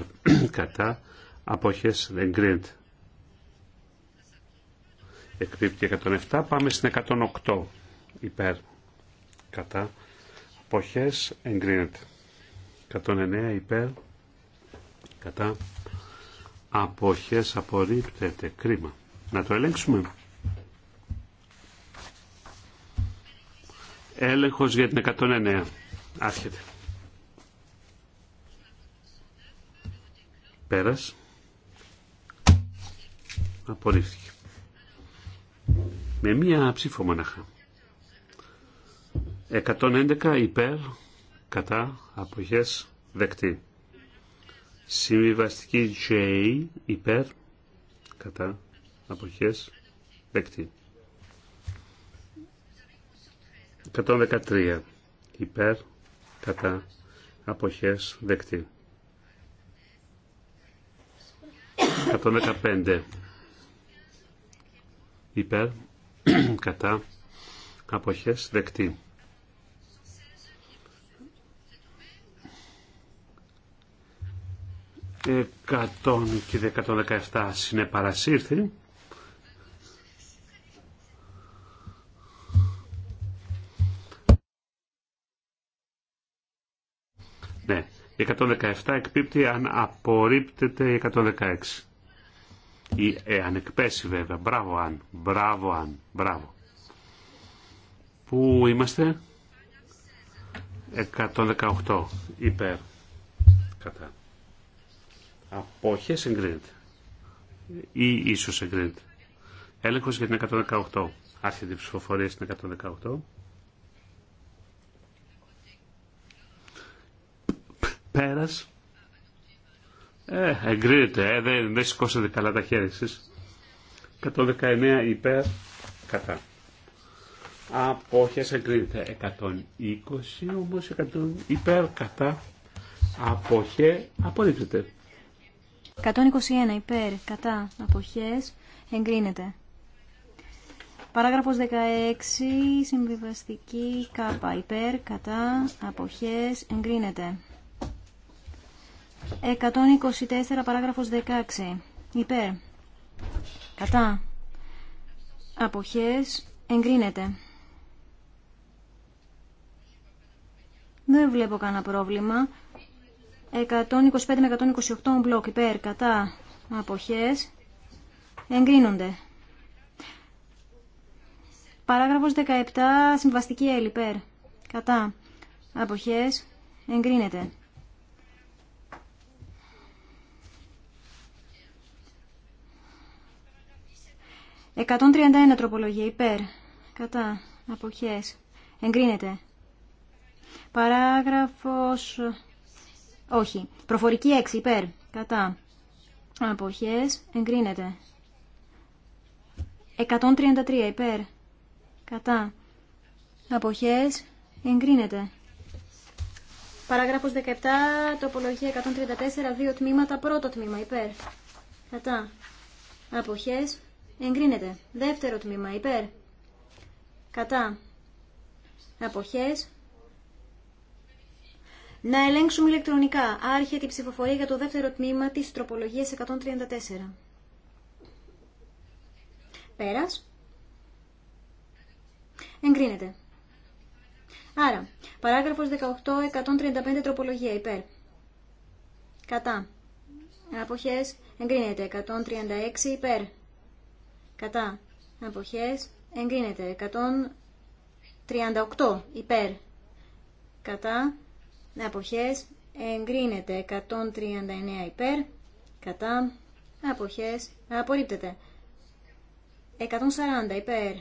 κατά απόχες εγκρίνεται. Εκπίπτει 107. Πάμε στην 108 υπέρ κατά απόχες εγκρίνεται. 109 υπέρ κατά απόχες απορρίπτεται κρίμα. Να το ελέγξουμε. Έλεγχος για την 109. Άρχεται. Πέρας. Απορρίφθηκε. Με μία ψήφο μονάχα. 111 υπέρ, κατά, αποχές, δεκτή. Συμβιβαστική J υπέρ, κατά, αποχές, δεκτή. 113 υπέρ κατά αποχές δεκτή. 115 υπέρ (clears throat) κατά αποχές δεκτή. 100 και 117 συνεπαρασύρθη. 117 εκπίπτει αν απορρίπτεται η 116. Ή εάν εκπέσει βέβαια. Μπράβο αν. Μπράβο αν. Μπράβο. Πού είμαστε. 118. Υπέρ. Κατά. Απόχες εγκρίνεται. Ή ίσως εγκρίνεται. Έλεγχος για την 118. Άρχεται η ψηφοφορία στην 118. Πέρας. Ε, εγκρίνεται. Ε, δεν, δεν σηκώσατε καλά τα χέρια σας. 119 υπέρ κατά. Απόχες εγκρίνεται. 120 όμως 100 υπέρ κατά. Απόχε απορρίπτεται. 121 υπέρ κατά αποχές εγκρίνεται. Παράγραφος 16, συμβιβαστική κάπα, υπέρ, κατά, αποχές, εγκρίνεται. 124 παράγραφος 16. Υπέρ. Κατά. Αποχές. Εγκρίνεται. Δεν βλέπω κανένα πρόβλημα. 125 με 128 μπλοκ υπέρ κατά αποχές εγκρίνονται. Παράγραφος 17 συμβαστική L υπέρ κατά αποχές εγκρίνεται. 131 τροπολογία υπέρ. Κατά. Αποχές. Εγκρίνεται. Παράγραφος... Όχι. Προφορική 6 υπέρ. Κατά. Αποχές. Εγκρίνεται. 133 υπέρ. Κατά. Αποχές. Εγκρίνεται. Παράγραφος 17, τοπολογία 134, δύο τμήματα, πρώτο τμήμα, υπέρ. Κατά. Αποχές εγκρίνεται. Δεύτερο τμήμα υπέρ, κατά, αποχές. Να ελέγξουμε ηλεκτρονικά. Άρχεται η ψηφοφορία για το δεύτερο τμήμα της τροπολογίας 134. Πέρας. Εγκρίνεται. Άρα, παράγραφος 18, 135 τροπολογία υπέρ. Κατά. Αποχές εγκρίνεται. 136 υπέρ κατά αποχές εγκρίνεται 138 υπέρ κατά αποχές εγκρίνεται 139 υπέρ κατά αποχές απορρίπτεται 140 υπέρ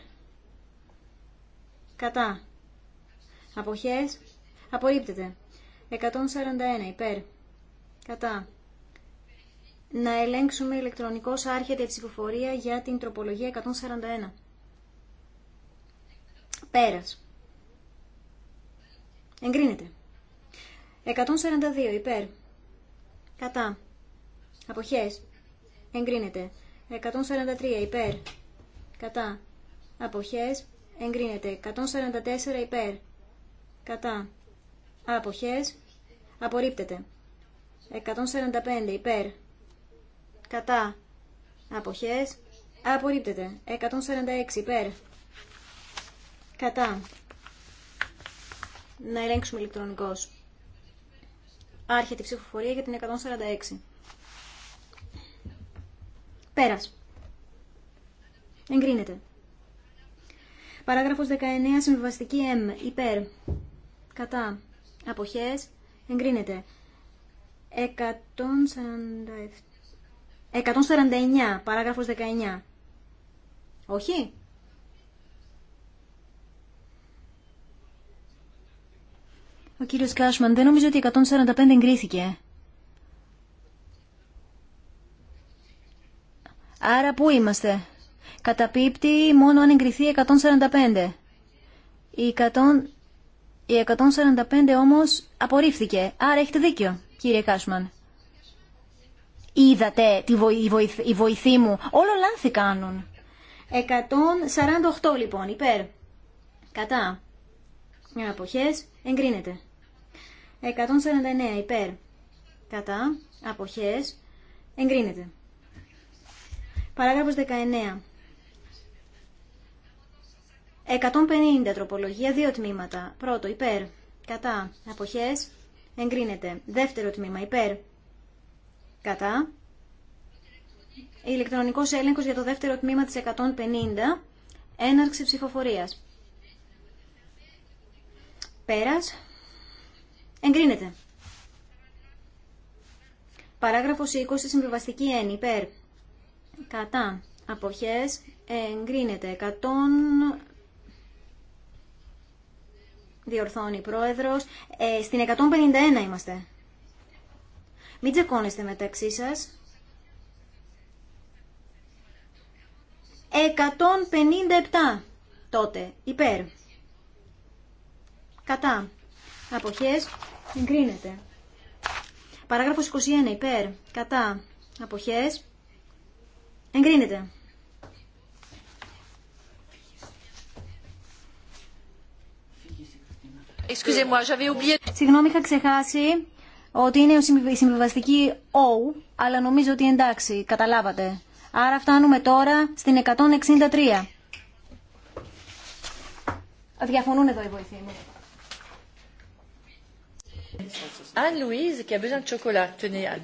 κατά αποχές απορρίπτεται 141 υπέρ κατά να ελέγξουμε ηλεκτρονικώς άρχεται η ψηφοφορία για την τροπολογία 141. Πέρας. Εγκρίνεται. 142 υπέρ. Κατά. Αποχές. Εγκρίνεται. 143 υπέρ. Κατά. Αποχές. Εγκρίνεται. 144 υπέρ. Κατά. Αποχές. Απορρίπτεται. 145 υπέρ κατά αποχές απορρίπτεται 146 υπέρ κατά να ελέγξουμε ηλεκτρονικός άρχεται η ψηφοφορία για την 146 πέρας εγκρίνεται Παράγραφος 19, συμβιβαστική M, υπέρ, κατά, αποχές, εγκρίνεται. 147 149, παράγραφος 19. Όχι. Ο κύριος Κάσμαν, δεν νομίζω ότι 145 εγκρίθηκε. Άρα πού είμαστε. Καταπίπτει μόνο αν εγκριθεί 145. Η, 100... η 145 όμως απορρίφθηκε. Άρα έχετε δίκιο, κύριε Κάσμαν είδατε τη η βοηθή μου. Όλο λάθη κάνουν. 148 λοιπόν, υπέρ. Κατά. Αποχές, εγκρίνεται. 149 υπέρ. Κατά. Αποχές, εγκρίνεται. Παράγραφος 19. 150 τροπολογία, δύο τμήματα. Πρώτο, υπέρ. Κατά. Αποχές, εγκρίνεται. Δεύτερο τμήμα, υπέρ. Κατά. Ηλεκτρονικός έλεγχος για το δεύτερο τμήμα τη 150. Έναρξη ψηφοφορία. Πέρας. Εγκρίνεται. Παράγραφος 20. Συμβιβαστική εν υπέρ. Κατά. απόχέ. Εγκρίνεται. 100... Διορθώνει πρόεδρος. Ε, στην 151 είμαστε. Μην τσεκώνεστε μεταξύ σας. 157 τότε, υπέρ. Κατά. Αποχές, εγκρίνεται. Παράγραφος 21, υπέρ. Κατά. Αποχές, εγκρίνεται. Συγγνώμη, είχα ξεχάσει ότι είναι η συμβιβαστική O, αλλά νομίζω ότι εντάξει, καταλάβατε. Άρα φτάνουμε τώρα στην 163. Διαφωνούν εδώ οι βοηθοί μου. Anne-Louise qui a besoin de chocolat. 162.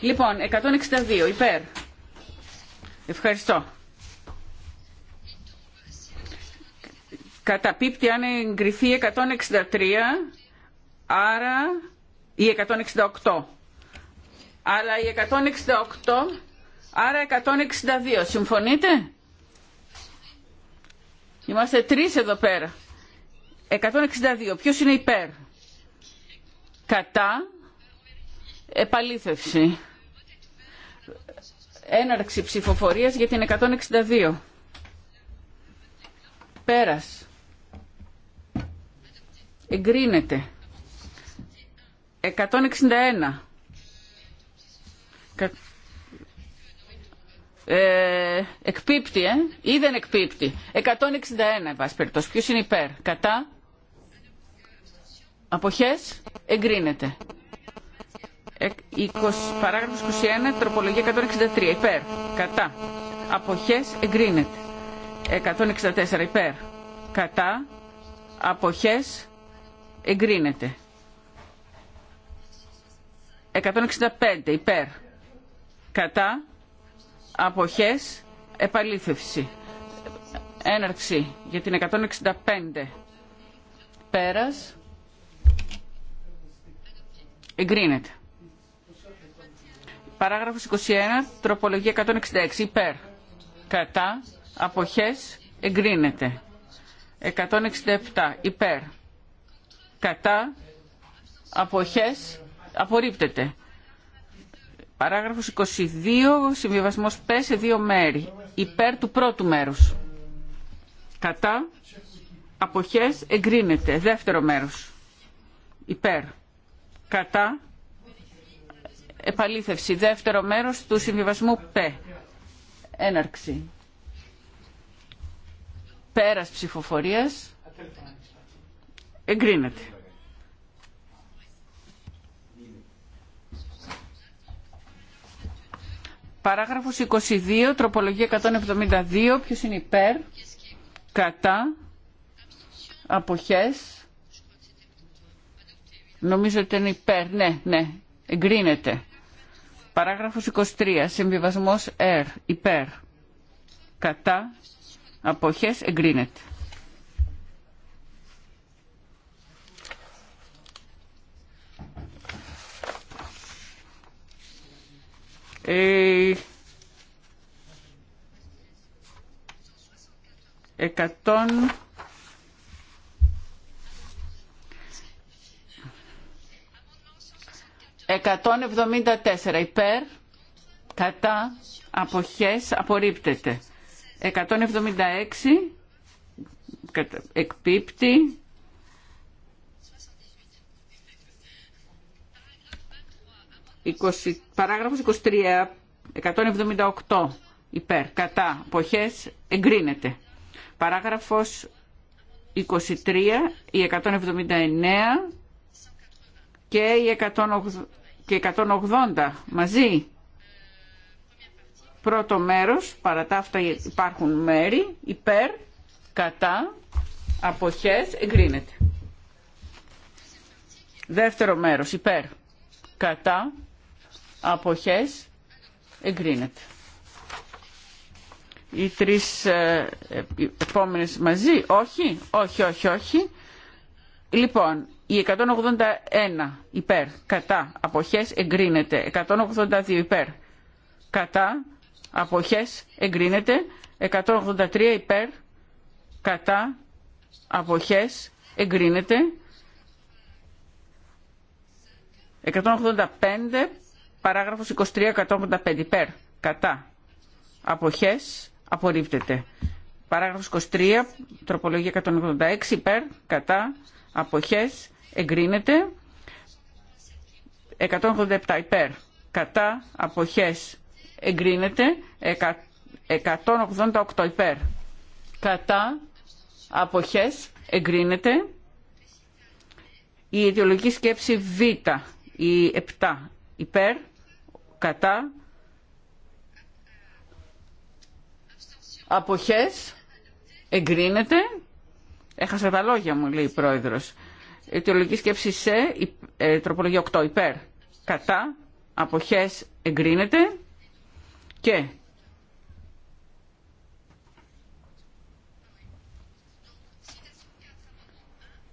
Λοιπόν, 162, υπέρ. Ευχαριστώ. Καταπίπτει αν εγκριθεί 163 Άρα η 168. Αλλά η 168, άρα 162. Συμφωνείτε? Είμαστε τρεις εδώ πέρα. 162. Ποιος είναι υπέρ. Κατά. Επαλήθευση. Έναρξη ψηφοφορίας για την 162. Πέρας. Εγκρίνεται. 161. Ε, εκπίπτει, ε, ή δεν εκπίπτει. 161, πάση περιπτώσει. Ποιος είναι υπέρ, κατά, αποχές, εγκρίνεται. 20, ε, παράγραφος 21, τροπολογία 163, υπέρ, κατά, αποχές, εγκρίνεται. 164, υπέρ, κατά, αποχές, εγκρίνεται. 165 υπέρ. Κατά. Αποχές. Επαλήθευση. Έναρξη για την 165. Πέρας. Εγκρίνεται. Παράγραφος 21. Τροπολογία 166 υπέρ. Κατά. Αποχές. Εγκρίνεται. 167 υπέρ. Κατά. Αποχές Απορρίπτεται. Παράγραφος 22, συμβιβασμός π σε δύο μέρη. Υπέρ του πρώτου μέρους. Κατά. Αποχές εγκρίνεται. Δεύτερο μέρος. Υπέρ. Κατά. Επαλήθευση. Δεύτερο μέρος του συμβιβασμού π Έναρξη. Πέρας ψηφοφορίας. Εγκρίνεται. Παράγραφος 22, τροπολογία 172, ποιος είναι υπέρ, κατά, αποχές. Νομίζω ότι είναι υπέρ, ναι, ναι, εγκρίνεται. Παράγραφος 23, συμβιβασμός R, υπέρ, κατά, αποχές, εγκρίνεται. εκατόν εκατόν εβδομήντα τέσσερα υπέρ κατά αποχές απορρίπτεται εκατόν εβδομήντα έξι εκπίπτει 20, παράγραφος 23, 178 υπέρ, κατά, αποχές, εγκρίνεται. Παράγραφος 23, η 179 και η 180, και μαζί. Πρώτο μέρος, παρά τα αυτά υπάρχουν μέρη, υπέρ, κατά, αποχές, εγκρίνεται. Δεύτερο μέρος, υπέρ, κατά, αποχές εγκρίνεται. Οι τρεις ε, μαζί, όχι, όχι, όχι, όχι. Λοιπόν, η 181 υπέρ, κατά, αποχές εγκρίνεται. 182 υπέρ, κατά, αποχές εγκρίνεται. 183 υπέρ, κατά, αποχές εγκρίνεται. 185 Παράγραφος 23, 185 υπέρ, κατά, αποχές, απορρίπτεται. Παράγραφος 23, τροπολογία 186 υπέρ, κατά, αποχές, εγκρίνεται. 187 υπέρ, κατά, αποχές, εγκρίνεται. 188 υπέρ, κατά, αποχές, εγκρίνεται. Η ιδεολογική σκέψη Β, η 7 υπέρ, κατά αποχές εγκρίνεται έχασα τα λόγια μου λέει η πρόεδρος αιτιολογική σκέψη σε ε, τροπολογία 8 υπέρ κατά αποχές εγκρίνεται και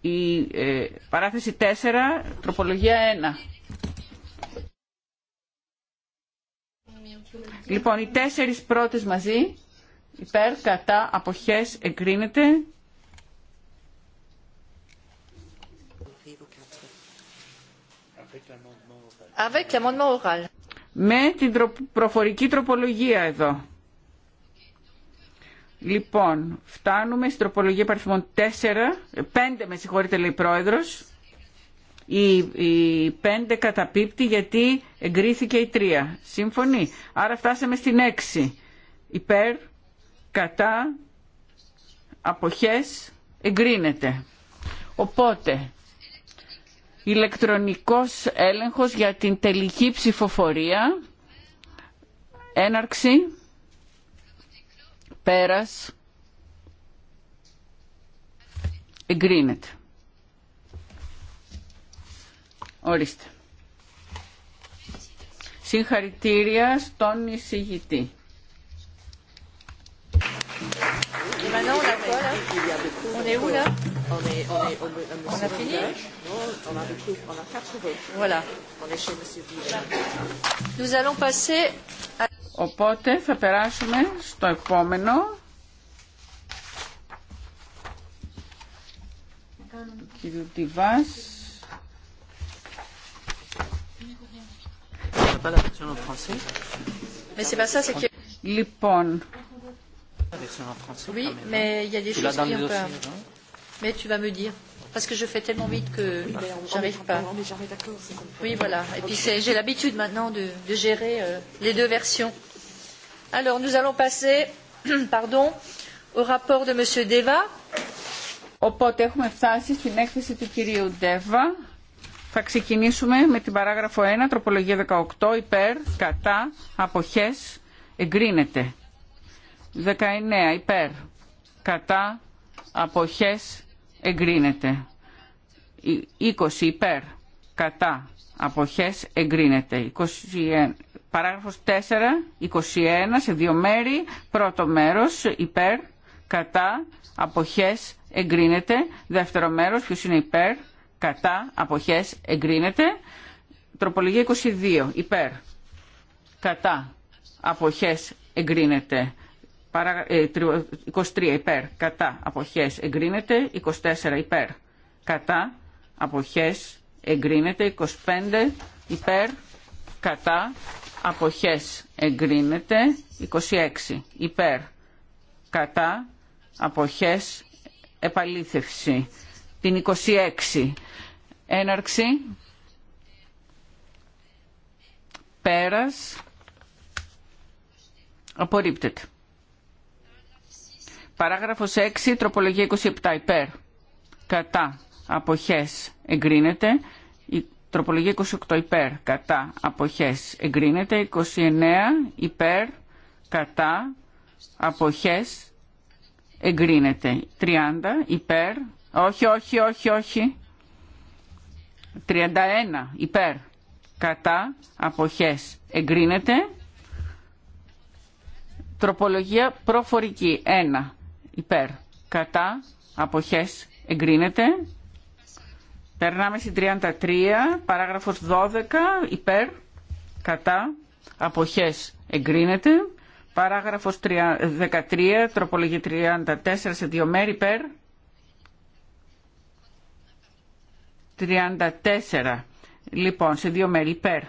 η ε, παράθεση 4 τροπολογία 1 Λοιπόν, οι τέσσερις πρώτες μαζί, υπέρ, κατά, αποχές, εγκρίνεται. Με την προφορική τροπολογία εδώ. Λοιπόν, φτάνουμε στην τροπολογία παριθμών 4, 5 με συγχωρείτε λέει πρόεδρος. Η, η πέντε καταπίπτει γιατί εγκρίθηκε η τρία. Σύμφωνοι. Άρα φτάσαμε στην έξι. Υπέρ, κατά, αποχές, εγκρίνεται. Οπότε, ηλεκτρονικός έλεγχος για την τελική ψηφοφορία, έναρξη, πέρας, εγκρίνεται. Ορίστε. Συγχαρητήρια στον εισηγητή. Οπότε θα περάσουμε στο επόμενο. Κύριο Τιβάς, pas la version en français. Mais c'est pas ça, c'est que. Λοιπόν. Oui, mais il y a des choses qui ont pas. Mais tu vas me dire. Parce que je fais tellement vite que j'arrive pas. Oui, voilà. Et puis j'ai l'habitude maintenant de, de gérer les deux versions. Alors, nous allons passer pardon, au rapport de M. Deva. Οπότε έχουμε φτάσει στην έκθεση του κυρίου Deva. Θα ξεκινήσουμε με την παράγραφο 1, τροπολογία 18, υπέρ, κατά, αποχές, εγκρίνεται. 19, υπέρ, κατά, αποχές, εγκρίνεται. 20, υπέρ, κατά, αποχές, εγκρίνεται. 21, παράγραφος 4, 21, σε δύο μέρη, πρώτο μέρος, υπέρ, κατά, αποχές, εγκρίνεται. Δεύτερο μέρος, ποιος είναι υπέρ, κατά, αποχές, εγκρίνεται. Τροπολογία 22, υπέρ, κατά, αποχές, εγκρίνεται. 23 ε, υπέρ, κατά, αποχές, εγκρίνεται. 24 υπέρ, κατά, αποχές, εγκρίνεται. 25 υπέρ, κατά, αποχές, εγκρίνεται. 26 υπέρ, κατά, αποχές, επαλήθευση την 26. Έναρξη. Πέρας. Απορρίπτεται. Παράγραφος 6, τροπολογία 27, υπέρ. Κατά. Αποχές. Εγκρίνεται. Η τροπολογία 28, υπέρ. Κατά. Αποχές. Εγκρίνεται. 29, υπέρ. Κατά. Αποχές. Εγκρίνεται. 30, υπέρ. Όχι, όχι, όχι, όχι. 31 υπέρ κατά αποχές εγκρίνεται. Τροπολογία προφορική 1 υπέρ κατά αποχές εγκρίνεται. Περνάμε στην 33, παράγραφος 12, υπέρ, κατά, αποχές εγκρίνεται. Παράγραφος 13, τροπολογία 34 σε δύο μέρη, υπέρ, 34 λοιπόν σε δύο μέρη υπέρ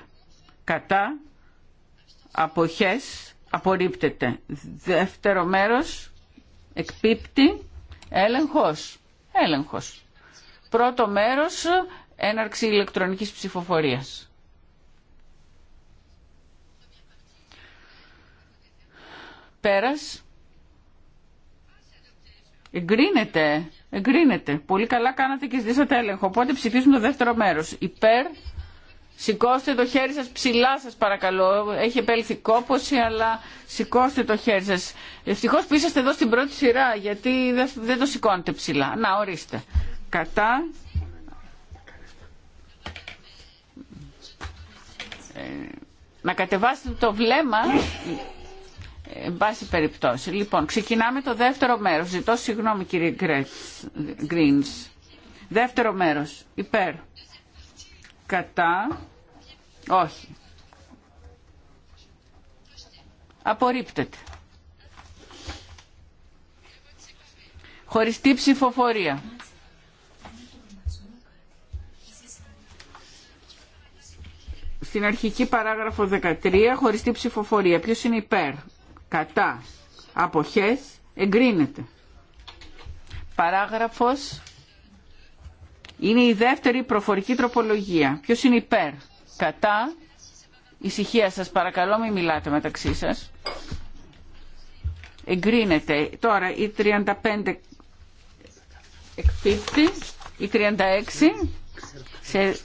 κατά αποχές απορρίπτεται δεύτερο μέρος εκπίπτει έλεγχος έλεγχος πρώτο μέρος έναρξη ηλεκτρονικής ψηφοφορίας πέρας εγκρίνεται Εγκρίνεται. Πολύ καλά κάνατε και ζητήσατε έλεγχο. Οπότε ψηφίσουμε το δεύτερο μέρος. Υπέρ. Σηκώστε το χέρι σας ψηλά σας παρακαλώ. Έχει επέλθει κόποση αλλά σηκώστε το χέρι σας. Ευτυχώς που είσαστε εδώ στην πρώτη σειρά γιατί δεν το σηκώνετε ψηλά. Να ορίστε. Κατά. Ε, να κατεβάσετε το βλέμμα Εν περιπτώσει. Λοιπόν, ξεκινάμε το δεύτερο μέρος. Ζητώ συγγνώμη κύριε Γκρίνς. Δεύτερο μέρος. Υπέρ. Κατά. Όχι. Απορρίπτεται. Χωριστή ψηφοφορία. Στην αρχική παράγραφο 13, χωριστή ψηφοφορία. Ποιος είναι υπέρ κατά αποχές εγκρίνεται. Παράγραφος είναι η δεύτερη προφορική τροπολογία. Ποιος είναι υπέρ, κατά, ησυχία σας παρακαλώ μην μιλάτε μεταξύ σας. Εγκρίνεται τώρα η 35 εκπίπτει, η 36 σε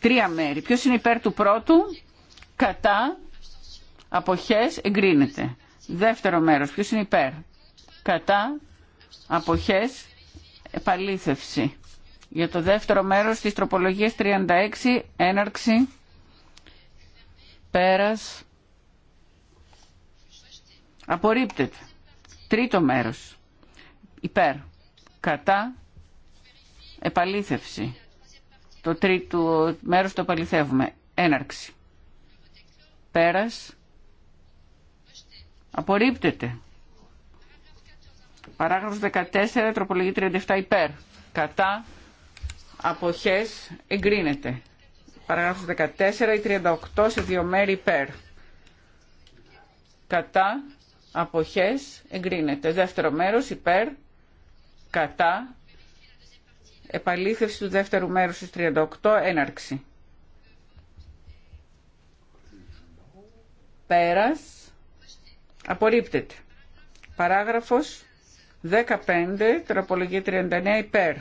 τρία μέρη. Ποιος είναι υπέρ του πρώτου, κατά, αποχές εγκρίνεται. Δεύτερο μέρος, ποιος είναι υπέρ. Κατά, αποχές, επαλήθευση. Για το δεύτερο μέρος της τροπολογίας 36, έναρξη, πέρας, απορρίπτεται. Τρίτο μέρος, υπέρ, κατά, επαλήθευση. Το τρίτο μέρος το επαληθεύουμε, έναρξη, πέρας, Απορρίπτεται. Παράγραφος 14, τροπολογή 37 υπέρ. Κατά αποχές εγκρίνεται. Παράγραφος 14 ή 38 σε δύο μέρη υπέρ. Κατά αποχές εγκρίνεται. Δεύτερο μέρος υπέρ. Κατά επαλήθευση του δεύτερου μέρους στις 38 έναρξη. Πέρας Απορρίπτεται. Παράγραφος 15, τροπολογία 39 υπέρ.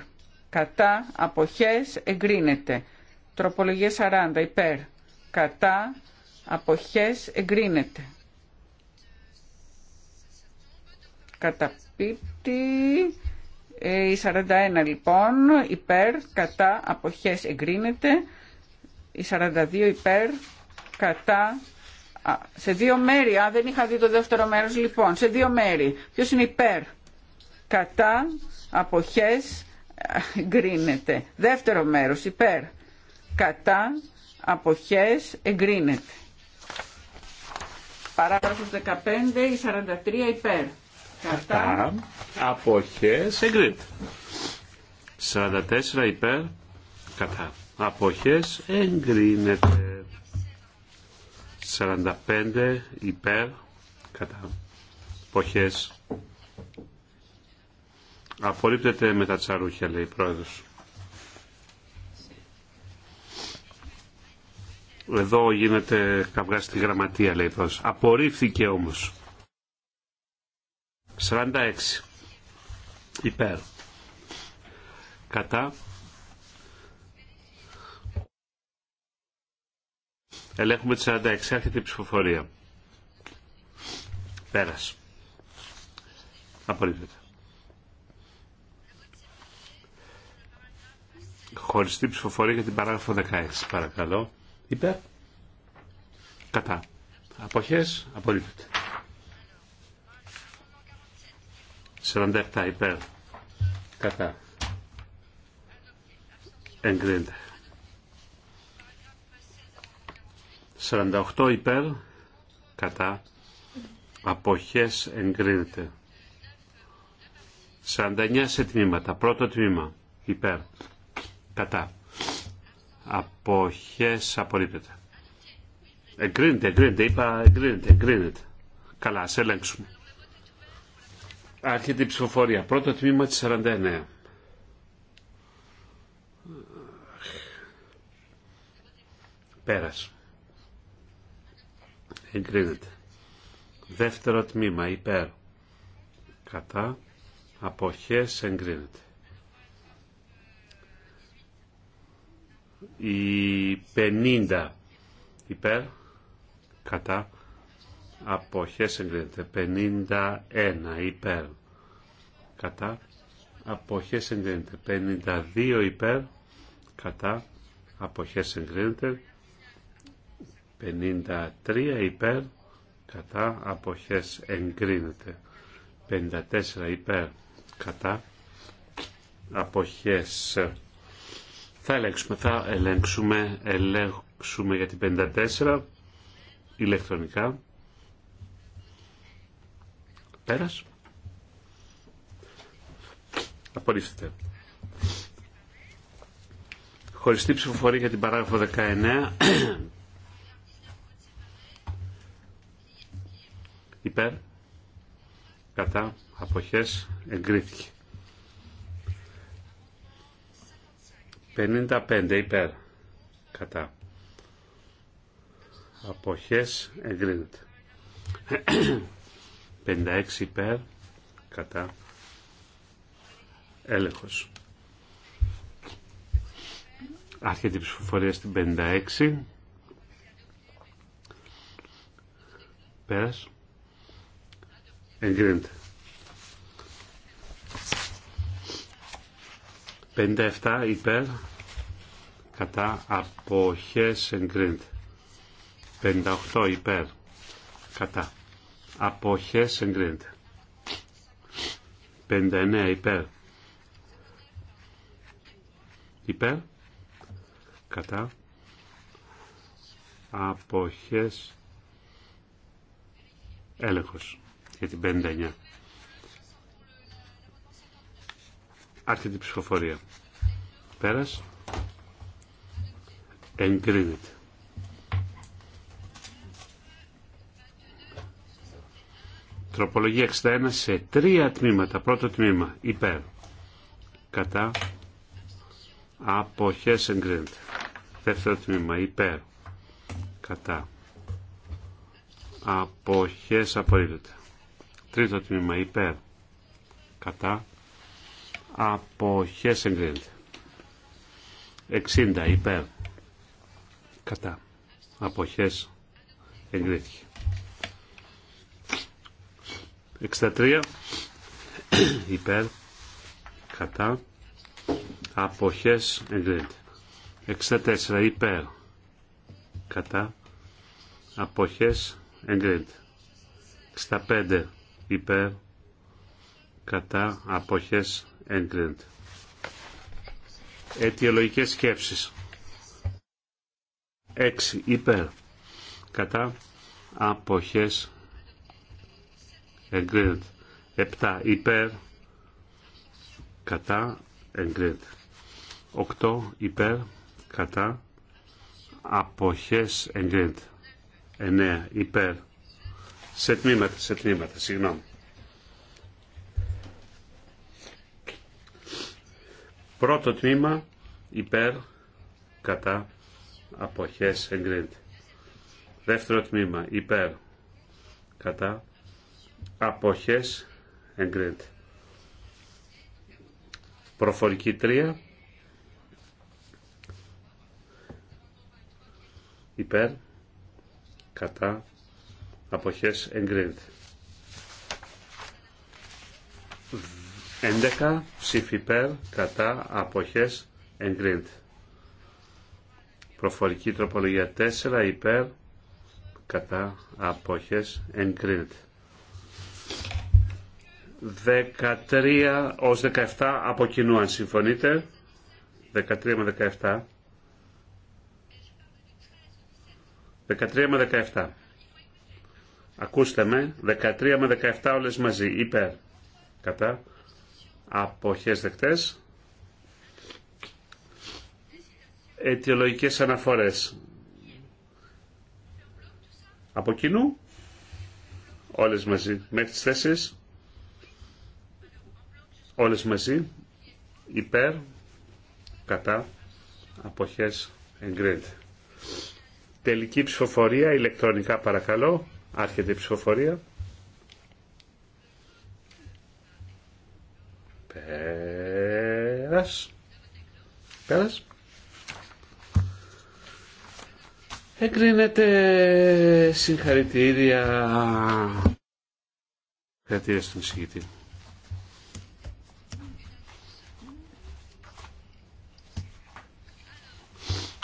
Κατά αποχές εγκρίνεται. Τροπολογία 40 υπέρ. Κατά αποχές εγκρίνεται. Καταπίπτει ε, η 41 λοιπόν υπέρ. Κατά αποχές εγκρίνεται. Η 42 υπέρ. Κατά σε δύο μέρη, αν δεν είχα δει το δεύτερο μέρος, λοιπόν, σε δύο μέρη. Ποιος είναι υπέρ, κατά, αποχές, εγκρίνεται. Δεύτερο μέρος, υπέρ, κατά, αποχές, εγκρίνεται. Παράγραφος 15, η 43 υπέρ. Κατά, αποχές, εγκρίνεται. 44 υπέρ, κατά, αποχές, εγκρίνεται. 45 υπέρ κατά εποχές απορρίπτεται με τα τσαρούχια λέει η πρόεδρος εδώ γίνεται καυγά στη γραμματεία λέει η πρόεδρος απορρίφθηκε όμως 46 υπέρ κατά Ελέγχουμε τη 46. Έρχεται η ψηφοφορία. Πέρασε. Απορρίπτεται. Χωριστή ψηφοφορία για την παράγραφο 16. Παρακαλώ. Είπε. Κατά. Αποχές. Απορρίπτεται. 47 υπέρ. Κατά. Εγκρίνεται. 48 υπέρ κατά αποχές εγκρίνεται. 49 σε τμήματα. Πρώτο τμήμα υπέρ κατά αποχές απορρίπτεται. Εγκρίνεται, εγκρίνεται, είπα εγκρίνεται, εγκρίνεται. Καλά, ας ελέγξουμε. Άρχεται η ψηφοφορία. Πρώτο τμήμα της 49. Πέρασε εγκρίνεται. Δεύτερο τμήμα υπέρ κατά αποχές εγκρίνεται. Η 50 υπέρ κατά αποχές εγκρίνεται. 51 υπέρ κατά αποχές εγκρίνεται. 52 υπέρ κατά αποχές εγκρίνεται. 53 υπέρ κατά αποχές εγκρίνεται 54 υπέρ κατά αποχές θα ελέγξουμε θα ελέγξουμε ελέγξουμε για την 54 ηλεκτρονικά πέρας απορρίφθηκε χωριστή ψηφοφορία για την παράγραφο 19 υπέρ κατά αποχές εγκρίθηκε 55 υπέρ κατά αποχές εγκρίνεται 56 υπέρ κατά έλεγχος άρχεται η ψηφοφορία στην 56 Πέρασε. Εγκρίνεται. 57 υπέρ κατά αποχές εγκρίνεται. 58 υπέρ κατά αποχές εγκρίνεται. 59 υπέρ υπέρ κατά αποχές έλεγχος για την 59. Άρχεται ψηφοφορία. Πέρας. Εγκρίνεται. Τροπολογία 61 σε τρία τμήματα. Πρώτο τμήμα υπέρ. Κατά. Αποχές εγκρίνεται. Δεύτερο τμήμα υπέρ. Κατά. Αποχές απορρίπτεται. Τρίτο τμήμα υπέρ κατά αποχές Χέσενγκριντ 60 υπέρ κατά αποχές Χέσενγκριντ 63 υπέρ κατά αποχές Χέσενγκριντ 64 υπέρ κατά αποχές Χέσενγκριντ 65 υπέρ κατά αποχές εγκρίνεται. Αιτιολογικές σκέψεις. 6 υπέρ κατά αποχές εγκρίνεται. 7 υπέρ κατά εγκρίνεται. 8 υπέρ κατά αποχές εγκρίνεται. 9 υπέρ σε τμήματα, σε τμήματα, συγγνώμη. Πρώτο τμήμα υπέρ κατά αποχές εγκρίνεται. Δεύτερο τμήμα υπέρ κατά αποχές εγκρίνεται. Προφορική τρία. υπέρ κατά αποχές εγκρίνεται. 11 ψήφι υπέρ κατά αποχές εγκρίνεται. Προφορική τροπολογία 4 υπέρ κατά αποχές εγκρίνεται. 13 ως 17 από κοινού αν συμφωνείτε. 13 με 17. 13 με 17. Ακούστε με, 13 με 17 όλες μαζί, υπέρ, κατά, αποχές δεκτές. Αιτιολογικές αναφορές. Από κοινού, όλες μαζί, μέχρι τις θέσεις, όλες μαζί, υπέρ, κατά, αποχές εγκρίνεται. Τελική ψηφοφορία, ηλεκτρονικά παρακαλώ. Άρχεται η ψηφοφορία. Πέρας. Πέρας. Εγκρίνεται συγχαρητήρια. Συγχαρητήρια στον εισηγητή.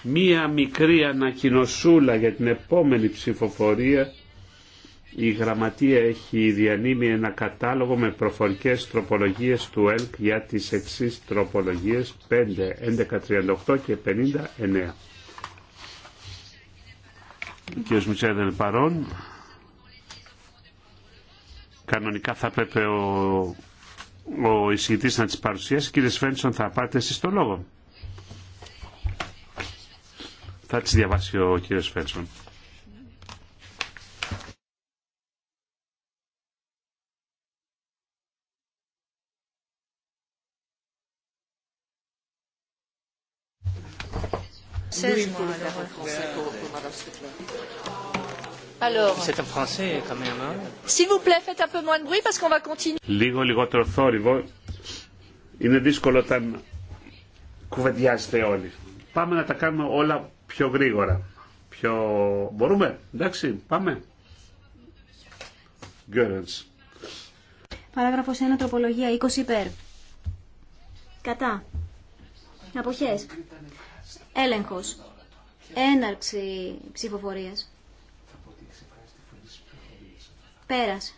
Μία μικρή ανακοινωσούλα για την επόμενη ψηφοφορία η Γραμματεία έχει διανύμει ένα κατάλογο με προφορικές τροπολογίες του ΕΛΚ για τις εξής τροπολογίες 5, 11, 38 και 59. Ο κ. Μητσέα δεν παρόν. Κανονικά θα έπρεπε ο, ο εισηγητής να τις παρουσιάσει. Κύριε Σφένσον θα πάτε εσείς το λόγο. Θα τις διαβάσει ο κ. Σφένσον. C'est un français, quand même. S'il vous plaît, faites un peu moins de bruit, parce qu'on va continuer. Λίγο λιγότερο θόρυβο. Είναι δύσκολο όταν κουβεντιάζετε όλοι. Πάμε να τα κάνουμε όλα πιο γρήγορα. Πιο... Μπορούμε, εντάξει, πάμε. Γκέρενς. Παράγραφος 1, τροπολογία 20 υπέρ. Κατά. Αποχές. Έλεγχος. Έναρξη ψηφοφορίας. Πέρας.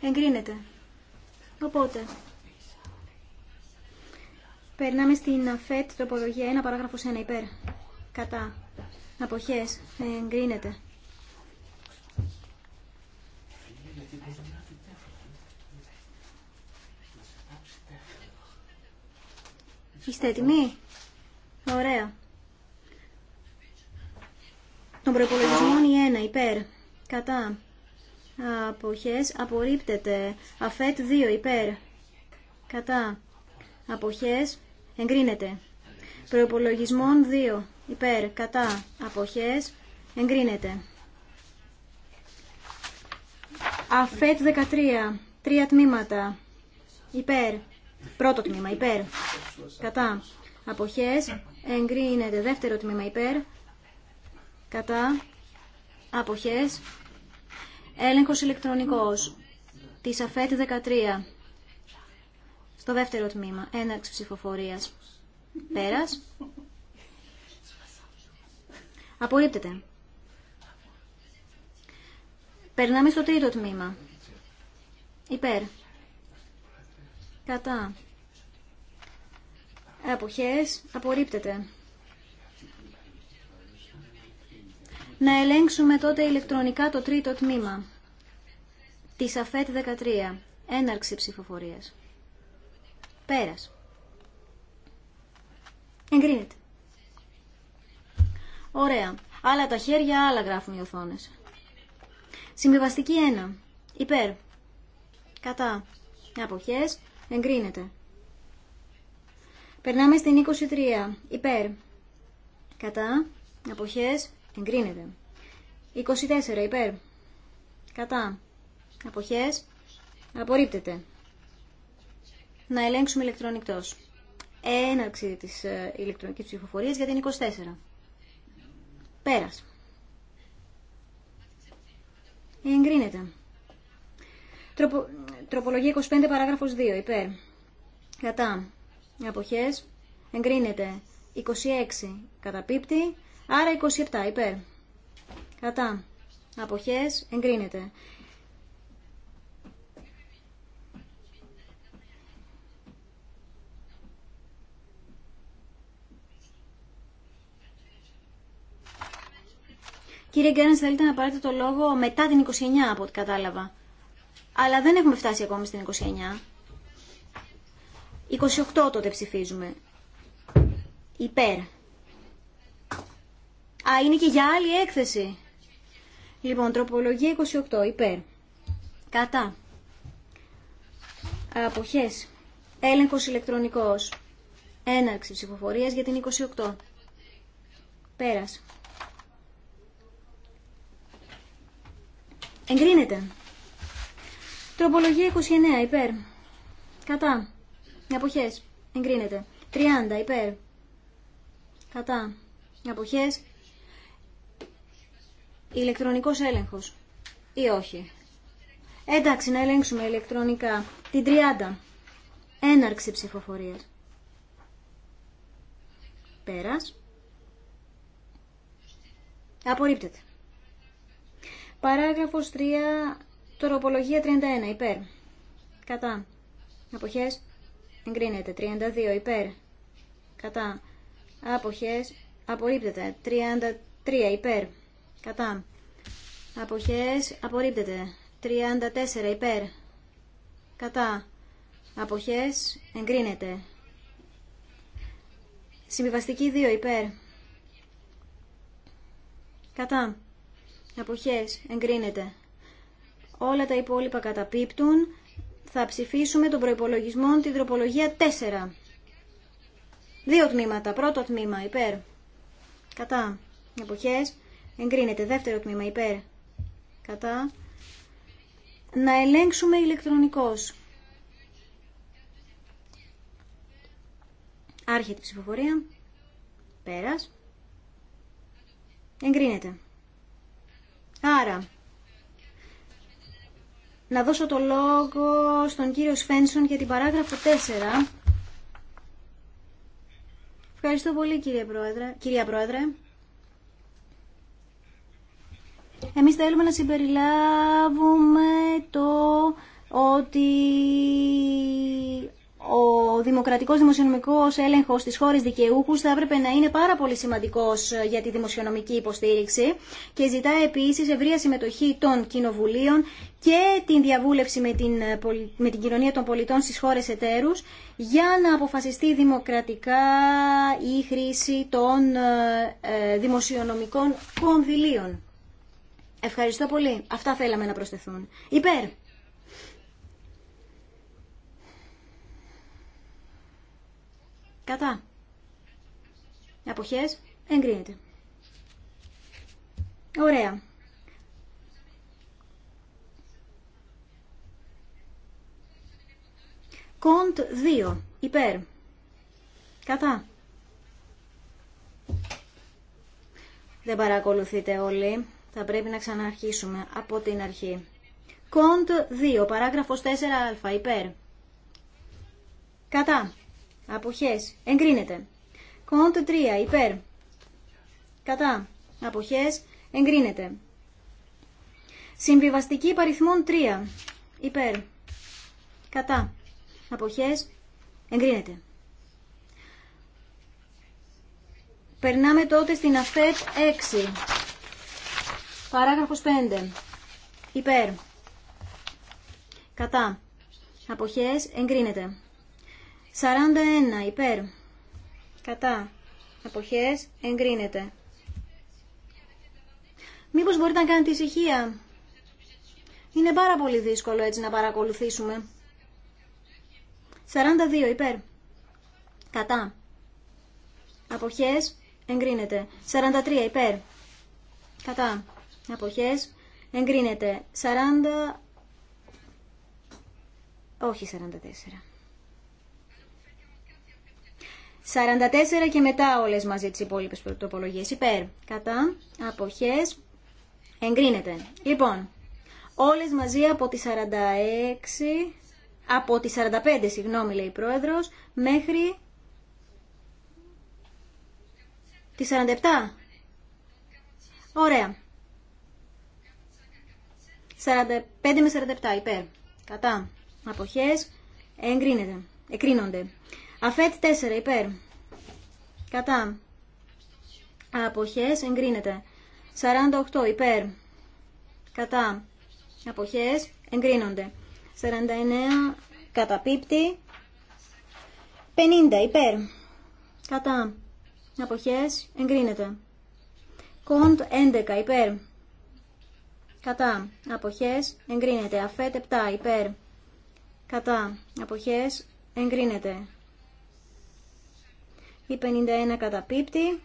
Εγκρίνεται. Οπότε. Περνάμε στην ΑΦΕΤ τροπολογία 1 παράγραφος 1 υπέρ. Κατά. Αποχές. Εγκρίνεται. Είστε έτοιμοι? Ωραία. Τον προπολογισμό είναι 1 υπέρ. Κατά. Αποχές απορρίπτεται. Αφέτ 2 υπέρ. Κατά. Αποχές εγκρίνεται. Προπολογισμό 2 υπέρ. Κατά. Αποχές εγκρίνεται. Αφέτ 13. Τρία τμήματα. Υπέρ. Πρώτο τμήμα. Υπέρ κατά αποχές εγκρίνεται δεύτερο τμήμα υπέρ κατά αποχές Έλεγχο ηλεκτρονικός της ΑΦΕΤ 13 στο δεύτερο τμήμα έναρξη ψηφοφορία. πέρας απορρίπτεται περνάμε στο τρίτο τμήμα υπέρ κατά αποχές απορρίπτεται. Να ελέγξουμε τότε ηλεκτρονικά το τρίτο τμήμα της ΑΦΕΤ 13, έναρξη ψηφοφορίας. Πέρας. Εγκρίνεται. Ωραία. Άλλα τα χέρια, άλλα γράφουν οι οθόνες. Συμβιβαστική 1. Υπέρ. Κατά. Αποχές. Εγκρίνεται. Περνάμε στην 23. Υπέρ. Κατά. Αποχές. Εγκρίνεται. 24. Υπέρ. Κατά. Αποχές. Απορρίπτεται. Να ελέγξουμε ηλεκτρονικτός. Έναρξη της ε, ηλεκτρονικής ψηφοφορίας για την 24. Πέρας. Εγκρίνεται. Τροπολογία 25 παράγραφος 2. Υπέρ. Κατά αποχές εγκρίνεται 26 καταπίπτει άρα 27 υπέρ κατά αποχές εγκρίνεται Κύριε Γκέρνς, θέλετε να πάρετε το λόγο μετά την 29 από ό,τι κατάλαβα. Αλλά δεν έχουμε φτάσει ακόμη στην 29. 28 τότε ψηφίζουμε. Υπέρ. Α, είναι και για άλλη έκθεση. Λοιπόν, τροπολογία 28, υπέρ. Κατά. Αποχές. Έλεγχος ηλεκτρονικός. Έναρξη ψηφοφορίας για την 28. Πέρας. Εγκρίνεται. Τροπολογία 29, υπέρ. Κατά. Αποχές. Εγκρίνεται. 30 υπέρ. Κατά. Αποχές. Ηλεκτρονικός έλεγχο Ή όχι. Εντάξει, να ελέγξουμε ηλεκτρονικά. Την 30. Έναρξη ψηφοφορία. Πέρας. Απορρίπτεται. Παράγραφο 3. Τροπολογία 31. Υπέρ. Κατά. Αποχές εγκρίνεται. 32 υπέρ, κατά, αποχές, απορρίπτεται. 33 υπέρ, κατά, αποχές, απορρίπτεται. 34 υπέρ, κατά, αποχές, εγκρίνεται. Συμβιβαστική 2 υπέρ, κατά, αποχές, εγκρίνεται. Όλα τα υπόλοιπα καταπίπτουν θα ψηφίσουμε τον προπολογισμό την τροπολογία 4. Δύο τμήματα. Πρώτο τμήμα υπέρ. Κατά. Εποχές. Εγκρίνεται. Δεύτερο τμήμα υπέρ. Κατά. Να ελέγξουμε ηλεκτρονικός. Άρχεται η ψηφοφορία. Πέρας. Εγκρίνεται. Άρα, να δώσω το λόγο στον κύριο Σφένσον για την παράγραφο 4. Ευχαριστώ πολύ κύριε Πρόεδρε. κυρία Πρόεδρε. Εμείς θέλουμε να συμπεριλάβουμε το ότι ο δημοκρατικός δημοσιονομικός έλεγχος τη χώρες Δικαιούχου θα έπρεπε να είναι πάρα πολύ σημαντικό για τη δημοσιονομική υποστήριξη και ζητά επίσης ευρεία συμμετοχή των κοινοβουλίων και την διαβούλευση με την, με την κοινωνία των πολιτών στις χώρες εταίρου για να αποφασιστεί δημοκρατικά η χρήση των ε, δημοσιονομικών κονδυλίων. Ευχαριστώ πολύ. Αυτά θέλαμε να προσθεθούν. Υπέρ. Κατά. Αποχές. Εγκρίνεται. Ωραία. Κοντ 2. Υπέρ. Κατά. Δεν παρακολουθείτε όλοι. Θα πρέπει να ξαναρχίσουμε από την αρχή. Κοντ 2. Παράγραφος 4α. Υπέρ. Κατά. Αποχές. Εγκρίνεται. Κόντ 3. Υπέρ. Κατά. Αποχές. Εγκρίνεται. Συμβιβαστική παριθμών 3. Υπέρ. Κατά. Αποχές. Εγκρίνεται. Περνάμε τότε στην ΑΦΕΤ 6. Παράγραφος 5. Υπέρ. Κατά. Αποχές εγκρίνεται. 41 υπέρ. Κατά. Αποχές εγκρίνεται. Μήπως μπορείτε να κάνετε ησυχία. Είναι πάρα πολύ δύσκολο έτσι να παρακολουθήσουμε. 42 υπέρ. Κατά. Αποχές εγκρίνεται. 43 υπέρ. Κατά. Αποχές εγκρίνεται. 40... Όχι 44. 44 και μετά όλες μαζί τις υπόλοιπες πρωτοπολογίες. Υπέρ, κατά, αποχές, εγκρίνεται. Λοιπόν, όλες μαζί από τις 46, από τις 45 συγγνώμη λέει η Πρόεδρος, μέχρι τις 47. Ωραία. 45 με 47 υπέρ. Κατά. Αποχές εγκρίνεται. Εκρίνονται. Αφέτ 4 υπέρ. Κατά. Αποχές εγκρίνεται. 48 υπέρ. Κατά. Αποχές εγκρίνονται. 49 καταπίπτει. 50 υπέρ. Κατά. Αποχές εγκρίνεται. Κοντ 11 υπέρ. Κατά. Αποχές εγκρίνεται. Αφέτ 7 υπέρ. Κατά. Αποχές εγκρίνεται. Η 51 καταπίπτει.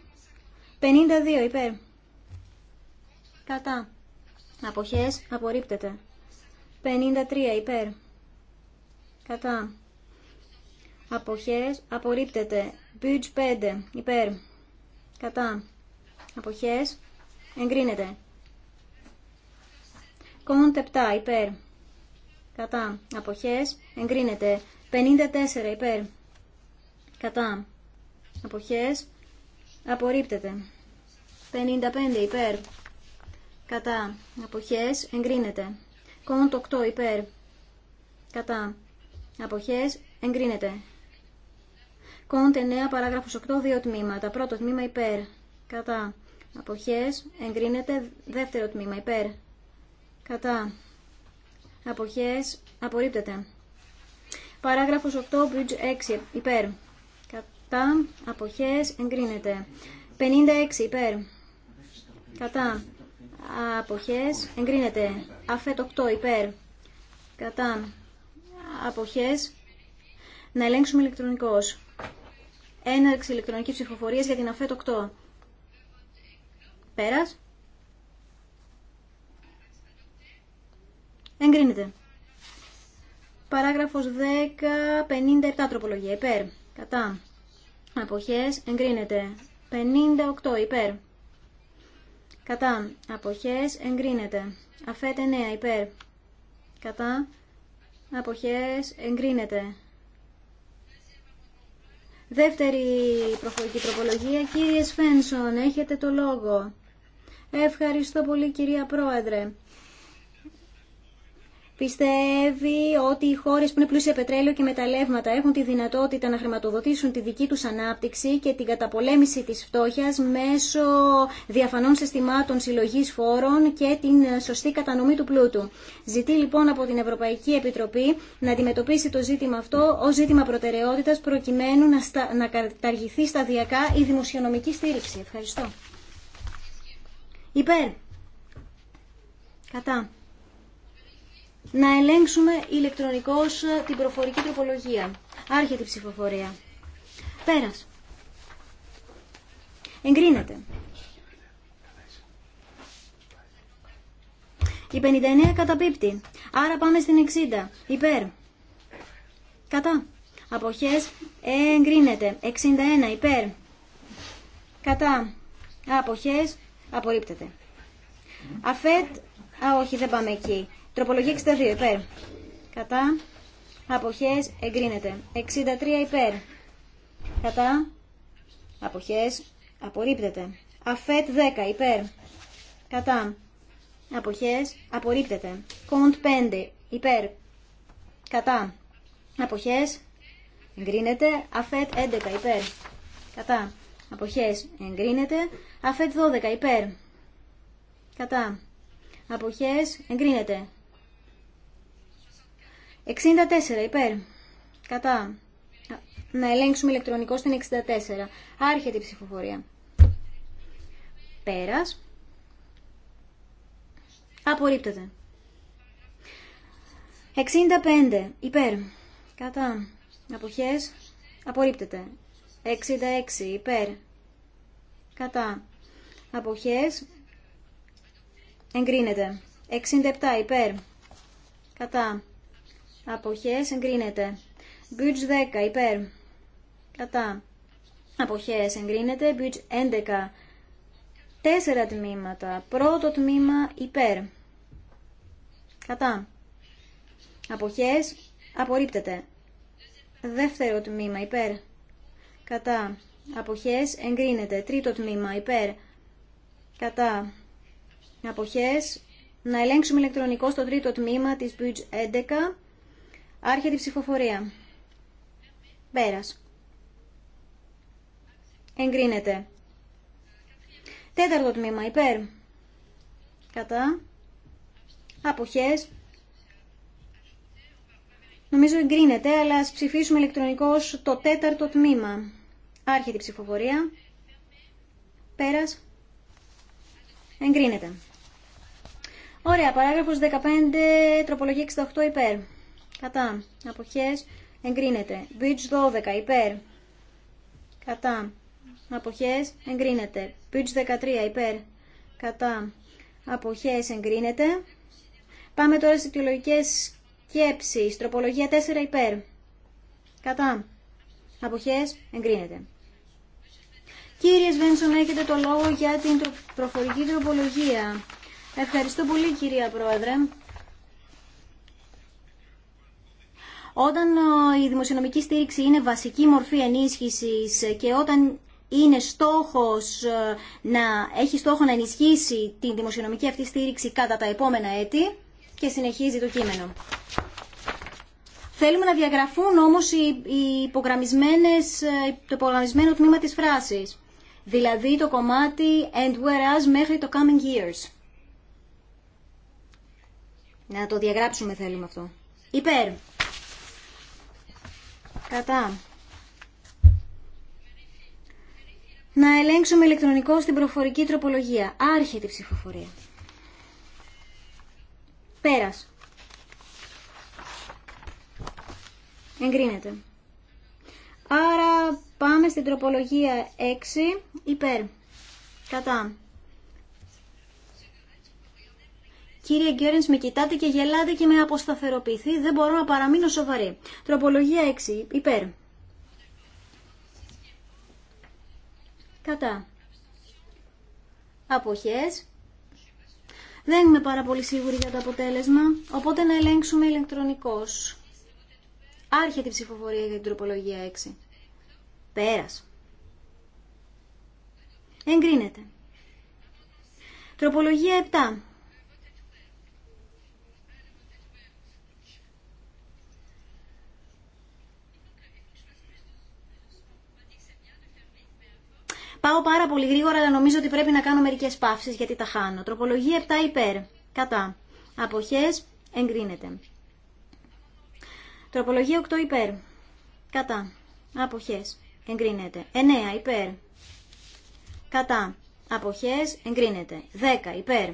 52 υπέρ. Κατά. Αποχές απορρίπτεται. 53 υπέρ. Κατά. Αποχές απορρίπτεται. Μπιτζ 5 υπέρ. Κατά. Αποχές εγκρίνεται. Κόντ 7 υπέρ. Κατά. Αποχές εγκρίνεται. 54 υπέρ. Κατά αποχές απορρίπτεται 55 υπέρ κατά αποχές εγκρίνεται κόντ 8 υπέρ κατά αποχές εγκρίνεται κόντ 9 παράγραφος 8 δύο τμήματα πρώτο τμήμα υπέρ κατά αποχές εγκρίνεται δεύτερο τμήμα υπέρ κατά αποχές απορρίπτεται Παράγραφος 8, bridge 6, υπέρ, κατά αποχές εγκρίνεται 56 υπέρ κατά αποχές εγκρίνεται Αφέτο 8 υπέρ κατά αποχές να ελέγξουμε ηλεκτρονικός έναρξη ηλεκτρονική ψηφοφορία για την Αφέτο 8 πέρας εγκρίνεται Παράγραφος 10, 57 τροπολογία. Υπέρ. Κατά αποχές εγκρίνεται. 58 υπέρ. Κατά αποχές εγκρίνεται. Αφέτε 9 υπέρ. Κατά αποχές εγκρίνεται. Δεύτερη προφορική τροπολογία. Κύριε Σφένσον, έχετε το λόγο. Ευχαριστώ πολύ κυρία Πρόεδρε πιστεύει ότι οι χώρες που είναι πλούσια πετρέλαιο και μεταλλεύματα έχουν τη δυνατότητα να χρηματοδοτήσουν τη δική τους ανάπτυξη και την καταπολέμηση της φτώχειας μέσω διαφανών συστημάτων συλλογή φόρων και την σωστή κατανομή του πλούτου. Ζητεί λοιπόν από την Ευρωπαϊκή Επιτροπή να αντιμετωπίσει το ζήτημα αυτό ω ζήτημα προτεραιότητα προκειμένου να, στα... να καταργηθεί σταδιακά η δημοσιονομική στήριξη. Ευχαριστώ. Υπέρ. Κατά να ελέγξουμε ηλεκτρονικώς ε, την προφορική τροπολογία. Άρχεται η ψηφοφορία. Πέρας. Εγκρίνεται. Η 59 καταπίπτει. Άρα πάμε στην 60. Υπέρ. Κατά. Αποχές εγκρίνεται. 61 υπέρ. Κατά. Αποχές απορρίπτεται. Αφέτ. Α, όχι, δεν πάμε εκεί. Τροπολογία 62 υπέρ. Κατά. Αποχές εγκρίνεται. 63 υπέρ. Κατά. Αποχές απορρίπτεται. Αφέτ 10 υπέρ. Κατά. Αποχές απορρίπτεται. Κοντ 5 υπέρ. Κατά. Αποχές εγκρίνεται. Αφέτ 11 υπέρ. Κατά. Αποχές εγκρίνεται. Αφέτ 12 υπέρ. Κατά. Αποχές εγκρίνεται. 64 υπέρ. Κατά. Να ελέγξουμε ηλεκτρονικό στην 64. Άρχεται η ψηφοφορία. Πέρας. Απορρίπτεται. 65 υπέρ. Κατά. Αποχές. Απορρίπτεται. 66 υπέρ. Κατά. Αποχές. Εγκρίνεται. 67 υπέρ. Κατά. Αποχές εγκρίνεται. Bridge 10 υπέρ. Κατά. Αποχές εγκρίνεται. Bridge 11. Τέσσερα τμήματα. Πρώτο τμήμα υπέρ. Κατά. Αποχές απορρίπτεται. Δεύτερο τμήμα υπέρ. Κατά. Αποχές εγκρίνεται. Τρίτο τμήμα υπέρ. Κατά. Αποχές. Να ελέγξουμε ηλεκτρονικό στο τρίτο τμήμα της Bridge 11. Άρχεται η ψηφοφορία. Πέρας. Εγκρίνεται. Τέταρτο τμήμα, υπέρ. Κατά. Αποχές. Νομίζω εγκρίνεται, αλλά ας ψηφίσουμε ηλεκτρονικώς το τέταρτο τμήμα. Άρχεται η ψηφοφορία. Πέρας. Εγκρίνεται. Ωραία, παράγραφος 15, τροπολογία 68 υπέρ κατά, αποχές, εγκρίνεται. Bridge 12, υπέρ, κατά, αποχές, εγκρίνεται. Bridge 13, υπέρ, κατά, αποχές, εγκρίνεται. Πάμε τώρα στις αιτιολογικές σκέψεις. Τροπολογία 4, υπέρ, κατά, αποχές, εγκρίνεται. Κύριε Σβένσον, έχετε το λόγο για την προφορική τροπολογία. Ευχαριστώ πολύ, κυρία Πρόεδρε. Όταν ε, η δημοσιονομική στήριξη είναι βασική μορφή ενίσχυσης και όταν είναι στόχος ε, να έχει στόχο να ενισχύσει την δημοσιονομική αυτή στήριξη κατά τα επόμενα έτη και συνεχίζει το κείμενο. Θέλουμε να διαγραφούν όμως οι υπογραμμισμένες, ε, το υπογραμμισμένο τμήμα της φράσης. Δηλαδή το κομμάτι and whereas μέχρι το coming years. Να το διαγράψουμε θέλουμε αυτό. Υπέρ. Κατά. Να ελέγξουμε ηλεκτρονικό στην προφορική τροπολογία. Άρχεται η ψηφοφορία. Πέρας. Εγκρίνεται. Άρα πάμε στην τροπολογία 6. Υπέρ. Κατά. Κύριε Γκέρενς, με κοιτάτε και γελάτε και με αποσταθεροποιηθεί. Δεν μπορώ να παραμείνω σοβαρή. Τροπολογία 6. Υπέρ. Κατά. Αποχές. Δεν είμαι πάρα πολύ σίγουρη για το αποτέλεσμα, οπότε να ελέγξουμε ηλεκτρονικώς. Άρχεται η ψηφοφορία για την τροπολογία 6. Πέρας. Εγκρίνεται. Τροπολογία 7. Πάω πάρα πολύ γρήγορα, αλλά νομίζω ότι πρέπει να κάνω μερικέ παύσει γιατί τα χάνω. Τροπολογία 7 υπέρ. Κατά. Αποχέ. Εγκρίνεται. Τροπολογία 8 υπέρ. Κατά. Αποχέ. Εγκρίνεται. 9 υπέρ. Κατά. Αποχέ. Εγκρίνεται. 10 υπέρ.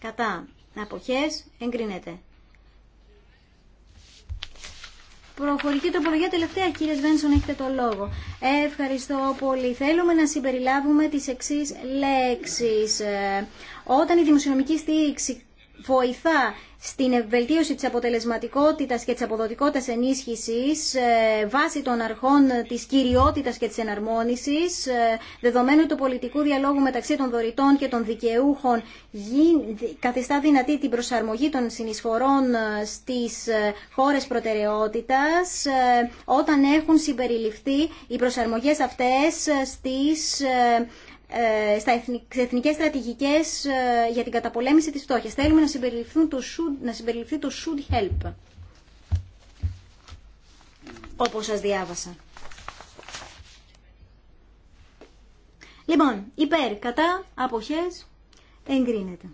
Κατά. Αποχέ. Εγκρίνεται. Προφορική τροπολογία τελευταία, κύριε Βένσον, έχετε το λόγο. Ε, ευχαριστώ πολύ. Θέλουμε να συμπεριλάβουμε τις εξή λέξεις. Ε, όταν η δημοσιονομική στήριξη βοηθά στην βελτίωση της αποτελεσματικότητας και της αποδοτικότητας ενίσχυσης ε, βάσει των αρχών της κυριότητας και της εναρμόνισης, ε, δεδομένου του πολιτικού διαλόγου μεταξύ των δωρητών και των δικαιούχων, καθιστά δυνατή την προσαρμογή των συνεισφορών ε, στις χώρες προτεραιότητας, όταν έχουν συμπεριληφθεί οι προσαρμογές αυτές στις ε, στα εθνικές στρατηγικές ε, για την καταπολέμηση της φτώχειας. Θέλουμε να, το should, να συμπεριληφθεί το should help, όπως σας διάβασα. Λοιπόν, υπέρ, κατά, αποχές, εγκρίνεται.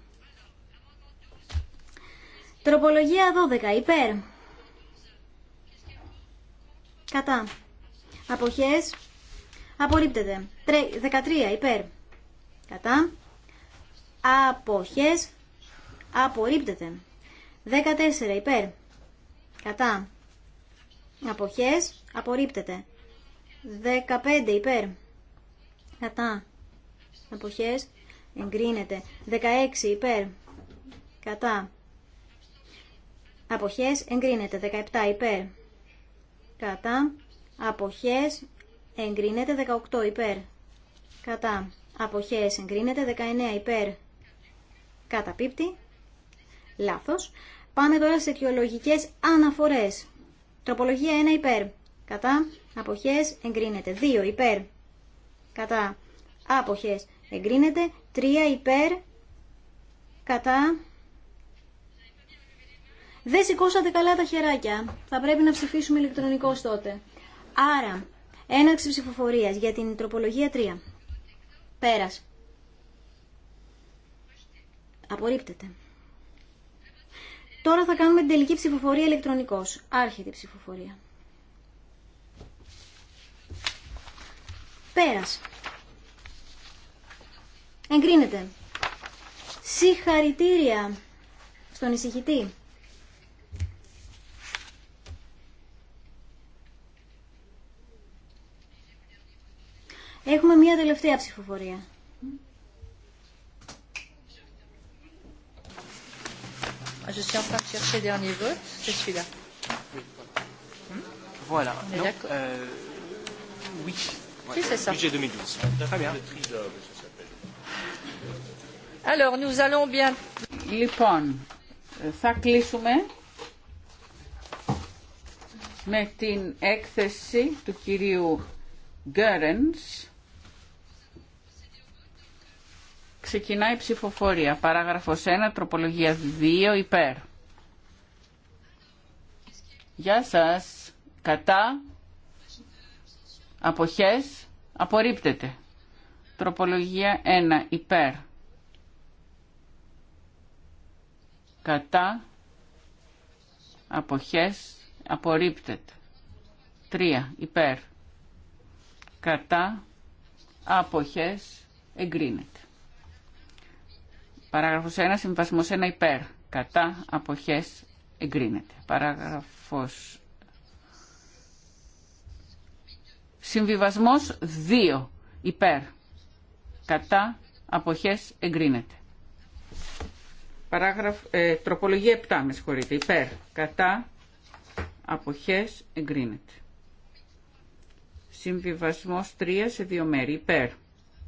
Τροπολογία 12, υπέρ, κατά, αποχές, Απορρίπτεται. 13 υπέρ. Κατά. Αποχέ. Απορρίπτεται. 14 υπέρ. Κατά. Αποχέ, Απορρίπτεται. 15 υπέρ. Κατά. Αποχέ. Εγκρίνεται. 16 υπέρ. Κατά. Αποχέ. εγκρίνεται 17 υπέρ. Κατά. Αποχές εγκρίνεται 18 υπέρ. Κατά. Αποχές εγκρίνεται 19 υπέρ. Καταπίπτει. Λάθος. Πάμε τώρα σε αιτιολογικές αναφορές. Τροπολογία 1 υπέρ. Κατά. Αποχές εγκρίνεται. 2 υπέρ. Κατά. Αποχές εγκρίνεται. 3 υπέρ. Κατά. Δεν σηκώσατε καλά τα χεράκια. Θα πρέπει να ψηφίσουμε ηλεκτρονικώς τότε. Άρα, Έναρξη ψηφοφορία για την τροπολογία 3. Πέρα. Απορρίπτεται. Τώρα θα κάνουμε την τελική ψηφοφορία ηλεκτρονικώ. Άρχεται η ψηφοφορία. Πέρας. Εγκρίνεται. Συγχαρητήρια στον εισηγητή. Έχουμε μία τελευταία ψηφοφορία. Ah, je suis en train de la hmm euh, oui. Alors, nous allons bien. Λοιπόν, θα κλείσουμε με την έκθεση του κυρίου Γκέρενς. Ξεκινάει η ψηφοφορία. Παράγραφος 1, τροπολογία 2, υπέρ. Γεια σας. Κατά. Αποχές. Απορρίπτεται. Τροπολογία 1, υπέρ. Κατά. Αποχές. Απορρίπτεται. 3, υπέρ. Κατά. Αποχές. Εγκρίνεται. Παράγραφος 1. Συμβασμός 1 υπέρ. Κατά αποχές εγκρίνεται. Παραγραφο. Συμβιβασμός 2 υπέρ. Κατά αποχές εγκρίνεται. Παράγραφ, ε, τροπολογία 7 με συγχωρείτε. Υπέρ. Κατά αποχές εγκρίνεται. Συμβιβασμός 3 σε δύο μέρη. Υπέρ.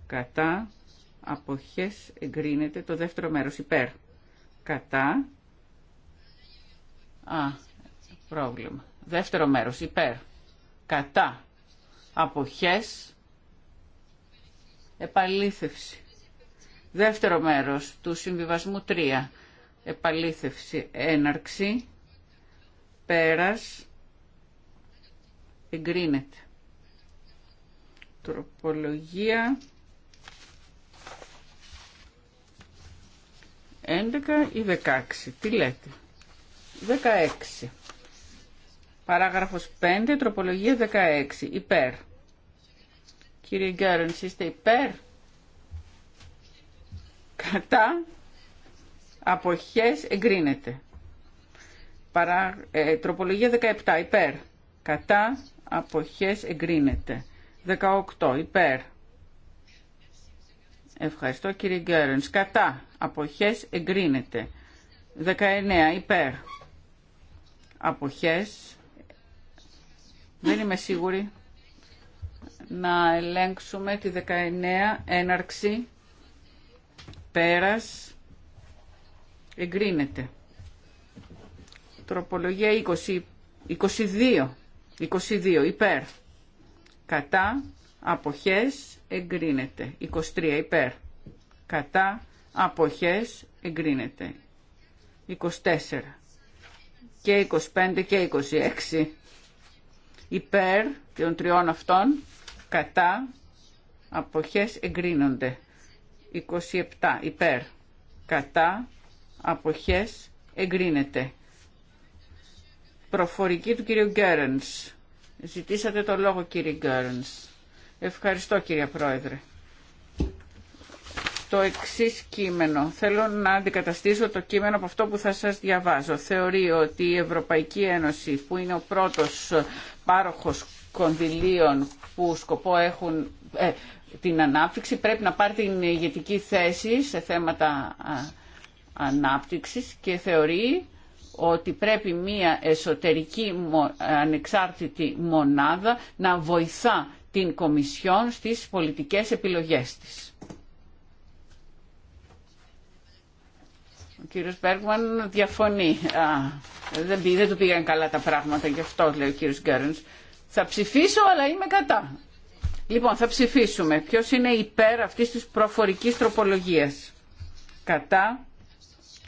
Κατά αποχές εγκρίνεται το δεύτερο μέρος υπέρ κατά α, πρόβλημα δεύτερο μέρος υπέρ κατά αποχές επαλήθευση δεύτερο μέρος του συμβιβασμού 3 επαλήθευση έναρξη πέρας εγκρίνεται τροπολογία 11 ή 16. Τι λέτε. 16. Παράγραφος 5, τροπολογία 16. Υπέρ. Κύριε Γκέρενς, είστε υπέρ. Κατά. Αποχές εγκρίνεται. Παρά, ε, τροπολογία 17. Υπέρ. Κατά. Αποχές εγκρίνεται. 18. Υπέρ. Ευχαριστώ κύριε Γκέρενς. Κατά. Αποχές εγκρίνεται. 19 υπέρ. Αποχές. Δεν είμαι σίγουρη να ελέγξουμε τη 19 έναρξη πέρας εγκρίνεται. Τροπολογία 20, 22, 22 υπέρ. Κατά, αποχές, εγκρίνεται. 23 υπέρ. Κατά αποχές εγκρίνεται. 24 και 25 και 26 υπέρ των τριών αυτών κατά αποχές εγκρίνονται. 27 υπέρ κατά αποχές εγκρίνεται. Προφορική του κύριου Γκέρενς. Ζητήσατε το λόγο κύριε Γκέρενς. Ευχαριστώ κύριε Πρόεδρε. Το εξή κείμενο. Θέλω να αντικαταστήσω το κείμενο από αυτό που θα σας διαβάζω. Θεωρεί ότι η Ευρωπαϊκή Ένωση που είναι ο πρώτος πάροχος κονδυλίων που σκοπό έχουν ε, την ανάπτυξη πρέπει να πάρει την ηγετική θέση σε θέματα ανάπτυξης και θεωρεί ότι πρέπει μία εσωτερική ανεξάρτητη μονάδα να βοηθά την Κομισιόν στις πολιτικές επιλογές της. Ο κύριος Μπέργμαν διαφωνεί. δεν, του πήγαν καλά τα πράγματα, γι' αυτό λέει ο κύριος Γκέρνς. Θα ψηφίσω, αλλά είμαι κατά. Λοιπόν, θα ψηφίσουμε. Ποιος είναι υπέρ αυτής της προφορικής τροπολογίας. Κατά,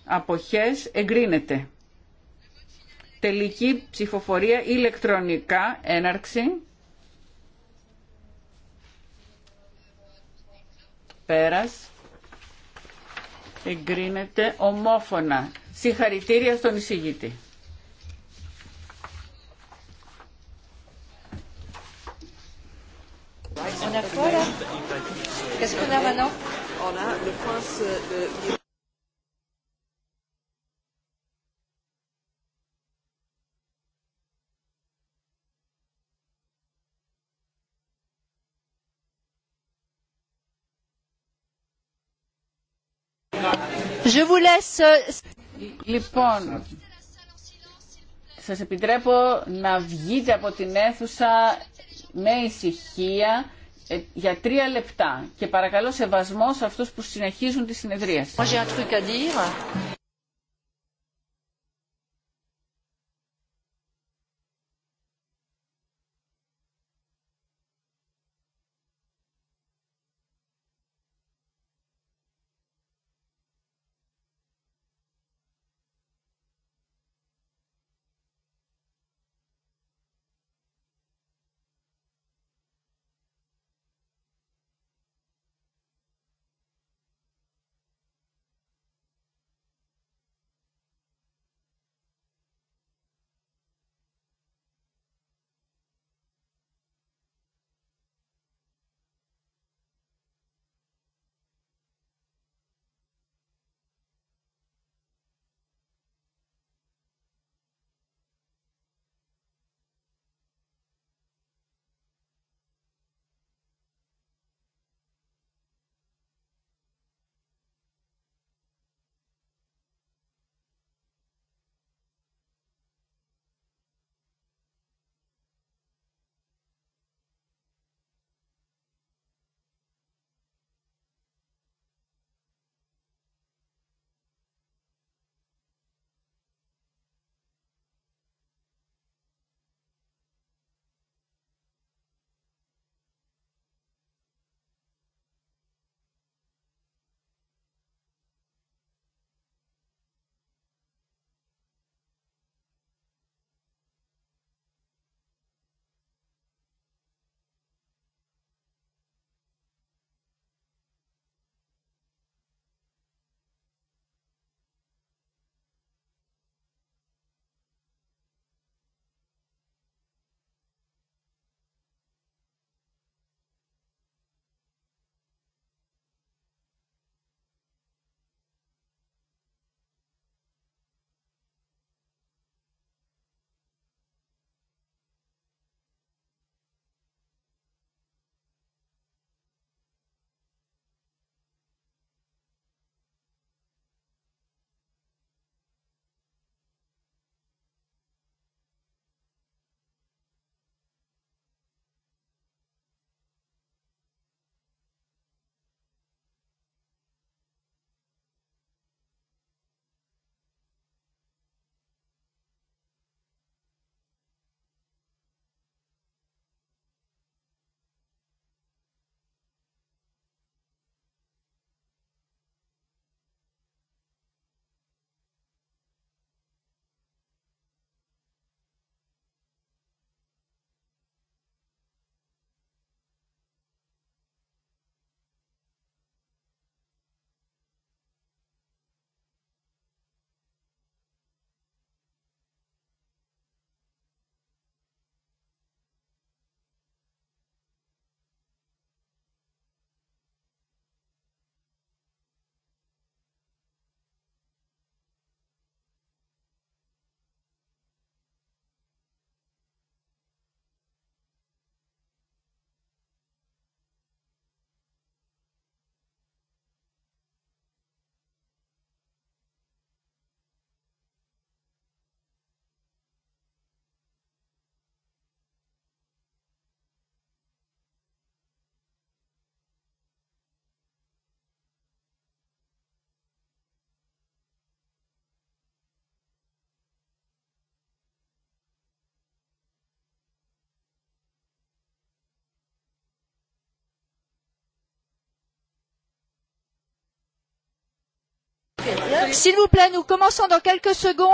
αποχές, εγκρίνεται. Τελική ψηφοφορία ηλεκτρονικά, έναρξη. Πέρας. Εγκρίνεται ομόφωνα. Συγχαρητήρια στον εισηγητή. Je euh, Λοιπόν, σας επιτρέπω να βγείτε από την αίθουσα με ησυχία ε, για τρία λεπτά και παρακαλώ σεβασμό σε αυτούς που συνεχίζουν τη συνεδρία.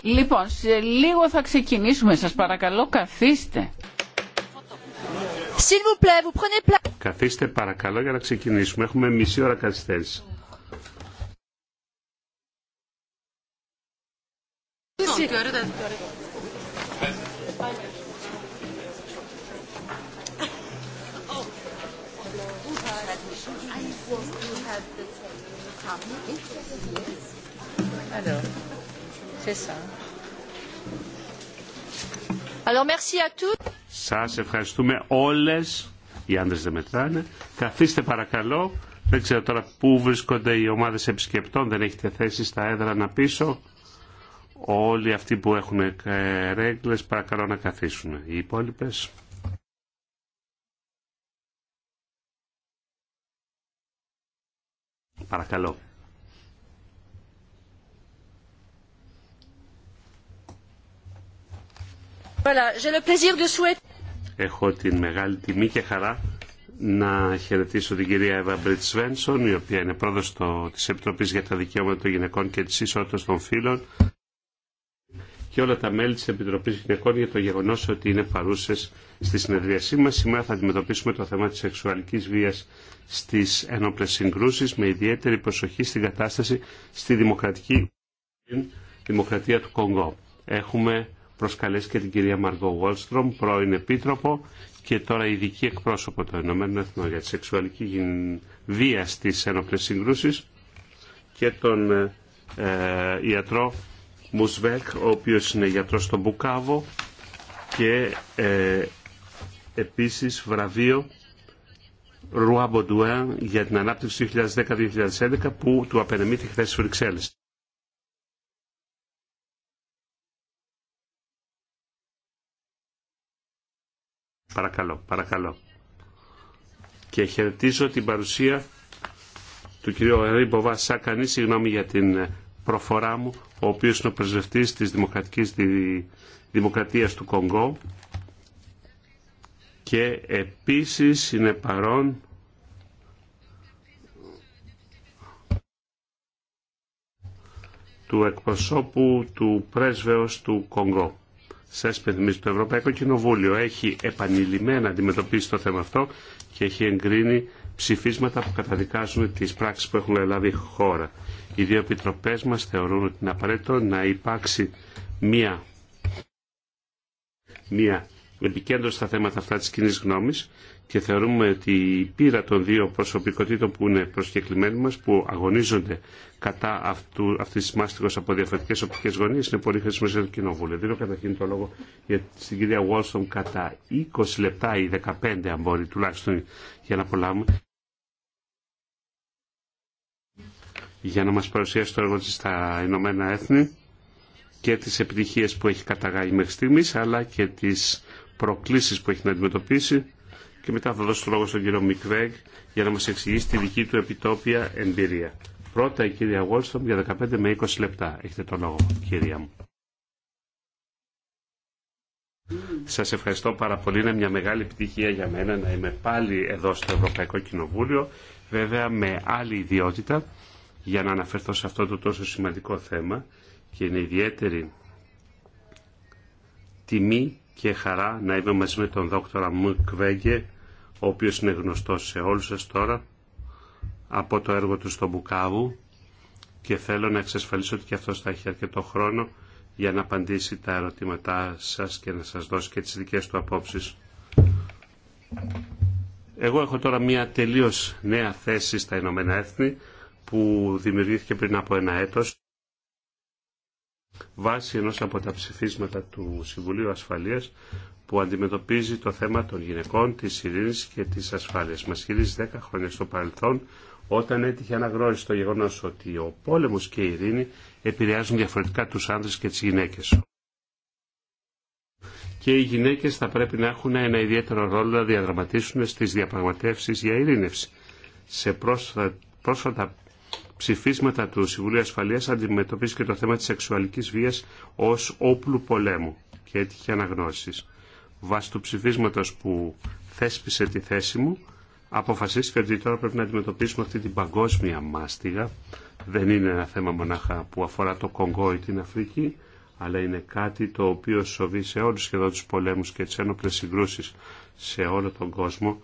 Λοιπόν, σε λίγο θα ξεκινήσουμε. Σας παρακαλώ, καθίστε. Καθίστε παρακαλώ για να ξεκινήσουμε. Έχουμε μισή ώρα καθυστέρηση. Σα Σας ευχαριστούμε όλες. Οι άντρες δεν μετράνε. Καθίστε παρακαλώ. Δεν ξέρω τώρα πού βρίσκονται οι ομάδες επισκεπτών. Δεν έχετε θέση στα έδρανα πίσω. Όλοι αυτοί που έχουν ε, ρέγκλες παρακαλώ να καθίσουν. Οι ομαδες επισκεπτων δεν εχετε θεση στα εδρα να πισω ολοι αυτοι που εχουν ρεγλες παρακαλω να καθισουν οι υπολοιπες παρακαλω Έχω την μεγάλη τιμή και χαρά να χαιρετήσω την κυρία Εύα Μπριτ Σβένσον, η οποία είναι πρόεδρος της Επιτροπής για τα Δικαιώματα των Γυναικών και της Ισότητας των Φίλων και όλα τα μέλη της Επιτροπής Γυναικών για το γεγονός ότι είναι παρούσες στη συνεδρίασή μας. Σήμερα θα αντιμετωπίσουμε το θέμα της σεξουαλικής βίας στις ένοπλες συγκρούσεις με ιδιαίτερη προσοχή στην κατάσταση στη δημοκρατική δημοκρατία του Κονγκό. Έχουμε προσκαλέσει και την κυρία Μαργό Γουόλστρομ, πρώην επίτροπο και τώρα ειδική εκπρόσωπο των Ηνωμένων Εθνών για τη σεξουαλική βία στι ένοπλε συγκρούσει και τον ε, ε, ιατρό Μουσβέκ, ο οποίο είναι γιατρό στον Μπουκάβο και ε, επίσης βραβείο Ρουά Μποντουέν για την ανάπτυξη 2010-2011 που του απενεμήθη χθες στις Παρακαλώ, παρακαλώ. Και χαιρετίζω την παρουσία του κυρίου Ρίμποβα Σάκανη, συγγνώμη για την ε, προφορά μου, ο οποίος είναι ο πρεσβευτής της Δημοκρατικής Δημοκρατίας του Κονγκό και επίσης είναι παρόν του εκπροσώπου του πρέσβεως του Κονγκό. Σα υπενθυμίζω, το Ευρωπαϊκό Κοινοβούλιο έχει επανειλημμένα αντιμετωπίσει το θέμα αυτό και έχει εγκρίνει ψηφίσματα που καταδικάζουν τι πράξει που έχουν λάβει η χώρα. Οι δύο επιτροπέ μα θεωρούν ότι είναι απαραίτητο να υπάρξει μία, μία επικέντρωση στα θέματα αυτά τη κοινή γνώμη και θεωρούμε ότι η πείρα των δύο προσωπικότητων που είναι προσκεκλημένοι μας, που αγωνίζονται κατά αυτού, αυτής της μάστιγος από διαφορετικές οπτικές γωνίες, είναι πολύ χρήσιμο για το κοινοβούλιο. Δίνω καταρχήν το λόγο για την κυρία Βόλστον κατά 20 λεπτά ή 15, αν μπορεί τουλάχιστον, για να απολάβουμε. για να μας παρουσιάσει το έργο της στα Ηνωμένα Έθνη και τις επιτυχίες που έχει καταγάγει μέχρι στιγμής αλλά και τις προκλήσεις που έχει να αντιμετωπίσει και μετά θα δώσω το λόγο στον κύριο Μικβέγ για να μας εξηγήσει τη δική του επιτόπια εμπειρία. Πρώτα η κυρία Γόλστομ για 15 με 20 λεπτά. Έχετε το λόγο, κυρία μου. Σας ευχαριστώ πάρα πολύ. Είναι μια μεγάλη επιτυχία για μένα να είμαι πάλι εδώ στο Ευρωπαϊκό Κοινοβούλιο, βέβαια με άλλη ιδιότητα, για να αναφερθώ σε αυτό το τόσο σημαντικό θέμα και είναι ιδιαίτερη τιμή και χαρά να είμαι μαζί με τον δόκτωρα Μουκ ο οποίος είναι γνωστός σε όλους σας τώρα από το έργο του στο Μπουκάβου και θέλω να εξασφαλίσω ότι και αυτός θα έχει αρκετό χρόνο για να απαντήσει τα ερωτήματά σας και να σας δώσει και τις δικές του απόψεις. Εγώ έχω τώρα μια τελείως νέα θέση στα Ηνωμένα Έθνη που δημιουργήθηκε πριν από ένα έτος βάσει ενός από τα ψηφίσματα του Συμβουλίου Ασφαλείας που αντιμετωπίζει το θέμα των γυναικών, τη ειρήνη και τη ασφάλεια. Μας χειρίζει 10 χρόνια στο παρελθόν όταν έτυχε αναγνώριση το γεγονό ότι ο πόλεμο και η ειρήνη επηρεάζουν διαφορετικά του άνδρες και τι γυναίκε. Και οι γυναίκε θα πρέπει να έχουν ένα ιδιαίτερο ρόλο να διαδραματίσουν στι διαπραγματεύσει για ειρήνευση. Σε πρόσφατα, πρόσφατα ψηφίσματα του Συμβουλίου Ασφάλεια αντιμετωπίζει και το θέμα τη σεξουαλική βία ω όπλου πολέμου και έτυχε αναγνώσει βάσει του ψηφίσματο που θέσπισε τη θέση μου, αποφασίστηκε ότι τώρα πρέπει να αντιμετωπίσουμε αυτή την παγκόσμια μάστιγα. Δεν είναι ένα θέμα μονάχα που αφορά το Κονγκό ή την Αφρική, αλλά είναι κάτι το οποίο σοβεί σε όλους σχεδόν του πολέμους και τι ένοπλε συγκρούσει σε όλο τον κόσμο.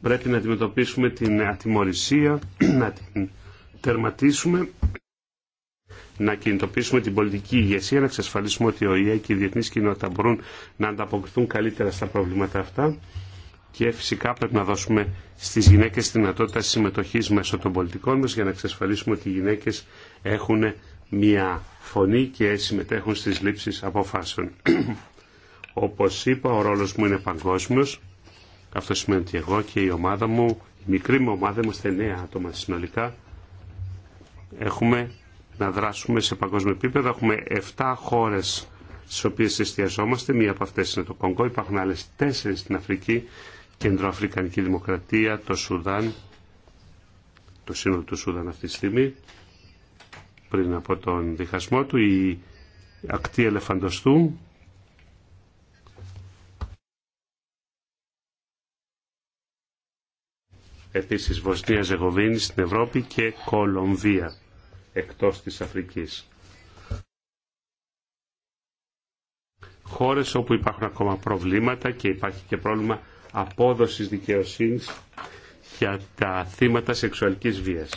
Πρέπει να αντιμετωπίσουμε την ατιμορρησία, να την τερματίσουμε να κινητοποιήσουμε την πολιτική ηγεσία, να εξασφαλίσουμε ότι ο ΙΕ και η διεθνή κοινότητα μπορούν να ανταποκριθούν καλύτερα στα προβλήματα αυτά και φυσικά πρέπει να δώσουμε στι γυναίκε τη δυνατότητα συμμετοχή μέσω των πολιτικών μα για να εξασφαλίσουμε ότι οι γυναίκε έχουν μια φωνή και συμμετέχουν στι λήψει αποφάσεων. Όπω είπα, ο ρόλο μου είναι παγκόσμιο, Αυτό σημαίνει ότι εγώ και η ομάδα μου, η μικρή μου ομάδα, είμαστε νέα άτομα συνολικά. Έχουμε να δράσουμε σε παγκόσμιο επίπεδο. Έχουμε 7 χώρε στι οποίε εστιαζόμαστε. Μία από αυτέ είναι το Κονγκό. Υπάρχουν άλλε 4 στην Αφρική, Κεντροαφρικανική Δημοκρατία, το Σουδάν, το σύνολο του Σουδάν αυτή τη στιγμή, πριν από τον διχασμό του, η ακτή ελεφαντοστού, επίσης Βοσνία Ζεγοβίνη στην Ευρώπη και Κολομβία εκτός της Αφρικής. Χώρες όπου υπάρχουν ακόμα προβλήματα και υπάρχει και πρόβλημα απόδοσης δικαιοσύνης για τα θύματα σεξουαλικής βίας.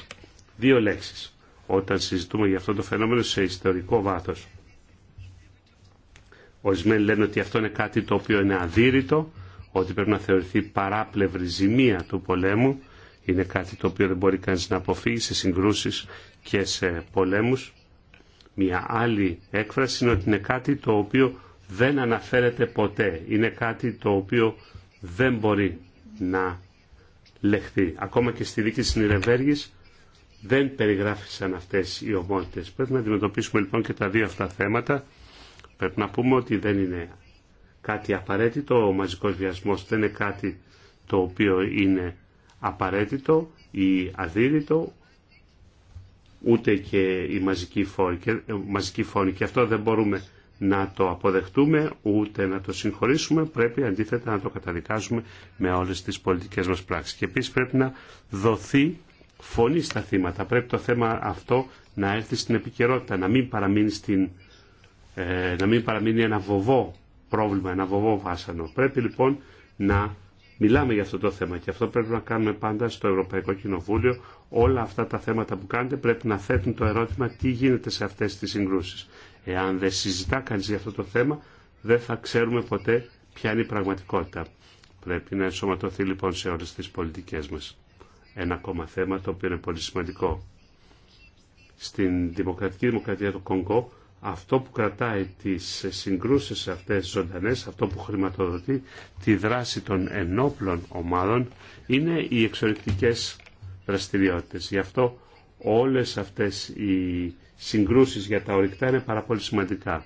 Δύο λέξεις όταν συζητούμε για αυτό το φαινόμενο σε ιστορικό βάθος. Ορισμένοι λένε ότι αυτό είναι κάτι το οποίο είναι αδύρυτο, ότι πρέπει να θεωρηθεί παράπλευρη ζημία του πολέμου είναι κάτι το οποίο δεν μπορεί κανείς να αποφύγει σε συγκρούσεις και σε πολέμους. Μια άλλη έκφραση είναι ότι είναι κάτι το οποίο δεν αναφέρεται ποτέ. Είναι κάτι το οποίο δεν μπορεί να λεχθεί. Ακόμα και στη δίκη της Νιρεβέργης δεν περιγράφησαν αυτές οι ομότητες. Πρέπει να αντιμετωπίσουμε λοιπόν και τα δύο αυτά θέματα. Πρέπει να πούμε ότι δεν είναι κάτι απαραίτητο. Ο μαζικός βιασμός δεν είναι κάτι το οποίο είναι απαραίτητο ή αδύνητο ούτε και η μαζική φόνη. Ε, μαζική Και αυτό δεν μπορούμε να το αποδεχτούμε ούτε να το συγχωρήσουμε. Πρέπει αντίθετα να το καταδικάζουμε με όλες τις πολιτικές μας πράξεις. Και επίσης πρέπει να δοθεί φωνή στα θύματα. Πρέπει το θέμα αυτό να έρθει στην επικαιρότητα, να μην παραμείνει, στην, ε, να μην παραμείνει ένα βοβό πρόβλημα, ένα βοβό βάσανο. Πρέπει λοιπόν να Μιλάμε για αυτό το θέμα και αυτό πρέπει να κάνουμε πάντα στο Ευρωπαϊκό Κοινοβούλιο. Όλα αυτά τα θέματα που κάνετε πρέπει να θέτουν το ερώτημα τι γίνεται σε αυτές τις συγκρούσεις. Εάν δεν συζητά κανείς για αυτό το θέμα, δεν θα ξέρουμε ποτέ ποια είναι η πραγματικότητα. Πρέπει να ενσωματωθεί λοιπόν σε όλες τις πολιτικές μας. Ένα ακόμα θέμα το οποίο είναι πολύ σημαντικό. Στην Δημοκρατική Δημοκρατία του Κονγκό αυτό που κρατάει τις συγκρούσεις αυτές ζωντανές, αυτό που χρηματοδοτεί τη δράση των ενόπλων ομάδων, είναι οι εξορρυκτικές δραστηριότητες. Γι' αυτό όλες αυτές οι συγκρούσεις για τα ορυκτά είναι πάρα πολύ σημαντικά.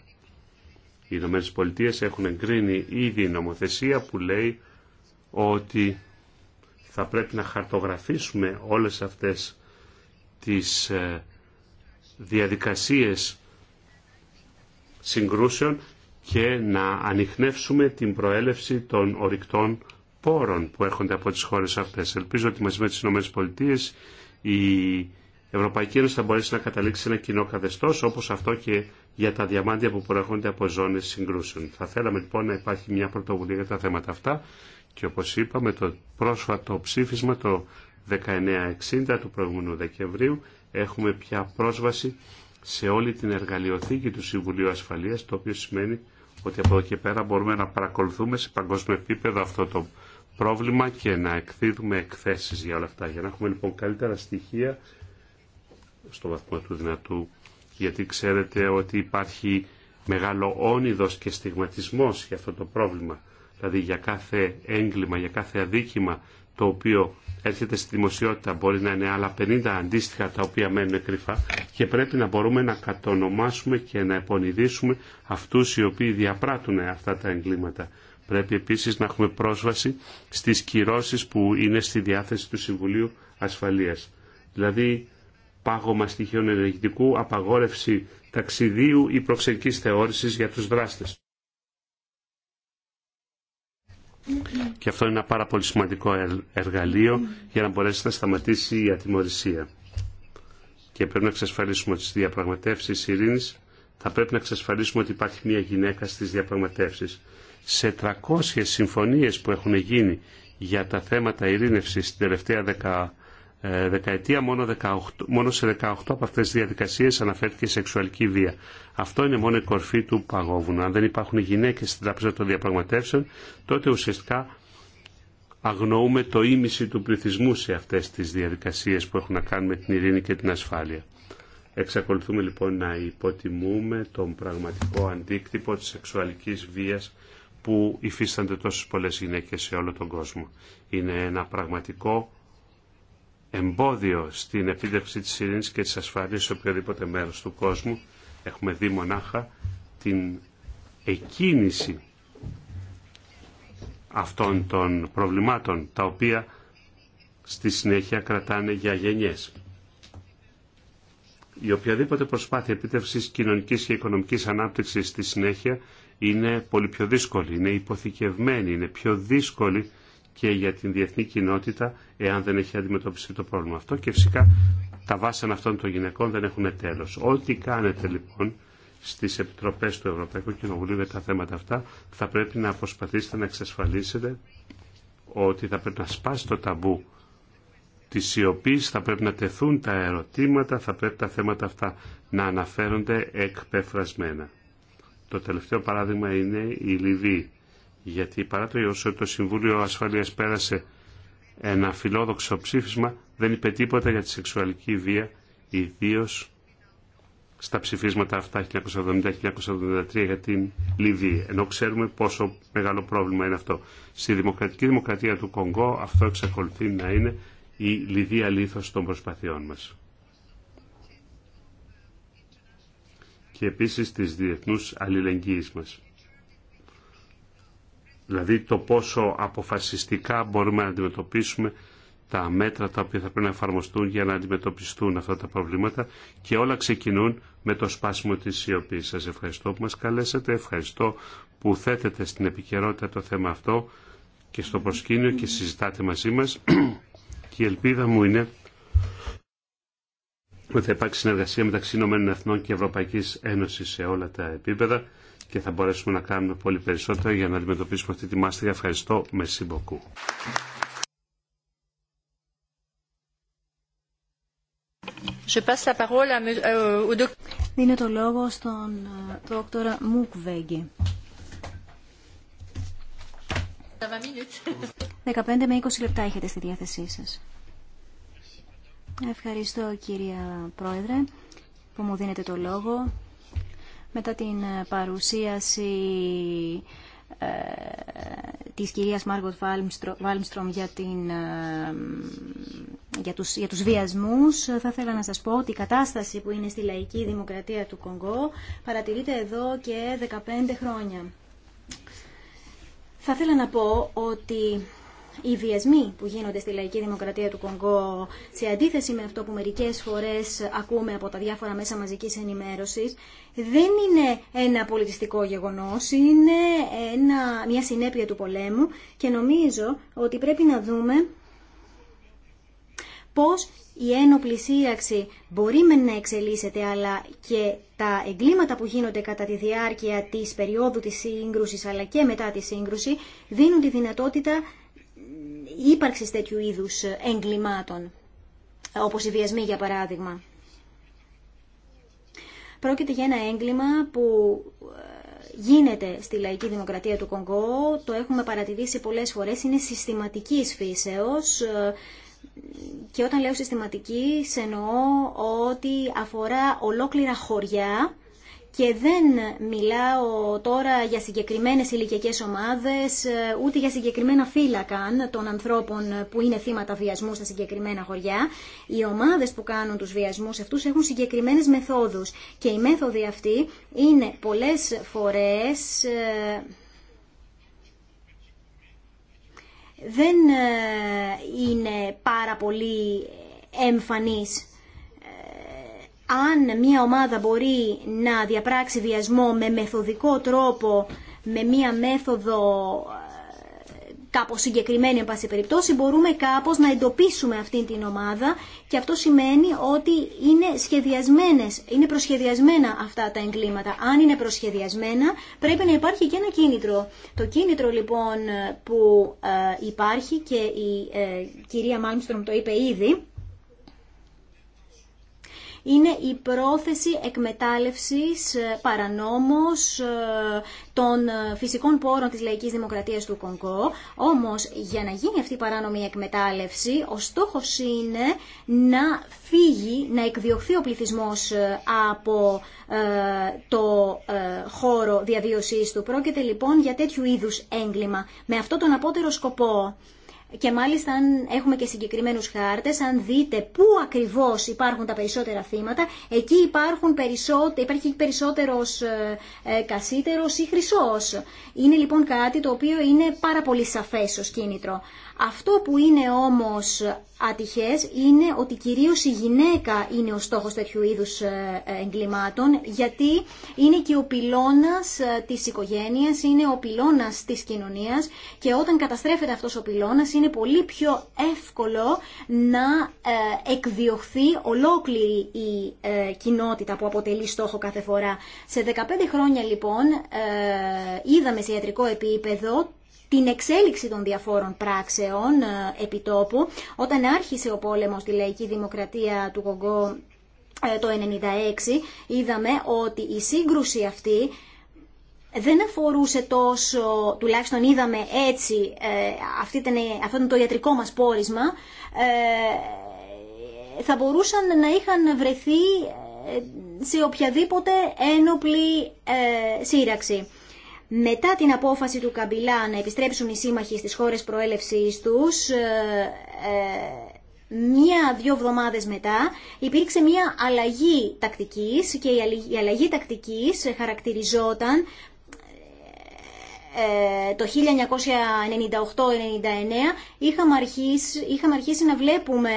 Οι Ηνωμένε Πολιτείες έχουν εγκρίνει ήδη νομοθεσία που λέει ότι θα πρέπει να χαρτογραφήσουμε όλες αυτές τις ε, διαδικασίες συγκρούσεων και να ανοιχνεύσουμε την προέλευση των ορυκτών πόρων που έρχονται από τις χώρες αυτές. Ελπίζω ότι μαζί με τις ΗΠΑ η Ευρωπαϊκή Ένωση θα μπορέσει να καταλήξει ένα κοινό καθεστώ όπως αυτό και για τα διαμάντια που προέρχονται από ζώνες συγκρούσεων. Θα θέλαμε λοιπόν να υπάρχει μια πρωτοβουλία για τα θέματα αυτά και όπως είπαμε το πρόσφατο ψήφισμα το 1960 του προηγούμενου Δεκεμβρίου έχουμε πια πρόσβαση σε όλη την εργαλειοθήκη του Συμβουλίου Ασφαλείας, το οποίο σημαίνει ότι από εδώ και πέρα μπορούμε να παρακολουθούμε σε παγκόσμιο επίπεδο αυτό το πρόβλημα και να εκδίδουμε εκθέσεις για όλα αυτά. Για να έχουμε λοιπόν καλύτερα στοιχεία στο βαθμό του δυνατού, γιατί ξέρετε ότι υπάρχει μεγάλο όνειδος και στιγματισμός για αυτό το πρόβλημα. Δηλαδή για κάθε έγκλημα, για κάθε αδίκημα το οποίο έρχεται στη δημοσιότητα μπορεί να είναι άλλα 50 αντίστοιχα τα οποία μένουν κρυφά και πρέπει να μπορούμε να κατονομάσουμε και να επωνυδίσουμε αυτούς οι οποίοι διαπράττουν αυτά τα εγκλήματα. Πρέπει επίσης να έχουμε πρόσβαση στις κυρώσεις που είναι στη διάθεση του Συμβουλίου Ασφαλείας. Δηλαδή πάγωμα στοιχείων ενεργητικού, απαγόρευση ταξιδίου ή προξενικής θεώρησης για τους δράστες. Και αυτό είναι ένα πάρα πολύ σημαντικό εργαλείο για να μπορέσει να σταματήσει η ατιμορρησία. Και πρέπει να εξασφαλίσουμε ότι στι διαπραγματεύσει ειρήνη θα πρέπει να εξασφαλίσουμε ότι υπάρχει μια γυναίκα στις διαπραγματεύσεις. Σε 300 συμφωνίες που έχουν γίνει για τα θέματα ειρήνευση την τελευταία δεκαετία, ε, δεκαετία μόνο, 18, μόνο σε 18 από αυτές τις διαδικασίες αναφέρθηκε η σεξουαλική βία. Αυτό είναι μόνο η κορφή του παγόβουνου. Αν δεν υπάρχουν γυναίκες στην τράπεζα των διαπραγματεύσεων, τότε ουσιαστικά αγνοούμε το ίμιση του πληθυσμού σε αυτές τις διαδικασίες που έχουν να κάνουν με την ειρήνη και την ασφάλεια. Εξακολουθούμε λοιπόν να υποτιμούμε τον πραγματικό αντίκτυπο της σεξουαλικής βίας που υφίστανται τόσες πολλές γυναίκες σε όλο τον κόσμο. Είναι ένα πραγματικό εμπόδιο στην επίτευξη της ειρήνης και της ασφάλειας σε οποιοδήποτε μέρος του κόσμου. Έχουμε δει μονάχα την εκκίνηση αυτών των προβλημάτων, τα οποία στη συνέχεια κρατάνε για γενιές. Η οποιαδήποτε προσπάθεια επίτευξης κοινωνικής και οικονομικής ανάπτυξης στη συνέχεια είναι πολύ πιο δύσκολη, είναι υποθηκευμένη, είναι πιο δύσκολη και για την διεθνή κοινότητα εάν δεν έχει αντιμετωπιστεί το πρόβλημα αυτό και φυσικά τα βάσανα αυτών των γυναικών δεν έχουν τέλος. Ό,τι κάνετε λοιπόν στις επιτροπές του Ευρωπαϊκού Κοινοβουλίου για τα θέματα αυτά θα πρέπει να προσπαθήσετε να εξασφαλίσετε ότι θα πρέπει να σπάσει το ταμπού τη σιωπή, θα πρέπει να τεθούν τα ερωτήματα, θα πρέπει τα θέματα αυτά να αναφέρονται εκπεφρασμένα. Το τελευταίο παράδειγμα είναι η Λιβύη γιατί παρά το γεγονό ότι το Συμβούλιο Ασφαλείας πέρασε ένα φιλόδοξο ψήφισμα, δεν είπε τίποτα για τη σεξουαλική βία, ιδίω στα ψηφίσματα αυτά 1970-1973 για την Λιβύη, ενώ ξέρουμε πόσο μεγάλο πρόβλημα είναι αυτό. Στη Δημοκρατική Δημοκρατία του Κονγκό αυτό εξακολουθεί να είναι η Λιβύη αλήθως των προσπαθειών μας. Και επίσης της διεθνούς αλληλεγγύης μας δηλαδή το πόσο αποφασιστικά μπορούμε να αντιμετωπίσουμε τα μέτρα τα οποία θα πρέπει να εφαρμοστούν για να αντιμετωπιστούν αυτά τα προβλήματα και όλα ξεκινούν με το σπάσιμο της σιωπής. Σας ευχαριστώ που μας καλέσατε, ευχαριστώ που θέτετε στην επικαιρότητα το θέμα αυτό και στο προσκήνιο και συζητάτε μαζί μας (clears throat) και η ελπίδα μου είναι ότι θα υπάρξει συνεργασία μεταξύ ΗΕ και Ευρωπαϊκής Ένωσης σε όλα τα επίπεδα και θα μπορέσουμε να κάνουμε πολύ περισσότερο για να αντιμετωπίσουμε αυτή τη μάστιγα. Ευχαριστώ. Merci beaucoup. Euh, Δίνω το λόγο στον ε, δόκτωρα Μουκβέγγι. 15 με 20 λεπτά έχετε στη διάθεσή σας. Ευχαριστώ κυρία Πρόεδρε που μου δίνετε το λόγο. Μετά την ε, παρουσίαση ε, της κυρίας Μάργοτ Βάλμστρομ για, την, ε, για, τους, για τους βιασμούς. Θα ήθελα να σας πω ότι η κατάσταση που είναι στη λαϊκή δημοκρατία του Κονγκό παρατηρείται εδώ και 15 χρόνια. Θα ήθελα να πω ότι οι βιασμοί που γίνονται στη λαϊκή δημοκρατία του Κονγκό, σε αντίθεση με αυτό που μερικές φορές ακούμε από τα διάφορα μέσα μαζικής ενημέρωσης, δεν είναι ένα πολιτιστικό γεγονός, είναι μια συνέπεια του πολέμου και νομίζω ότι πρέπει να δούμε πώς η ένοπλη σύραξη μπορεί μεν να εξελίσσεται, αλλά και τα εγκλήματα που γίνονται κατά τη διάρκεια της περίοδου της σύγκρουσης, αλλά και μετά τη σύγκρουση, δίνουν τη δυνατότητα ύπαρξη τέτοιου είδους εγκλημάτων, όπως οι βιασμοί για παράδειγμα. Πρόκειται για ένα έγκλημα που ε, γίνεται στη λαϊκή δημοκρατία του Κονγκό, το έχουμε παρατηρήσει πολλές φορές, είναι συστηματικής φύσεως ε, και όταν λέω συστηματικής εννοώ ότι αφορά ολόκληρα χωριά και δεν μιλάω τώρα για συγκεκριμένες ηλικιακές ομάδες, ε, ούτε για συγκεκριμένα φύλακαν των ανθρώπων που είναι θύματα βιασμού στα συγκεκριμένα χωριά. Οι ομάδες που κάνουν τους βιασμούς αυτούς έχουν συγκεκριμένες μεθόδους και οι μέθοδοι αυτοί είναι πολλές φορές... Ε, δεν ε, είναι πάρα πολύ εμφανής αν μια ομάδα μπορεί να διαπράξει βιασμό με μεθοδικό τρόπο, με μια μέθοδο ε, κάπως συγκεκριμένη, εν πάση περιπτώσει, μπορούμε κάπως να εντοπίσουμε αυτή την ομάδα και αυτό σημαίνει ότι είναι, σχεδιασμένες, είναι προσχεδιασμένα αυτά τα εγκλήματα. Αν είναι προσχεδιασμένα, πρέπει να υπάρχει και ένα κίνητρο. Το κίνητρο, λοιπόν, που ε, υπάρχει και η ε, κυρία Μάλμστρομ το είπε ήδη, είναι η πρόθεση εκμετάλλευσης ε, παρανόμως ε, των ε, φυσικών πόρων της λαϊκής δημοκρατίας του Κονγκό. Όμως για να γίνει αυτή η παράνομη εκμετάλλευση ο στόχος είναι να φύγει, να εκδιωχθεί ο πληθυσμός από το χώρο διαβίωσής του. Πρόκειται λοιπόν για τέτοιου είδους έγκλημα. Με αυτό τον απότερο σκοπό και μάλιστα αν έχουμε και συγκεκριμένους χάρτες, αν δείτε πού ακριβώς υπάρχουν τα περισσότερα θύματα, εκεί υπάρχουν περισσότε, υπάρχει περισσότερος ε, ε κασίτερος ή χρυσός. Είναι λοιπόν κάτι το οποίο είναι πάρα πολύ σαφές ως κίνητρο. Αυτό που είναι όμως ατυχές είναι ότι κυρίως η γυναίκα είναι ο στόχος τέτοιου είδους ε, εγκλημάτων γιατί είναι και ο πυλώνας ε, της οικογένειας, είναι ο πυλώνας της κοινωνίας και όταν καταστρέφεται αυτός ο πυλώνας είναι πολύ πιο εύκολο να ε, εκδιωχθεί ολόκληρη η κοινότητα που αποτελεί στόχο κάθε φορά. Σε 15 χρόνια λοιπόν είδαμε σε ιατρικό επίπεδο την εξέλιξη των διαφόρων πράξεων ε, επιτόπου. Όταν άρχισε ο πόλεμος στη λαϊκή δημοκρατία του Κογκό ε, το 1996, είδαμε ότι η σύγκρουση αυτή δεν αφορούσε τόσο, τουλάχιστον είδαμε έτσι, ε, αυτή ήταν, αυτό το ιατρικό μας πόρισμα, θα μπορούσαν να είχαν βρεθεί σε οποιαδήποτε ένοπλη σύραξη μετά την απόφαση του Καμπιλά να επιστρέψουν οι σύμμαχοι στις χώρες προέλευσης τους, ε, ε, μία-δύο εβδομάδες μετά υπήρξε μία αλλαγή τακτικής και η αλλαγή τακτικής χαρακτηριζόταν ε, το 1998-99 είχαμε αρχίσει, να βλέπουμε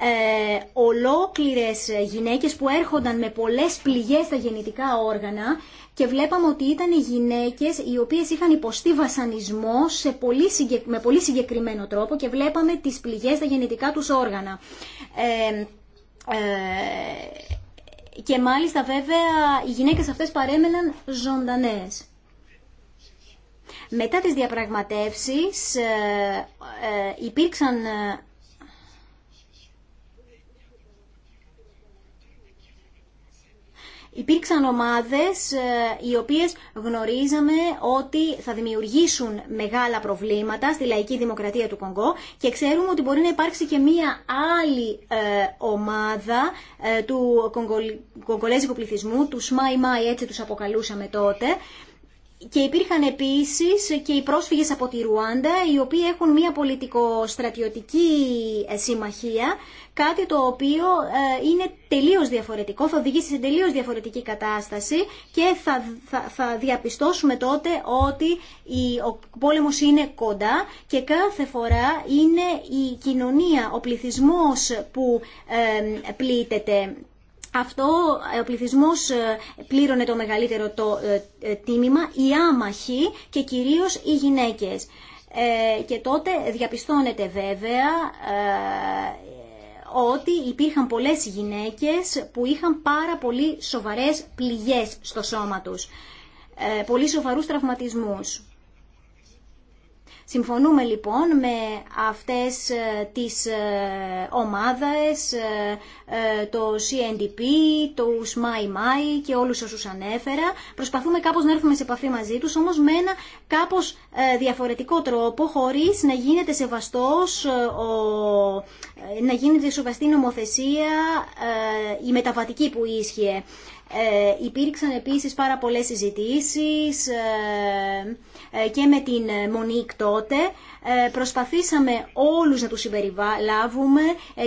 ε, ολόκληρες γυναίκες που έρχονταν με πολλές πληγές στα γεννητικά όργανα και βλέπαμε ότι ήταν οι γυναίκες οι οποίες είχαν υποστεί βασανισμό σε πολύ με πολύ συγκεκριμένο τρόπο και βλέπαμε τις πληγές στα γεννητικά τους όργανα. Ε, ε, και μάλιστα βέβαια οι γυναίκες αυτές παρέμεναν ζωντανές. Μετά τις διαπραγματεύσεις ε, ε υπήρξαν ε, Υπήρξαν ομάδες ε, οι οποίες γνωρίζαμε ότι θα δημιουργήσουν μεγάλα προβλήματα στη λαϊκή δημοκρατία του Κονγκό και ξέρουμε ότι μπορεί να υπάρξει και μία άλλη ε, ομάδα ε, του κογκολέζικου πληθυσμού, του Μάι Μάι έτσι τους αποκαλούσαμε τότε, και υπήρχαν επίσης και οι πρόσφυγες από τη Ρουάντα, οι οποίοι έχουν μια πολιτικο-στρατιωτική συμμαχία κάτι το οποίο ε, είναι τελείως διαφορετικό, θα οδηγήσει σε τελείως διαφορετική κατάσταση και θα, θα, διαπιστώσουμε τότε ότι η, ο πόλεμος είναι κοντά και κάθε φορά είναι η κοινωνία, ο πληθυσμός που ε, πλήττεται. Αυτό ε, ο πληθυσμό ε, πλήρωνε το μεγαλύτερο το τίμημα, οι άμαχοι και κυρίως οι γυναίκες. Και τότε διαπιστώνεται βέβαια ότι υπήρχαν πολλές γυναίκες που είχαν πάρα πολύ σοβαρές πληγές στο σώμα τους, ε, πολύ σοβαρούς τραυματισμούς. Συμφωνούμε λοιπόν με αυτές ε, τις ε, ομάδες, ε, το CNDP, το SMI και όλους όσους ανέφερα. Προσπαθούμε κάπως να έρθουμε σε επαφή μαζί τους, όμως με ένα κάπως διαφορετικό τρόπο, χωρίς να γίνεται σεβαστός, να γίνεται σεβαστή νομοθεσία η μεταβατική που ίσχυε. Ε, υπήρξαν επίσης πάρα πολλές συζητήσεις ε, ε, και με την Μονίκ τότε. Ε, προσπαθήσαμε όλους να τους συμπεριλάβουμε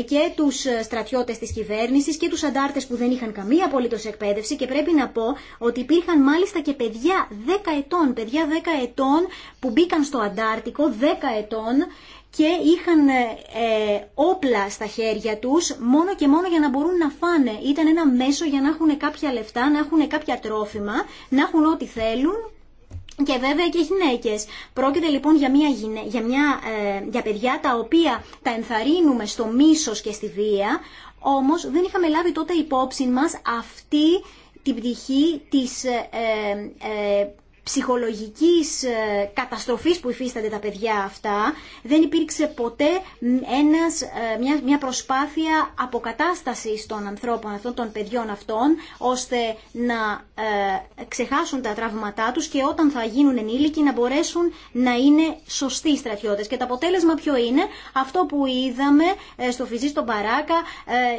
και τους στρατιώτες της κυβέρνησης και τους αντάρτες που δεν είχαν καμία απολύτως εκπαίδευση και πρέπει να πω ότι υπήρχαν μάλιστα και παιδιά 10 ετών, παιδιά 10 ετών που μπήκαν στο Αντάρτικο 10 ετών και είχαν ε, ε, όπλα στα χέρια τους μόνο και μόνο για να μπορούν να φάνε. Ήταν ένα μέσο για να έχουν κάποια λεφτά, να έχουν κάποια τρόφιμα, να έχουν ό,τι θέλουν και βέβαια και γυναίκες. Πρόκειται λοιπόν για, μια, για, μια, ε, για παιδιά τα οποία τα ενθαρρύνουμε στο μίσος και στη βία, όμως δεν είχαμε λάβει τότε υπόψη μας αυτή την πτυχή της ε, ψυχολογικής ε, καταστροφής που υφίστανται τα παιδιά αυτά, δεν υπήρξε ποτέ ένας, ε, μια, μια προσπάθεια αποκατάστασης των ανθρώπων αυτών, των παιδιών αυτών, ώστε να ε, ξεχάσουν τα τραύματά τους και όταν θα γίνουν ενήλικοι να μπορέσουν να είναι σωστοί στρατιώτες. Και το αποτέλεσμα ποιο είναι, αυτό που είδαμε στο Φυζί, στον Παράκα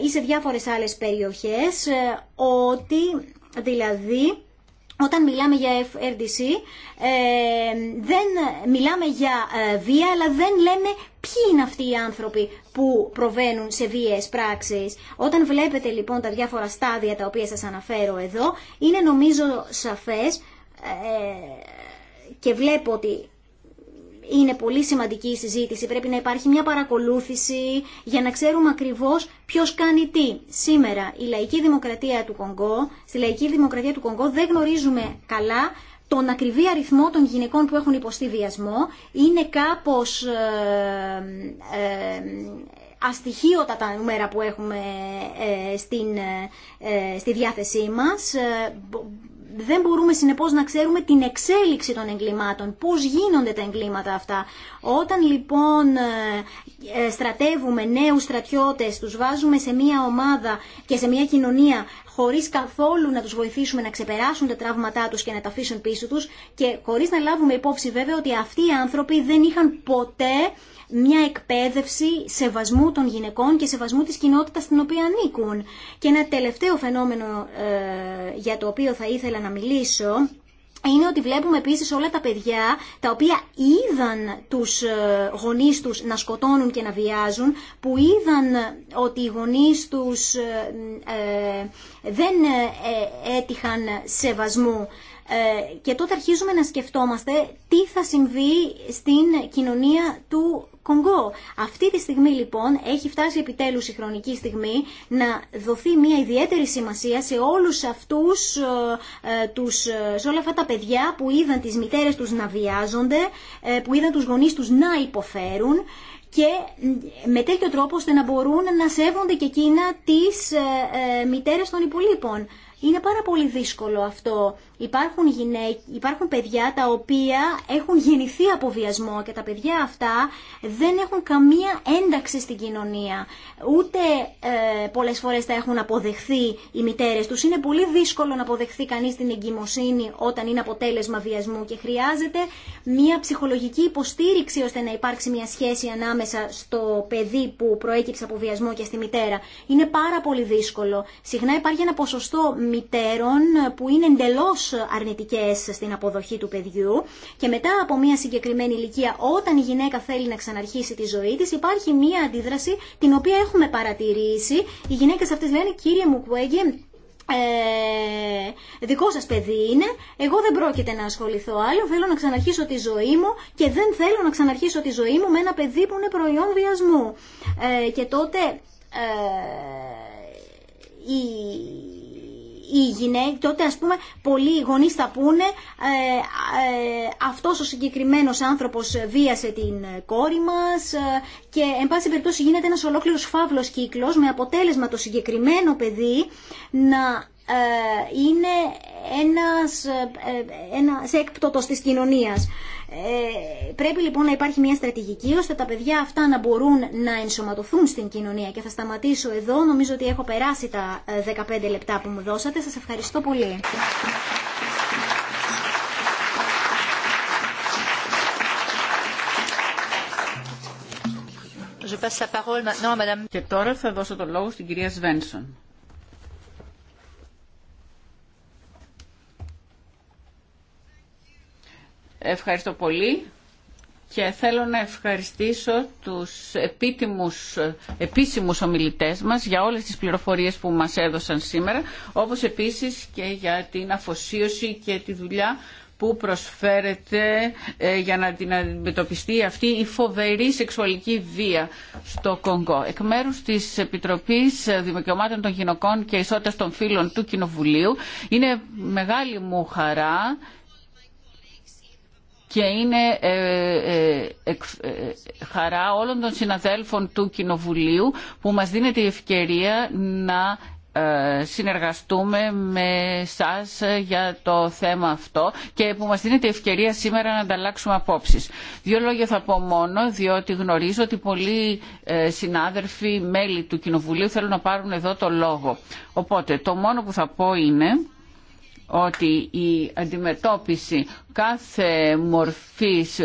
ή σε διάφορες άλλες περιοχές, ότι δηλαδή όταν μιλάμε για FRDC, ε, δεν μιλάμε για ε, βία, αλλά δεν λέμε ποιοι είναι αυτοί οι άνθρωποι που προβαίνουν σε βίαιες πράξεις. Όταν βλέπετε λοιπόν τα διάφορα στάδια τα οποία σας αναφέρω εδώ, είναι νομίζω σαφές ε, και βλέπω ότι είναι πολύ σημαντική η συζήτηση. Πρέπει να υπάρχει μια παρακολούθηση για να ξέρουμε ακριβώς ποιο κάνει τι. Σήμερα η λαϊκή δημοκρατία του Κονγκό, στη λαϊκή δημοκρατία του Κονγκό δεν γνωρίζουμε καλά τον ακριβή αριθμό των γυναικών που έχουν υποστεί βιασμό. Είναι κάπως ε, ε αστοιχείωτα τα νούμερα που έχουμε ε, στην, ε, στη διάθεσή μας δεν μπορούμε συνεπώς να ξέρουμε την εξέλιξη των εγκλημάτων, πώς γίνονται τα εγκλήματα αυτά. Όταν λοιπόν ε, ε, στρατεύουμε νέους στρατιώτες, τους βάζουμε σε μια ομάδα και σε μια κοινωνία χωρίς καθόλου να τους βοηθήσουμε να ξεπεράσουν τα τραύματά τους και να τα αφήσουν πίσω τους και χωρίς να λάβουμε υπόψη βέβαια ότι αυτοί οι άνθρωποι δεν είχαν ποτέ μια εκπαίδευση σεβασμού των γυναικών και σεβασμού της κοινότητας στην οποία ανήκουν. Και ένα τελευταίο φαινόμενο ε, για το οποίο θα ήθελα να μιλήσω είναι ότι βλέπουμε επίσης όλα τα παιδιά τα οποία είδαν τους ε, γονείς τους να σκοτώνουν και να βιάζουν, που είδαν ότι οι γονείς τους ε, δεν έτυχαν σεβασμού και τότε αρχίζουμε να σκεφτόμαστε τι θα συμβεί στην κοινωνία του Κονγκό. Αυτή τη στιγμή λοιπόν έχει φτάσει επιτέλους η χρονική στιγμή να δοθεί μια ιδιαίτερη σημασία σε όλους αυτούς, ε, ε, τους, ε, σε όλα αυτά τα παιδιά που είδαν τις μητέρες τους να βιάζονται, που είδαν τους γονείς τους να υποφέρουν και με τέτοιο τρόπο ώστε να μπορούν να σέβονται και εκείνα τις ε, μητέρες των υπολείπων. Είναι πάρα πολύ δύσκολο αυτό. Υπάρχουν, υπάρχουν παιδιά τα οποία έχουν γεννηθεί από βιασμό και τα παιδιά αυτά δεν έχουν καμία ένταξη στην κοινωνία. Ούτε ε, πολλές φορές τα έχουν αποδεχθεί οι μητέρες τους. Είναι πολύ δύσκολο να αποδεχθεί κανείς την εγκυμοσύνη όταν είναι αποτέλεσμα βιασμού και χρειάζεται μια ψυχολογική υποστήριξη ώστε να υπάρξει μια σχέση ανάμεσα στο παιδί που προέκυψε από βιασμό και στη μητέρα. Είναι πάρα πολύ δύσκολο. Συχνά υπάρχει ένα ποσοστό μητέρων που είναι εντελώς αρνητικές στην αποδοχή του παιδιού και μετά από μια συγκεκριμένη ηλικία όταν η γυναίκα θέλει να ξαναρχίσει τη ζωή της υπάρχει μια αντίδραση την οποία έχουμε παρατηρήσει. Οι γυναίκες αυτές λένε κύριε Μουκουέγγε ε, δικό σας παιδί είναι, εγώ δεν πρόκειται να ασχοληθώ άλλο, θέλω να ξαναρχίσω τη ζωή μου και δεν θέλω να ξαναρχίσω τη ζωή μου με ένα παιδί που είναι προϊόν βιασμού. Ε, και τότε ε, η οι τότε ας πούμε πολλοί γονεί θα πούνε ε, ε αυτός ο συγκεκριμένο άνθρωπος βίασε την κόρη μας ε, και εν πάση περιπτώσει γίνεται ένας ολόκληρος φαύλο κύκλος με αποτέλεσμα το συγκεκριμένο παιδί να ε, είναι ένας, ένα, ένας έκπτωτος της κοινωνίας. Ε, πρέπει λοιπόν να υπάρχει μια στρατηγική ώστε τα παιδιά αυτά να μπορούν να ενσωματωθούν στην κοινωνία. Και θα σταματήσω εδώ. Νομίζω ότι έχω περάσει τα 15 ε, λεπτά που μου δώσατε. Σας ευχαριστώ πολύ. Και τώρα θα δώσω το λόγο στην κυρία Σβένσον. Ευχαριστώ πολύ και θέλω να ευχαριστήσω τους επίτιμους, επίσημους ομιλητές μας για όλες τις πληροφορίες που μας έδωσαν σήμερα, όπως επίσης και για την αφοσίωση και τη δουλειά που προσφέρεται ε, για να την αντιμετωπιστεί αυτή η φοβερή σεξουαλική βία στο Κονγκό. Εκ μέρου τη Επιτροπή Δημοκρατών των Γυναικών και Ισότητα των Φίλων του Κοινοβουλίου, είναι μεγάλη μου χαρά και είναι ε, ε, ε, χαρά όλων των συναδέλφων του Κοινοβουλίου που μας δίνεται η ευκαιρία να συνεργαστούμε με σας για το θέμα αυτό και που μας δίνεται ευκαιρία σήμερα να ανταλλάξουμε απόψεις. Δύο λόγια θα πω μόνο, διότι γνωρίζω ότι πολλοί συνάδελφοι, μέλη του Κοινοβουλίου θέλουν να πάρουν εδώ το λόγο. Οπότε το μόνο που θα πω είναι ότι η αντιμετώπιση κάθε μορφής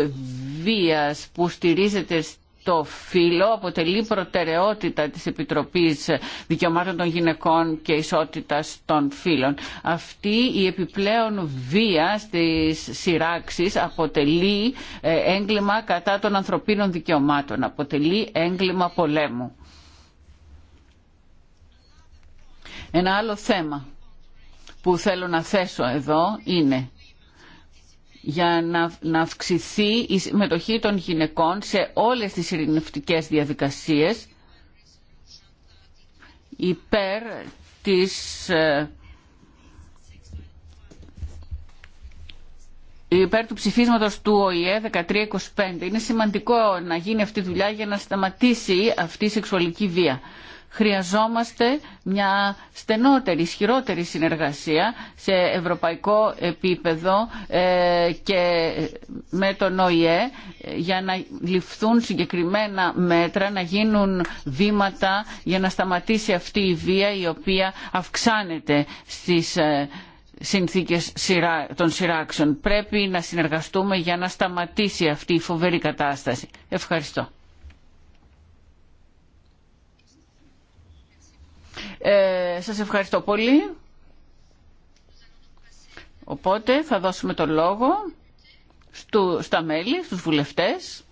βίας που στηρίζεται το φύλλο αποτελεί προτεραιότητα της Επιτροπής Δικαιωμάτων των Γυναικών και Ισότητας των Φύλων. Αυτή η επιπλέον βία στις σειράξεις αποτελεί ε, έγκλημα κατά των ανθρωπίνων δικαιωμάτων, αποτελεί έγκλημα πολέμου. Ένα άλλο θέμα που θέλω να θέσω εδώ είναι για να, αυξηθεί η συμμετοχή των γυναικών σε όλες τις ειρηνευτικές διαδικασίες υπέρ της ε, υπέρ του ψηφίσματος του ΟΗΕ 1325. Είναι σημαντικό να γίνει αυτή η δουλειά για να σταματήσει αυτή η σεξουαλική βία. Χρειαζόμαστε μια στενότερη, ισχυρότερη συνεργασία σε ευρωπαϊκό επίπεδο ε, και με τον ΟΗΕ για να ληφθούν συγκεκριμένα μέτρα, να γίνουν βήματα για να σταματήσει αυτή η βία η οποία αυξάνεται στις ε, συνθήκες των σειράξεων. Πρέπει να συνεργαστούμε για να σταματήσει αυτή η φοβερή κατάσταση. Ευχαριστώ. Ε, σας ευχαριστώ πολύ. Οπότε θα δώσουμε το λόγο στα μέλη, στους βουλευτές.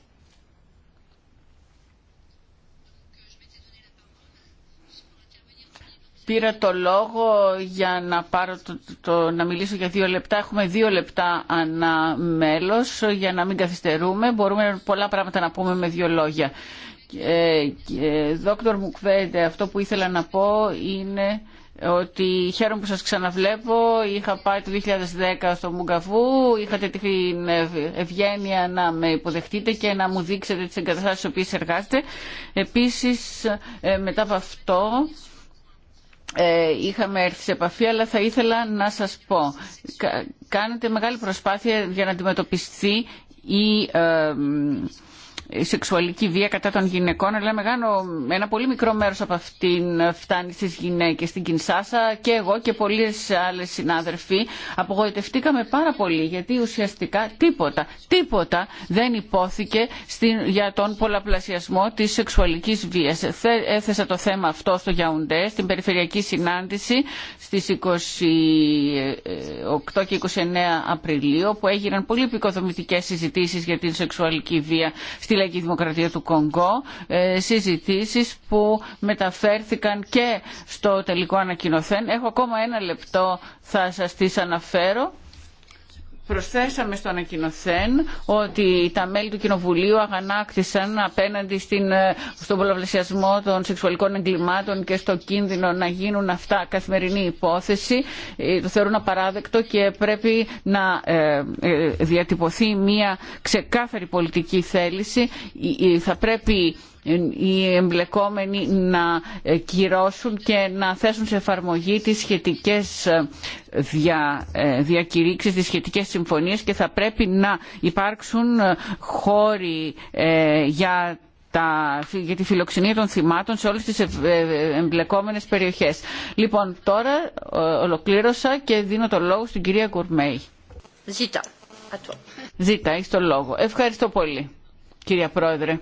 Πήρα το λόγο για να, πάρω το, το, να μιλήσω για δύο λεπτά. Έχουμε δύο λεπτά ανά μέλος για να μην καθυστερούμε. Μπορούμε πολλά πράγματα να πούμε με δύο λόγια. Ε, ε, δόκτωρ Μουκβέντε, αυτό που ήθελα να πω είναι ότι χαίρομαι που σας ξαναβλέπω. Είχα πάει το 2010 στο Μουγκαβού, είχατε την ευγένεια να με υποδεχτείτε και να μου δείξετε τις εγκαταστάσεις στις οποίες εργάζετε. Επίσης, ε, μετά από αυτό, είχαμε έρθει σε επαφή, αλλά θα ήθελα να σας πω. Κάνετε μεγάλη προσπάθεια για να αντιμετωπιστεί η η σεξουαλική βία κατά των γυναικών, αλλά μεγάλο, ένα πολύ μικρό μέρο από αυτήν φτάνει στι γυναίκε στην Κινσάσα και εγώ και πολλοί άλλοι συνάδελφοι απογοητευτήκαμε πάρα πολύ γιατί ουσιαστικά τίποτα, τίποτα δεν υπόθηκε στην, για τον πολλαπλασιασμό τη σεξουαλική βία. Έθεσα το θέμα αυτό στο Γιαουντέ στην περιφερειακή συνάντηση στι 28 και 29 Απριλίου που έγιναν πολύ επικοδομητικέ συζητήσει για την σεξουαλική βία η δημοκρατία του Κονγκό, ε, συζητήσεις που μεταφέρθηκαν και στο τελικό ανακοινωθέν. Έχω ακόμα ένα λεπτό, θα σας τις αναφέρω. Προσθέσαμε στο ανακοινωθέν ότι τα μέλη του Κοινοβουλίου αγανάκτησαν απέναντι στην, ε, στον πολλαπλασιασμό των σεξουαλικών εγκλημάτων και στο κίνδυνο να γίνουν αυτά καθημερινή υπόθεση. Ε, το θεωρούν απαράδεκτο και πρέπει να ε, διατυπωθεί μια ξεκάθαρη πολιτική θέληση. Θα πρέπει οι εμπλεκόμενοι να κυρώσουν και να θέσουν σε εφαρμογή τις σχετικές ε, δια, ε, διακηρύξεις, τις σχετικές συμφωνίες και θα πρέπει να υπάρξουν ε, χώροι για τα, για τη φιλοξενία των θυμάτων σε όλες τις εμπλεκόμενες περιοχές. Λοιπόν, τώρα ολοκλήρωσα και δίνω το λόγο στην κυρία Κουρμέη. Ζήτα. Ζήτα, έχεις το λόγο. Ευχαριστώ πολύ, κυρία Πρόεδρε.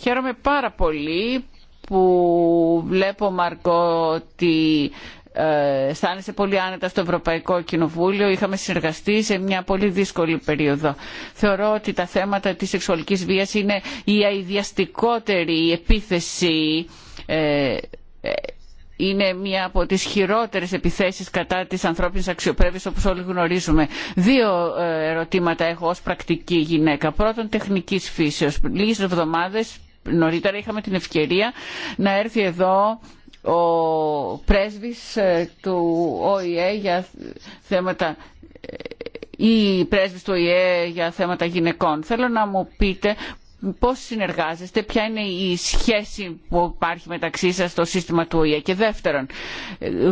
Χαίρομαι πάρα πολύ που βλέπω Μαρκό ότι ε, αισθάνεσαι πολύ άνετα στο Ευρωπαϊκό Κοινοβούλιο. Είχαμε συνεργαστεί σε μια πολύ δύσκολη περίοδο. Θεωρώ ότι τα θέματα της σεξουαλικής βίας είναι η αειδιαστικότερη επίθεση ε, ε, είναι μία από τις χειρότερες επιθέσεις κατά της ανθρώπινης αξιοπρέπειας όπως όλοι γνωρίζουμε. Δύο ε, ερωτήματα έχω ως πρακτική γυναίκα. Πρώτον τεχνικής φύσεως. Λίγες εβδομάδες νωρίτερα είχαμε την ευκαιρία να έρθει εδώ ο πρέσβης ε, του ΟΗΕ για θέματα ή ε, πρέσβης του ΟΗΕ για θέματα γυναικών. Θέλω να μου πείτε πώς συνεργάζεστε, ποια είναι η σχέση που υπάρχει μεταξύ σας στο σύστημα του ΟΗΕ. Και δεύτερον,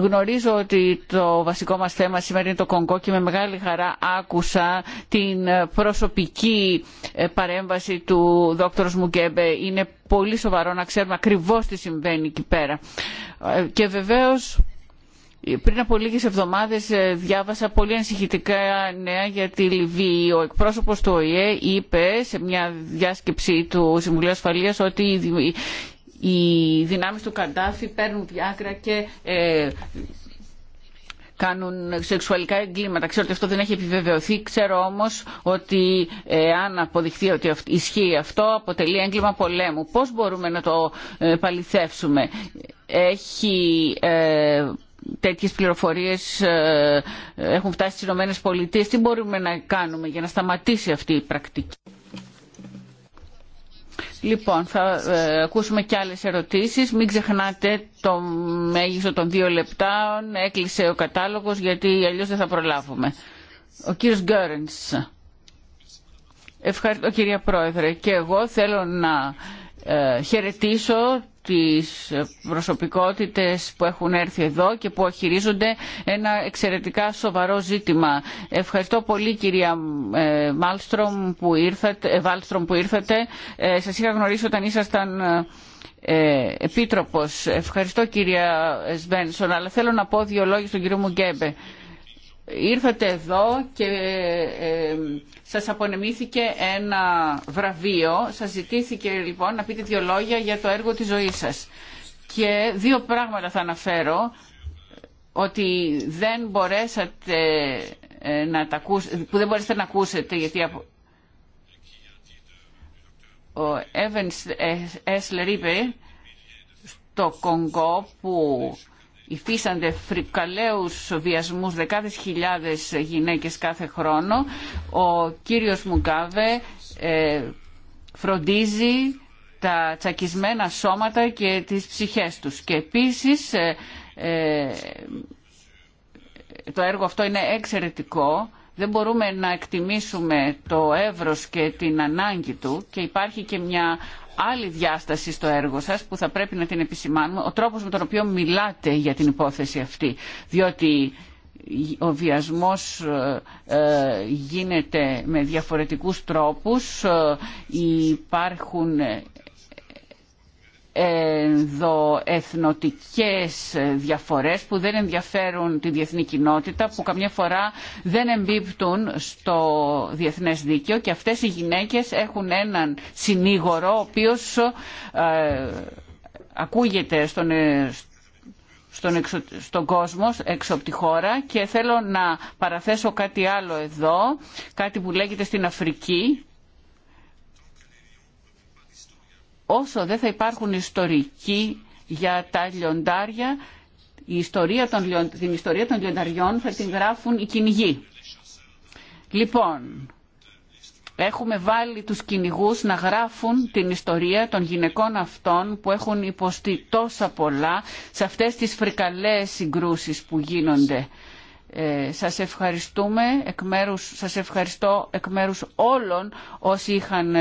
γνωρίζω ότι το βασικό μας θέμα σήμερα είναι το Κονγκό και με μεγάλη χαρά άκουσα την προσωπική ε, παρέμβαση του Δ. Μουγκέμπε. Είναι πολύ σοβαρό να ξέρουμε ακριβώς τι συμβαίνει εκεί πέρα. Ε, και βεβαίως πριν από λίγε εβδομάδε ε, διάβασα πολύ ανησυχητικά νέα για τη Λιβύη. Ο εκπρόσωπο του ΟΗΕ είπε σε μια διάσκεψη του Συμβουλίου ασφαλεία ότι οι δυνάμει του Καντάφη παίρνουν διάκρα και ε, κάνουν σεξουαλικά εγκλήματα. Ξέρω ότι αυτό δεν έχει επιβεβαιωθεί. Ξέρω όμως ότι ε, αν αποδειχθεί ότι ισχύει αυτό αποτελεί έγκλημα πολέμου. Πώ μπορούμε να το παληθεύσουμε. Έχει τέτοιες πληροφορίες ε, έχουν φτάσει στις Ηνωμένες Πολιτείες. Τι μπορούμε να κάνουμε για να σταματήσει αυτή η πρακτική. Λοιπόν, θα ε, ακούσουμε και άλλες ερωτήσεις. Μην ξεχνάτε το μέγιστο των δύο λεπτών. Έκλεισε ο κατάλογος γιατί αλλιώς δεν θα προλάβουμε. Ο κύριος Γκέρνς. Ευχαριστώ κυρία Πρόεδρε. Και εγώ θέλω να ε, χαιρετήσω τις προσωπικότητες που έχουν έρθει εδώ και που χειρίζονται ένα εξαιρετικά σοβαρό ζήτημα. Ευχαριστώ πολύ κυρία ε, Μάλστρομ που ήρθατε. Ε, Βάλστρομ που ήρθατε. Ε, σας είχα γνωρίσει όταν ήσασταν επίτροπος. Ευχαριστώ κυρία Σβένσον, αλλά θέλω να πω δύο λόγια στον κύριο Μουγκέμπε ήρθατε εδώ και ε, σας απονεμήθηκε ένα βραβείο. Σας ζητήθηκε λοιπόν να πείτε δύο λόγια για το έργο της ζωής σας. Και δύο πράγματα θα αναφέρω ότι δεν μπορέσατε ε, να τα ακούσετε, που δεν μπορέσατε να ακούσετε γιατί ο Evans Έσλερ είπε στο Κονγκό που υφίστανται φρικαλαίους βιασμού δεκάδες χιλιάδες γυναίκες κάθε χρόνο, ο κύριος Μουγκάβε ε, φροντίζει τα τσακισμένα σώματα και τις ψυχές τους. Και επίσης ε, ε, το έργο αυτό είναι εξαιρετικό. Δεν μπορούμε να εκτιμήσουμε το εύρος και την ανάγκη του και υπάρχει και μια άλλη διάσταση στο έργο σας που θα πρέπει να την επισημάνουμε, ο τρόπος με τον οποίο μιλάτε για την υπόθεση αυτή. Διότι ο βιασμός ε, ε, γίνεται με διαφορετικούς τρόπους, ε, υπάρχουν ενδοεθνοτικές διαφορές που δεν ενδιαφέρουν τη διεθνή κοινότητα, που καμιά φορά δεν εμπίπτουν στο διεθνές δίκαιο και αυτές οι γυναίκες έχουν έναν συνήγορο ο οποίος ε, ακούγεται στον, ε, στον, εξω, στον κόσμο έξω από τη χώρα και θέλω να παραθέσω κάτι άλλο εδώ, κάτι που λέγεται στην Αφρική όσο δεν θα υπάρχουν ιστορικοί για τα λιοντάρια, η ιστορία των, την ιστορία των λιονταριών θα την γράφουν οι κυνηγοί. Λοιπόν, έχουμε βάλει τους κυνηγού να γράφουν την ιστορία των γυναικών αυτών που έχουν υποστεί τόσα πολλά σε αυτές τις φρικαλές συγκρούσεις που γίνονται. Ε, σας, ευχαριστούμε εκ σας ευχαριστώ εκ μέρους όλων όσοι είχαν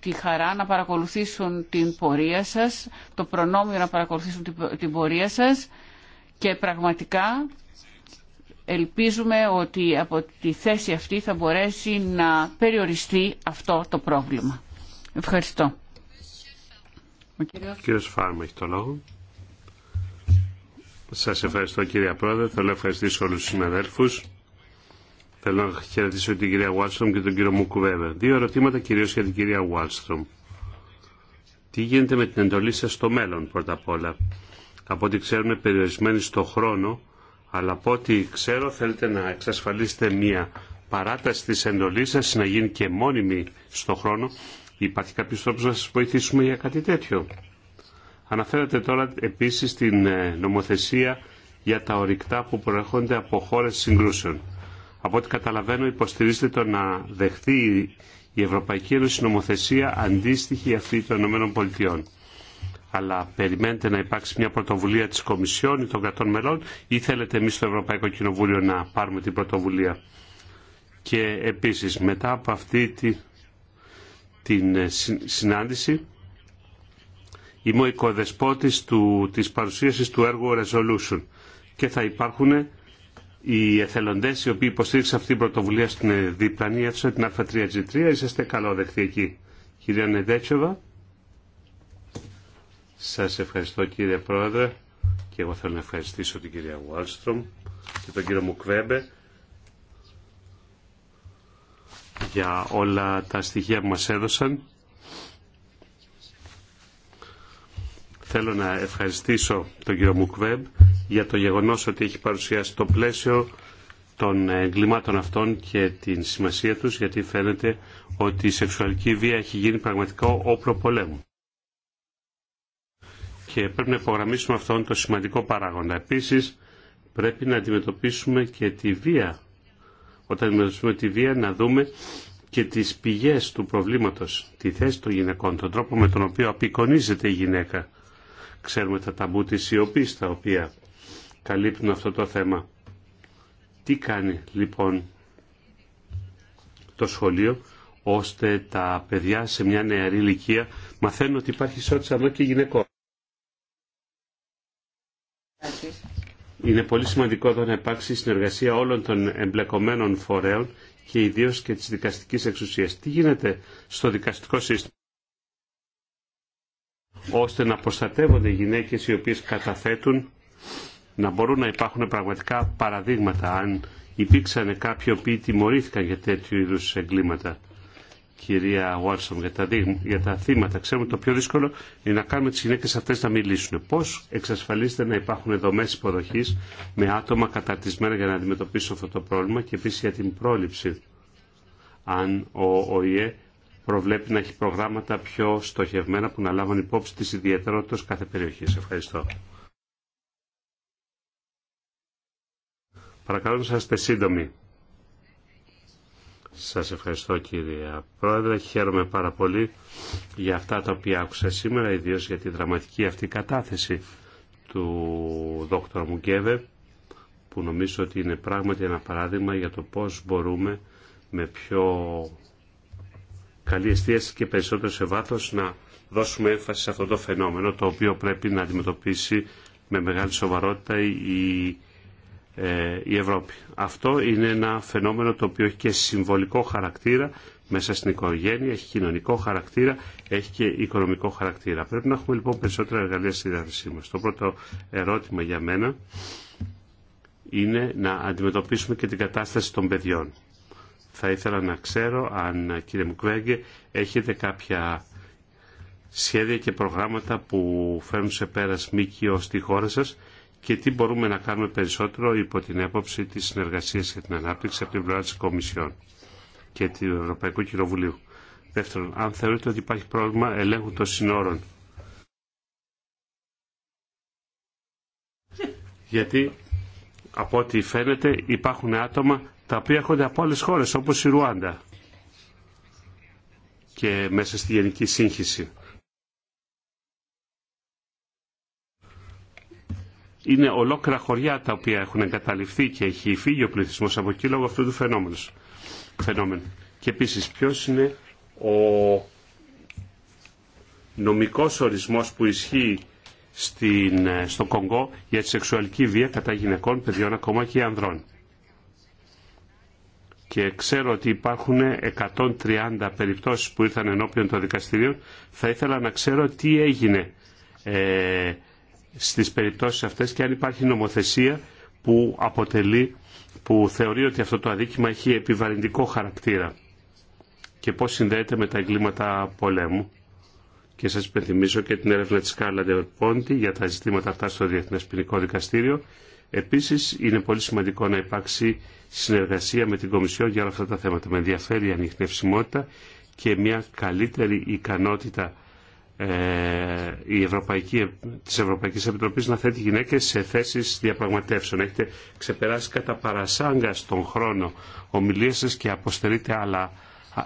τη χαρά να παρακολουθήσουν την πορεία σας, το προνόμιο να παρακολουθήσουν την πορεία σας και πραγματικά ελπίζουμε ότι από τη θέση αυτή θα μπορέσει να περιοριστεί αυτό το πρόβλημα. Ευχαριστώ. Ο Φάρμα έχει το λόγο. Σας ευχαριστώ κύριε Πρόεδρε. Θέλω να ευχαριστήσω όλους τους συναδέλφους Θέλω να χαιρετήσω την κυρία Βάλστρομ και τον κύριο Μουκουβέβερ. Δύο ερωτήματα κυρίω για την κυρία Βάλστρομ. Τι γίνεται με την εντολή σα στο μέλλον πρώτα απ' όλα. Από ό,τι ξέρουμε περιορισμένοι στο χρόνο, αλλά από ό,τι ξέρω θέλετε να εξασφαλίσετε μία παράταση της εντολής σας να γίνει και μόνιμη στο χρόνο. Υπάρχει κάποιο τρόπο να σας βοηθήσουμε για κάτι τέτοιο. Αναφέρατε τώρα επίσης την ε, νομοθεσία για τα ορυκτά που προέρχονται από χώρες συγκρούσεων από ό,τι καταλαβαίνω υποστηρίζετε το να δεχθεί η Ευρωπαϊκή Ένωση νομοθεσία αντίστοιχη αυτή των ΗΠΑ. Αλλά περιμένετε να υπάρξει μια πρωτοβουλία της Κομισιόν ή των κρατών μελών ή θέλετε εμείς στο Ευρωπαϊκό Κοινοβούλιο να πάρουμε την πρωτοβουλία. Και επίσης μετά από αυτή τη, την ε, συνάντηση είμαι ο οικοδεσπότης του, της παρουσίασης του έργου Resolution και θα υπάρχουν οι εθελοντές οι οποίοι υποστήριξαν αυτή την πρωτοβουλία στην διπλανή αίθουσα, την Α3G3, είσαστε καλόδεκτοι εκεί. Κυρία Νεδέτσοβα, Σας ευχαριστώ κύριε Πρόεδρε και εγώ θέλω να ευχαριστήσω την κυρία Wallstrom και τον κύριο Μουκβέμπε για όλα τα στοιχεία που μας έδωσαν. Θέλω να ευχαριστήσω τον κύριο Μουκβέμπ για το γεγονός ότι έχει παρουσιάσει το πλαίσιο των εγκλημάτων αυτών και την σημασία τους γιατί φαίνεται ότι η σεξουαλική βία έχει γίνει πραγματικό όπλο πολέμου. Και πρέπει να υπογραμμίσουμε αυτόν το σημαντικό παράγοντα. Επίσης πρέπει να αντιμετωπίσουμε και τη βία. Όταν αντιμετωπίσουμε τη βία να δούμε και τις πηγές του προβλήματος, τη θέση των γυναικών, τον τρόπο με τον οποίο απεικονίζεται η γυναίκα. Ξέρουμε τα ταμπού της σιωπής τα οποία καλύπτουν αυτό το θέμα. Τι κάνει λοιπόν το σχολείο ώστε τα παιδιά σε μια νεαρή ηλικία μαθαίνουν ότι υπάρχει ισότητα ανώ και γυναικών. Είναι πολύ σημαντικό εδώ να υπάρξει συνεργασία όλων των εμπλεκομένων φορέων και ιδίως και της δικαστικής εξουσίας. Τι γίνεται στο δικαστικό σύστημα ώστε να προστατεύονται οι γυναίκες οι οποίες καταθέτουν να μπορούν να υπάρχουν πραγματικά παραδείγματα αν υπήρξαν κάποιοι οποίοι τιμωρήθηκαν για τέτοιου είδους εγκλήματα. Κυρία Βόλσον, για, τα για τα θύματα. Ξέρουμε το πιο δύσκολο είναι να κάνουμε τις γυναίκες αυτές να μιλήσουν. Πώς εξασφαλίζεται να υπάρχουν δομές υποδοχής με άτομα καταρτισμένα για να αντιμετωπίσουν αυτό το πρόβλημα και επίσης για την πρόληψη. Αν ο ΟΗΕ προβλέπει να έχει προγράμματα πιο στοχευμένα που να λάβουν υπόψη τις ιδιαιτερότητες κάθε περιοχής. Ευχαριστώ. Παρακαλώ να είστε σύντομοι. Σας ευχαριστώ κύριε Πρόεδρε. Χαίρομαι πάρα πολύ για αυτά τα οποία άκουσα σήμερα, ιδίως για τη δραματική αυτή κατάθεση του δόκτωρα Μουγκέβε, που νομίζω ότι είναι πράγματι ένα παράδειγμα για το πώς μπορούμε με πιο καλή εστίαση και περισσότερο σε βάθος να δώσουμε έμφαση σε αυτό το φαινόμενο, το οποίο πρέπει να αντιμετωπίσει με μεγάλη σοβαρότητα η ε, η Ευρώπη. Αυτό είναι ένα φαινόμενο το οποίο έχει και συμβολικό χαρακτήρα μέσα στην οικογένεια, έχει κοινωνικό χαρακτήρα, έχει και οικονομικό χαρακτήρα. Πρέπει να έχουμε λοιπόν περισσότερα εργαλεία στη διάθεσή μας. Το πρώτο ερώτημα για μένα είναι να αντιμετωπίσουμε και την κατάσταση των παιδιών. Θα ήθελα να ξέρω αν κύριε Μουκβέγγε έχετε κάποια σχέδια και προγράμματα που φέρνουν σε πέρας μήκυο στη χώρα σας και τι μπορούμε να κάνουμε περισσότερο υπό την έποψη της συνεργασίας για την ανάπτυξη από την πλευρά της Κομισιόν και του Ευρωπαϊκού Κοινοβουλίου. Δεύτερον, αν θεωρείτε ότι υπάρχει πρόβλημα ελέγχου των συνόρων. Γιατί από ό,τι φαίνεται υπάρχουν άτομα τα οποία έρχονται από άλλες χώρες όπως η Ρουάντα και μέσα στη γενική σύγχυση. είναι ολόκληρα χωριά τα οποία έχουν εγκαταλειφθεί και έχει φύγει ο πληθυσμό από εκεί λόγω αυτού του φαινόμενου. Και επίση, ποιο είναι ο νομικός ορισμός που ισχύει στην, ε, στο Κονγκό για τη σεξουαλική βία κατά γυναικών, παιδιών, ακόμα και ανδρών. Και ξέρω ότι υπάρχουν 130 περιπτώσεις που ήρθαν ενώπιον των δικαστηρίων. Θα ήθελα να ξέρω τι έγινε ε, στις περιπτώσεις αυτές και αν υπάρχει νομοθεσία που αποτελεί, που θεωρεί ότι αυτό το αδίκημα έχει επιβαρυντικό χαρακτήρα και πώς συνδέεται με τα εγκλήματα πολέμου. Και σας υπενθυμίζω και την έρευνα της Κάρλα Ντεορπόντι για τα ζητήματα αυτά στο Διεθνές Ποινικό Δικαστήριο. Επίσης, είναι πολύ σημαντικό να υπάρξει συνεργασία με την Κομισιόν για όλα αυτά τα θέματα. Με ενδιαφέρει η ανιχνευσιμότητα και μια καλύτερη ικανότητα ε, η Ευρωπαϊκή, της Ευρωπαϊκής Επιτροπής να θέτει γυναίκες σε θέσεις διαπραγματεύσεων. Έχετε ξεπεράσει κατά παρασάγκα στον χρόνο ομιλίες σας και αποστερείτε άλλα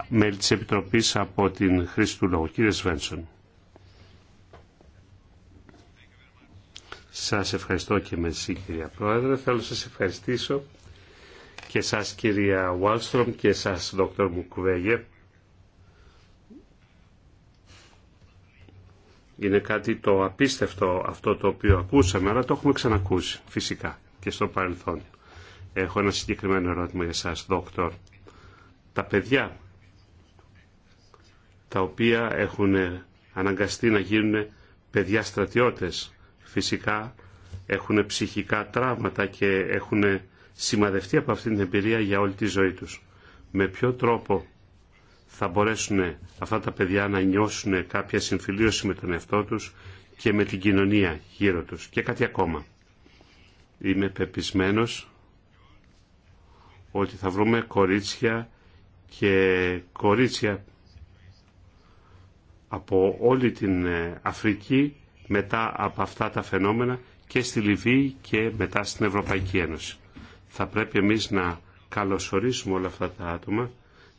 μέλη της Επιτροπής από την χρήση του λόγου. Κύριε Σβένσον. Σας ευχαριστώ και με εσύ κυρία Πρόεδρε. Θέλω να σας ευχαριστήσω και σας κυρία Βάλστρομ και σας δόκτωρ Μουκουβέγε Είναι κάτι το απίστευτο αυτό το οποίο ακούσαμε, αλλά το έχουμε ξανακούσει φυσικά και στο παρελθόν. Έχω ένα συγκεκριμένο ερώτημα για σας, δόκτωρ. Τα παιδιά τα οποία έχουν αναγκαστεί να γίνουν παιδιά στρατιώτες, φυσικά έχουν ψυχικά τραύματα και έχουν σημαδευτεί από αυτή την εμπειρία για όλη τη ζωή τους. Με ποιο τρόπο θα μπορέσουν αυτά τα παιδιά να νιώσουν κάποια συμφιλίωση με τον εαυτό τους και με την κοινωνία γύρω τους. Και κάτι ακόμα. Είμαι πεπισμένος ότι θα βρούμε κορίτσια και κορίτσια από όλη την ε, Αφρική μετά από αυτά τα φαινόμενα και στη Λιβύη και μετά στην Ευρωπαϊκή Ένωση. Θα πρέπει εμείς να καλωσορίσουμε όλα αυτά τα άτομα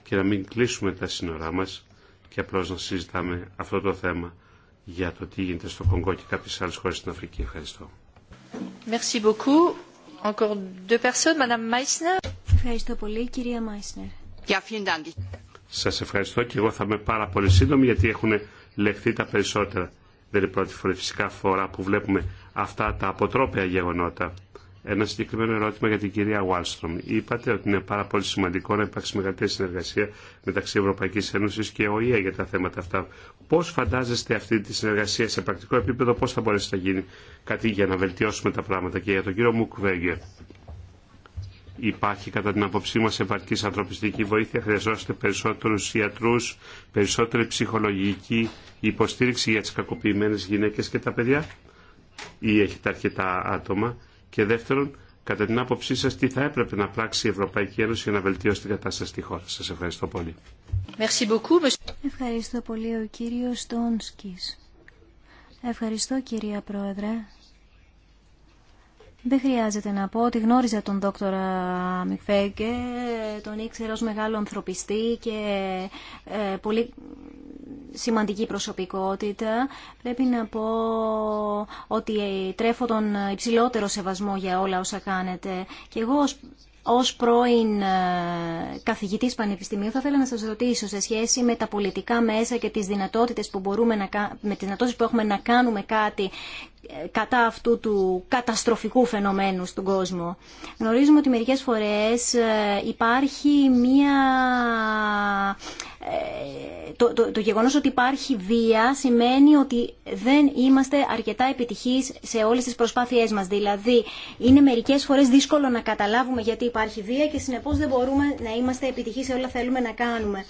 και να μην κλείσουμε τα σύνορά μας και απλώς να συζητάμε αυτό το θέμα για το τι γίνεται στο Κονγκό και κάποιες άλλες χώρες στην Αφρική. Ευχαριστώ. Merci beaucoup. Ευχαριστώ πολύ, κυρία Μάισνερ. Ja, Σας ευχαριστώ και εγώ θα είμαι πάρα πολύ σύντομη γιατί έχουν λεχθεί τα περισσότερα. Δεν είναι πρώτη φορά φυσικά φορά που βλέπουμε αυτά τα αποτρόπαια γεγονότα. Ένα συγκεκριμένο ερώτημα για την κυρία Βάλστρομ. Είπατε ότι είναι πάρα πολύ σημαντικό να υπάρξει μεγαλύτερη συνεργασία μεταξύ Ευρωπαϊκή Ένωση και ΟΗΕ για τα θέματα αυτά. Πώ φαντάζεστε αυτή τη συνεργασία σε πρακτικό επίπεδο, πώ θα μπορέσει να γίνει κάτι για να βελτιώσουμε τα πράγματα και για τον κύριο Μουκβέγγερ. Υπάρχει κατά την άποψή μα επαρκή ανθρωπιστική βοήθεια. Χρειαζόμαστε περισσότερου ιατρού, περισσότερη ψυχολογική υποστήριξη για τι κακοποιημένε γυναίκε και τα παιδιά ή έχετε αρκετά άτομα και δεύτερον, κατά την άποψή σας, τι θα έπρεπε να πράξει η Ευρωπαϊκή Ένωση για να βελτιώσει την κατάσταση στη χώρα. Σας ευχαριστώ πολύ. Ευχαριστώ πολύ ο κύριος Τόνσκης. Ευχαριστώ κυρία Πρόεδρε. Δεν χρειάζεται να πω ότι γνώριζα τον δόκτορα Μιχφέγκε, τον ήξερα ως μεγάλο ανθρωπιστή και ε, πολύ σημαντική προσωπικότητα. Πρέπει να πω ότι τρέφω τον υψηλότερο σεβασμό για όλα όσα κάνετε. Και εγώ ως πρώην ε, καθηγητής πανεπιστημίου θα ήθελα να σας ρωτήσω σε σχέση με τα πολιτικά μέσα και τις δυνατότητες που, μπορούμε να, με τις δυνατότητες που έχουμε να κάνουμε κάτι κατά αυτού του καταστροφικού φαινομένου στον κόσμο. Γνωρίζουμε ότι μερικές φορές ε, υπάρχει μία... Ε, το, το, γεγονός ότι υπάρχει βία σημαίνει ότι δεν είμαστε αρκετά επιτυχείς σε όλες τις προσπάθειές μας. Δηλαδή, είναι μερικές φορές δύσκολο να καταλάβουμε γιατί υπάρχει βία και συνεπώς δεν μπορούμε να είμαστε επιτυχείς σε όλα θέλουμε να κάνουμε.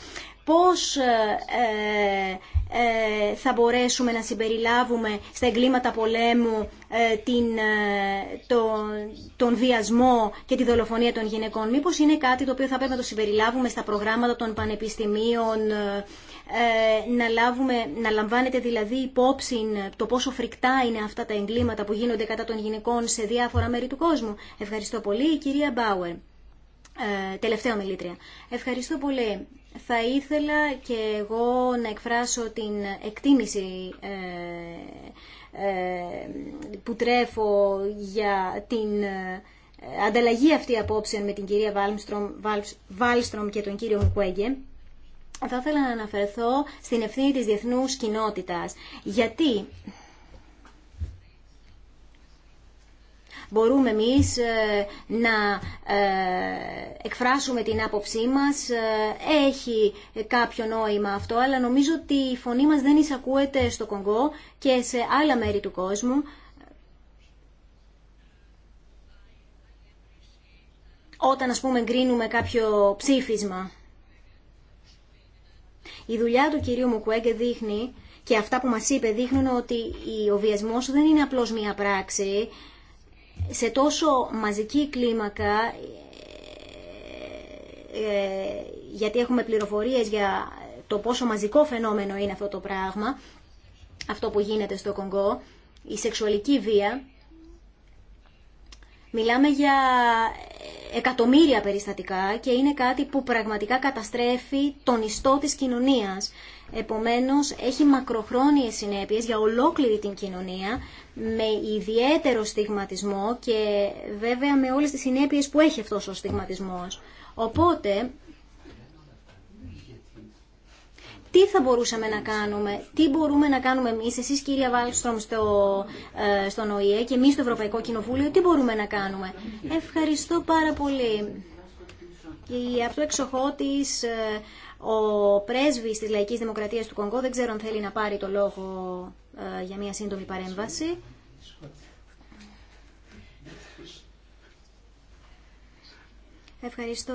Πώς... Ε, ε, θα μπορέσουμε να συμπεριλάβουμε στα εγκλήματα πολέμου ε, την, ε, τον, τον βιασμό και τη δολοφονία των γυναικών. Μήπως είναι κάτι το οποίο θα πρέπει να το συμπεριλάβουμε στα προγράμματα των πανεπιστημίων, να, λαμβάνεται να λαμβάνετε δηλαδή υπόψη το πόσο φρικτά είναι αυτά τα εγκλήματα που γίνονται κατά των γυναικών σε διάφορα μέρη του κόσμου. Ευχαριστώ πολύ, η κυρία Μπάουερ. Ε, τελευταία ομιλήτρια. Ευχαριστώ πολύ. Θα ήθελα και εγώ να εκφράσω την εκτίμηση ε, ε, που τρέφω για την ε, ανταλλαγή αυτή απόψεων με την κυρία Βάλστρομ και τον κύριο Μουκουέγγε. Θα ήθελα να αναφερθώ στην ευθύνη της διεθνούς κοινότητας. Γιατί μπορούμε εμείς ε, να ε, εκφράσουμε την άποψή μας. Ε, έχει κάποιο νόημα αυτό, αλλά νομίζω ότι η φωνή μας δεν εισακούεται στο Κονγκό και σε άλλα μέρη του κόσμου. Όταν, ας πούμε, γκρίνουμε κάποιο ψήφισμα. Η δουλειά του κυρίου Μουκουέγκε δείχνει και αυτά που μας είπε δείχνουν ότι ο βιασμός δεν είναι απλώς μία πράξη, σε τόσο μαζική κλίμακα ε, ε, γιατί έχουμε πληροφορίες για το πόσο μαζικό φαινόμενο είναι αυτό το πράγμα, αυτό που γίνεται στο Κονγκό, η σεξουαλική βία. Μιλάμε για εκατομμύρια περιστατικά και είναι κάτι που πραγματικά καταστρέφει τον ιστό της κοινωνίας. Επομένως, έχει μακροχρόνιες συνέπειες για ολόκληρη την κοινωνία με ιδιαίτερο στιγματισμό και βέβαια με όλες τις συνέπειες που έχει αυτός ο στιγματισμός. Οπότε, τι θα μπορούσαμε να κάνουμε, τι μπορούμε να κάνουμε εμείς, εσείς κυρία Βάλστρομ στο, στο ε, στον ΟΗΕ και εμείς στο Ευρωπαϊκό Κοινοβούλιο, τι μπορούμε να κάνουμε. Ευχαριστώ πάρα πολύ. Και αυτό εξοχώτης, ε, ο πρέσβης της Λαϊκής Δημοκρατίας του Κονγκό, δεν ξέρω αν θέλει να πάρει το λόγο ε, για μια σύντομη παρέμβαση. Ευχαριστώ,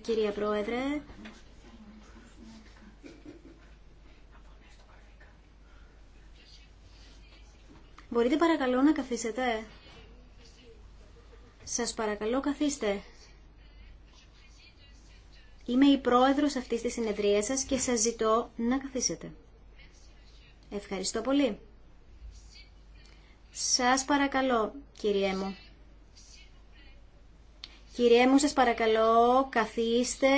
κυρία Πρόεδρε. Μπορείτε παρακαλώ να καθίσετε. Σας παρακαλώ καθίστε. Είμαι η πρόεδρος αυτής της συνεδρίας σας και σας ζητώ να καθίσετε. Ευχαριστώ πολύ. Σας παρακαλώ, κυριέ μου. Κυριέ μου, σας παρακαλώ, καθίστε,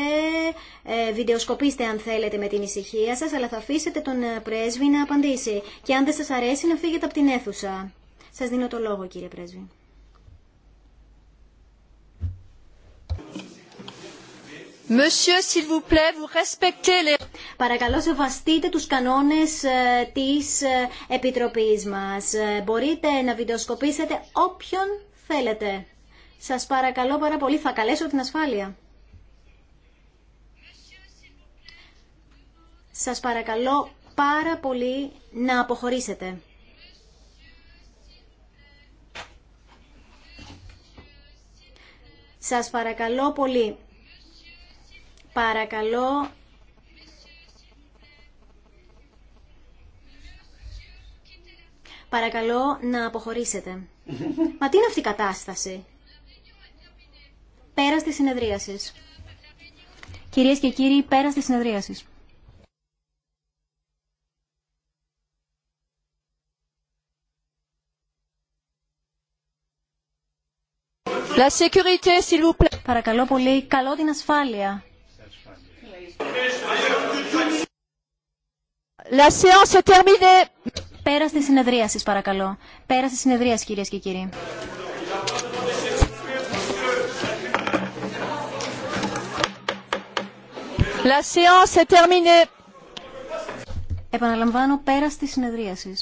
ε, βιντεοσκοπήστε αν θέλετε με την ησυχία σας, αλλά θα αφήσετε τον ε, πρέσβη να απαντήσει. Και αν δεν σας αρέσει να φύγετε από την αίθουσα. Σας δίνω το λόγο, κύριε πρέσβη. Παρακαλώ σεβαστείτε τους κανόνες ε, της ε, Επιτροπής μας. Ε, μπορείτε να βιντεοσκοπήσετε όποιον θέλετε. Σας παρακαλώ πάρα πολύ, θα καλέσω την ασφάλεια. Σας παρακαλώ πάρα πολύ να αποχωρήσετε. Σας παρακαλώ πολύ Παρακαλώ Παρακαλώ να αποχωρήσετε. Μα τι είναι αυτή η κατάσταση. Πέρα τη συνεδρίαση. Κυρίες και κύριοι, πέρα τη συνεδρίαση. Παρακαλώ πολύ, καλό την ασφάλεια. La séance est Πέρα στη συνεδρίαση, παρακαλώ. Πέρα στη συνεδρίαση, κυρίε και κύριοι. La Επαναλαμβάνω, πέρα στη συνεδρίαση.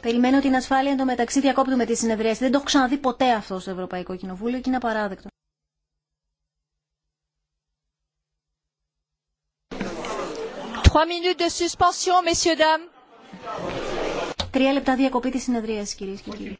Περιμένω την ασφάλεια εντωμεταξύ διακόπτουμε τη συνεδρίαση. Δεν το έχω ξαναδεί ποτέ αυτό στο Ευρωπαϊκό Κοινοβούλιο και είναι απαράδεκτο. Τρία λεπτά διακοπή της συνεδρίασης, κυρίες και κύριοι.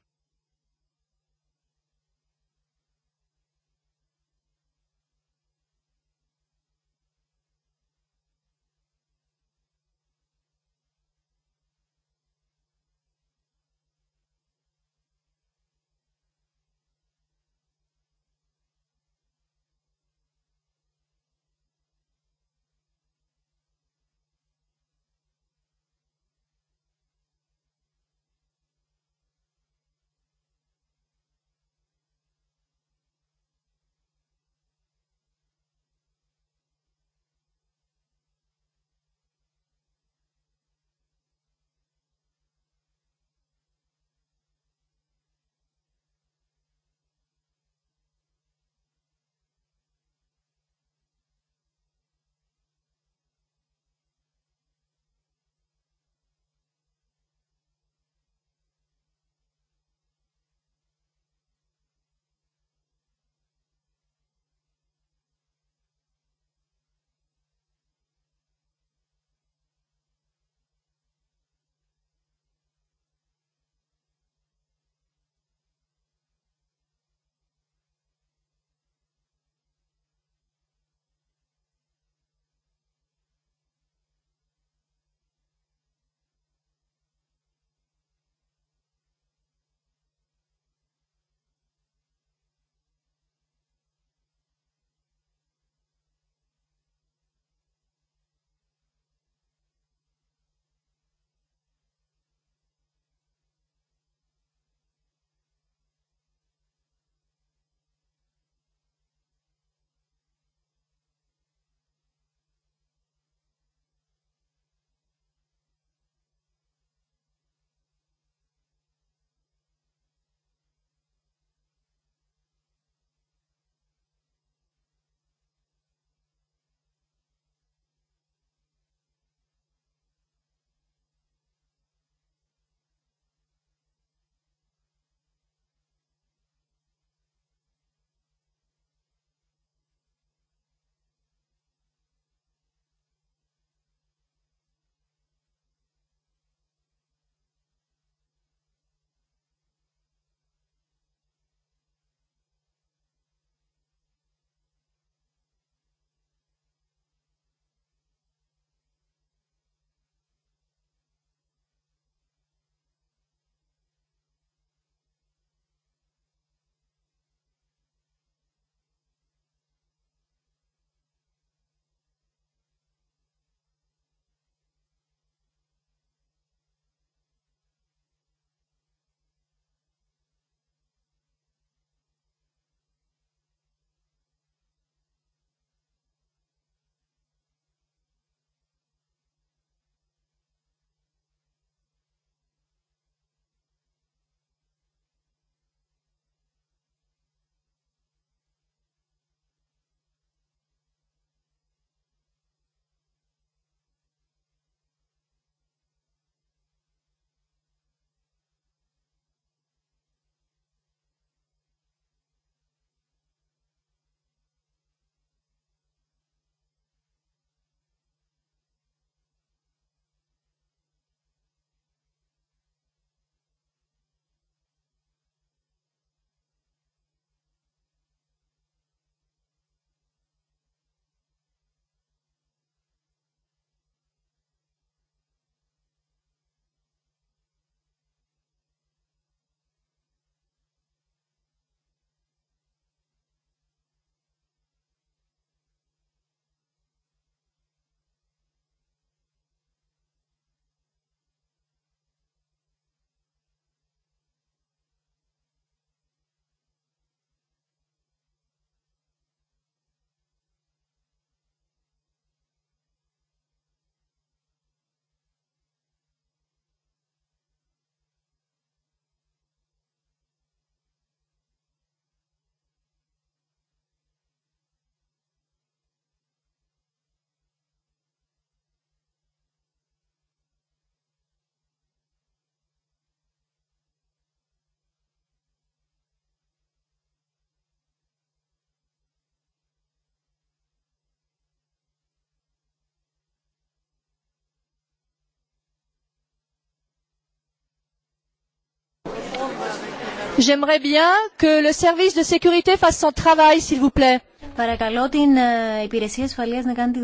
J'aimerais bien que le service de sécurité fasse son travail, s'il vous plaît. Παρακαλώ την υπηρεσία ασφαλείας να κάνει τη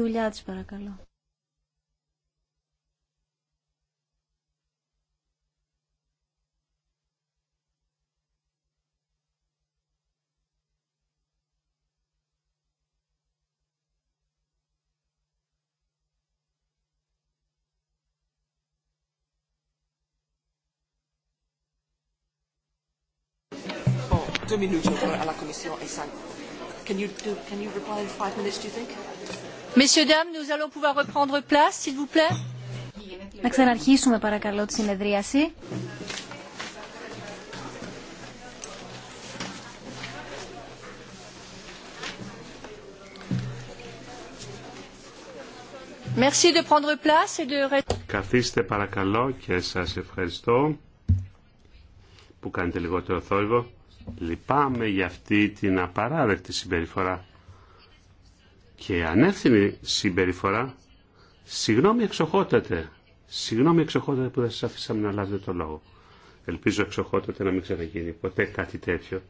deux minutes à la Commission et cinq. Can you, do, can you reply in 5 minutes, do you think? Messieurs, dames, nous allons pouvoir reprendre place, s'il vous plaît. Να ξαναρχίσουμε παρακαλώ τη συνεδρίαση. Merci de prendre place et de... Καθίστε παρακαλώ και σας ευχαριστώ που κάνετε λιγότερο θόρυβο. Λυπάμαι για αυτή την απαράδεκτη συμπεριφορά και ανεύθυνη συμπεριφορά. Συγγνώμη εξοχότατε. Συγγνώμη εξοχότατε που δεν σας αφήσαμε να λάβετε το λόγο. Ελπίζω εξοχότατε να μην ξαναγίνει ποτέ κάτι τέτοιο,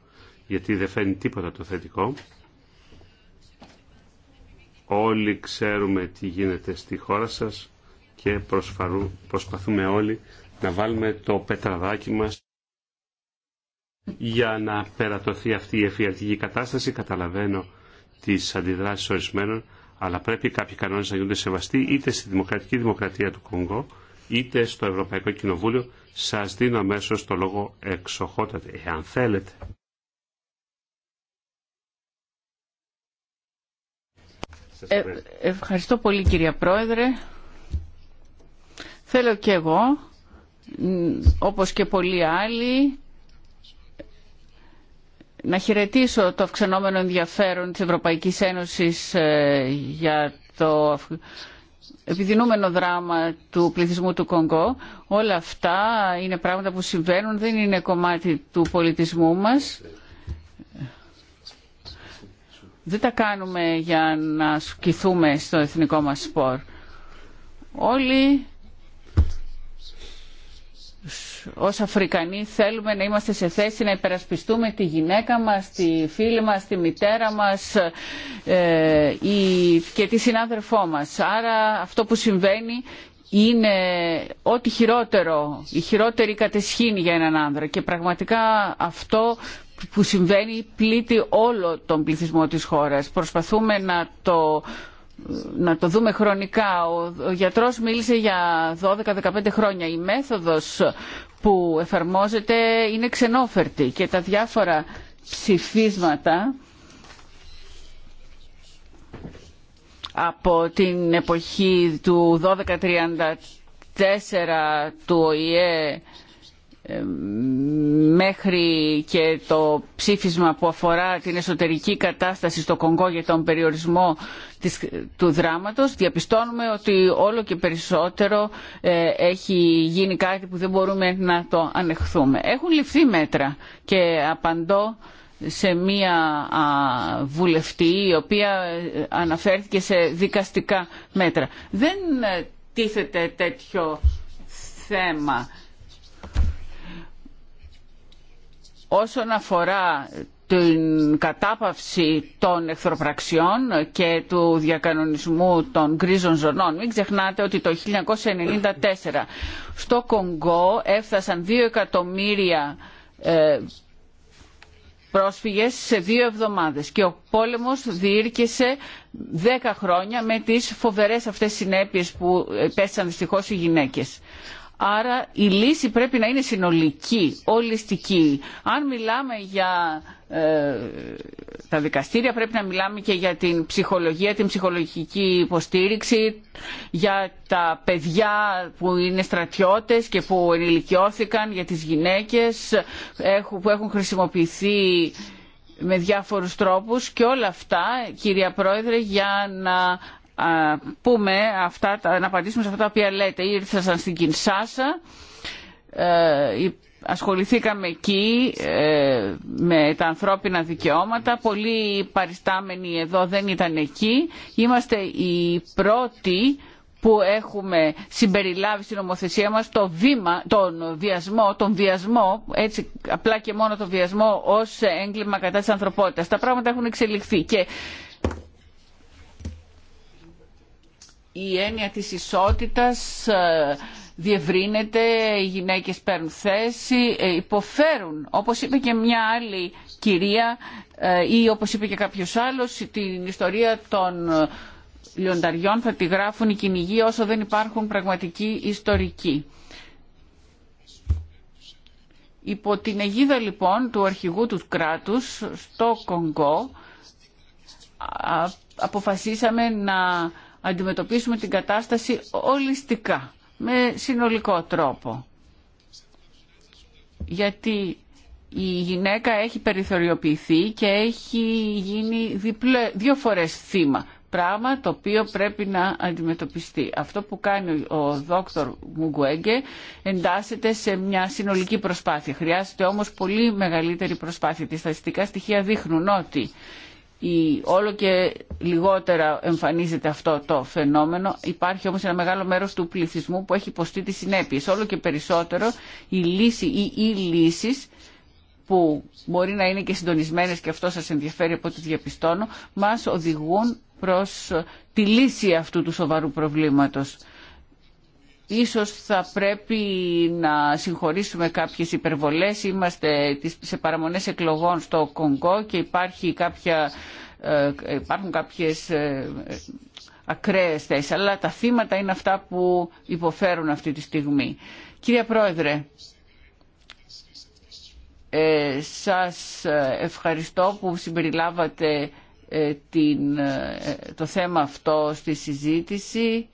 γιατί δεν φαίνει τίποτα το θετικό. Όλοι ξέρουμε τι γίνεται στη χώρα σας και προσπαθούμε όλοι να βάλουμε το πετραδάκι μας για να περατωθεί αυτή η εφιαλτική κατάσταση. Καταλαβαίνω τις αντιδράσεις ορισμένων, αλλά πρέπει κάποιοι κανόνες να γίνονται σεβαστοί είτε στη Δημοκρατική Δημοκρατία του Κονγκό, είτε στο Ευρωπαϊκό Κοινοβούλιο. Σας δίνω αμέσω το λόγο εξοχότατε, εάν θέλετε. Ε, ευχαριστώ πολύ κυρία Πρόεδρε. Θέλω και εγώ, όπως και πολλοί άλλοι, να χαιρετήσω το αυξανόμενο ενδιαφέρον της Ευρωπαϊκής Ένωσης ε, για το επιδεινούμενο δράμα του πληθυσμού του Κονγκό. Όλα αυτά είναι πράγματα που συμβαίνουν, δεν είναι κομμάτι του πολιτισμού μας. Δεν τα κάνουμε για να σκηθούμε στο εθνικό μας σπορ. Όλοι ως Αφρικανοί θέλουμε να είμαστε σε θέση να υπερασπιστούμε τη γυναίκα μας, τη φίλη μας, τη μητέρα μας ε, και τη συνάδελφό μας. Άρα αυτό που συμβαίνει είναι ό,τι χειρότερο, η χειρότερη κατεσχήνη για έναν άνδρα και πραγματικά αυτό που συμβαίνει πλήττει όλο τον πληθυσμό της χώρας. Προσπαθούμε να το να το δούμε χρονικά. Ο γιατρός μίλησε για 12-15 χρόνια. Η μέθοδος που εφαρμόζεται είναι ξενόφερτη και τα διάφορα ψηφίσματα από την εποχή του 1234 του ΟΗΕ μέχρι και το ψήφισμα που αφορά την εσωτερική κατάσταση στο Κονγκό για τον περιορισμό του δράματος διαπιστώνουμε ότι όλο και περισσότερο ε, έχει γίνει κάτι που δεν μπορούμε να το ανεχθούμε. Έχουν ληφθεί μέτρα και απαντώ σε μία βουλευτή η οποία ε, αναφέρθηκε σε δικαστικά μέτρα. Δεν ε, τίθεται τέτοιο θέμα Όσον αφορά την κατάπαυση των εχθροπραξιών και του διακανονισμού των γκρίζων ζωνών. Μην ξεχνάτε ότι το 1994 στο Κονγκό έφτασαν 2 εκατομμύρια ε, πρόσφυγες σε δύο εβδομάδες και ο πόλεμος διήρκεσε 10 χρόνια με τις φοβερές αυτές συνέπειες που πέσαν δυστυχώς οι γυναίκες. Άρα η λύση πρέπει να είναι συνολική, ολιστική. Αν μιλάμε για ε, τα δικαστήρια πρέπει να μιλάμε και για την ψυχολογία, την ψυχολογική υποστήριξη, για τα παιδιά που είναι στρατιώτες και που ενηλικιώθηκαν, για τις γυναίκες που έχουν χρησιμοποιηθεί με διάφορους τρόπους και όλα αυτά, κυρία Πρόεδρε, για να πούμε αυτά, να απαντήσουμε σε αυτά τα οποία λέτε. Ήρθασαν στην Κινσάσα, ε, ασχοληθήκαμε εκεί ε, με τα ανθρώπινα δικαιώματα. Πολλοί παριστάμενοι εδώ δεν ήταν εκεί. Είμαστε οι πρώτοι που έχουμε συμπεριλάβει στην νομοθεσία μας το βήμα, τον βιασμό, τον βιασμό, έτσι απλά και μόνο τον βιασμό ως έγκλημα κατά της ανθρωπότητας. Τα πράγματα έχουν εξελιχθεί και η έννοια της ισότητας ε, διευρύνεται, οι γυναίκες παίρνουν θέση, ε, υποφέρουν. Όπως είπε και μια άλλη κυρία ε, ή όπως είπε και κάποιος άλλος, την ιστορία των λιονταριών θα τη γράφουν οι κυνηγοί όσο δεν υπάρχουν πραγματικοί ιστορικοί. Υπό την αιγίδα λοιπόν του αρχηγού του κράτους στο Κονγκό αποφασίσαμε να αντιμετωπίσουμε την κατάσταση ολιστικά, με συνολικό τρόπο. Γιατί η γυναίκα έχει περιθωριοποιηθεί και έχει γίνει δύο φορές θύμα. Πράγμα το οποίο πρέπει να αντιμετωπιστεί. Αυτό που κάνει ο δόκτωρ Μουγκουέγκε εντάσσεται σε μια συνολική προσπάθεια. Χρειάζεται όμως πολύ μεγαλύτερη προσπάθεια. Τα στατιστικά στοιχεία δείχνουν ότι η, όλο και λιγότερα εμφανίζεται αυτό το φαινόμενο. Υπάρχει όμως ένα μεγάλο μέρος του πληθυσμού που έχει υποστεί τις συνέπειες. Όλο και περισσότερο η λύση ή οι λύσεις που μπορεί να είναι και συντονισμένες και αυτό σας ενδιαφέρει από το διαπιστώνω, μας οδηγούν προς τη λύση αυτού του σοβαρού προβλήματος. Ίσως θα πρέπει να συγχωρήσουμε κάποιες υπερβολές. Είμαστε σε παραμονές εκλογών στο Κονγκό και υπάρχει ε, υπάρχουν κάποιες ε, ακραίες θέσεις. Αλλά τα θύματα είναι αυτά που υποφέρουν αυτή τη στιγμή. Κύριε Πρόεδρε, ε, σας ευχαριστώ που συμπεριλάβατε ε, το θέμα αυτό στη συζήτηση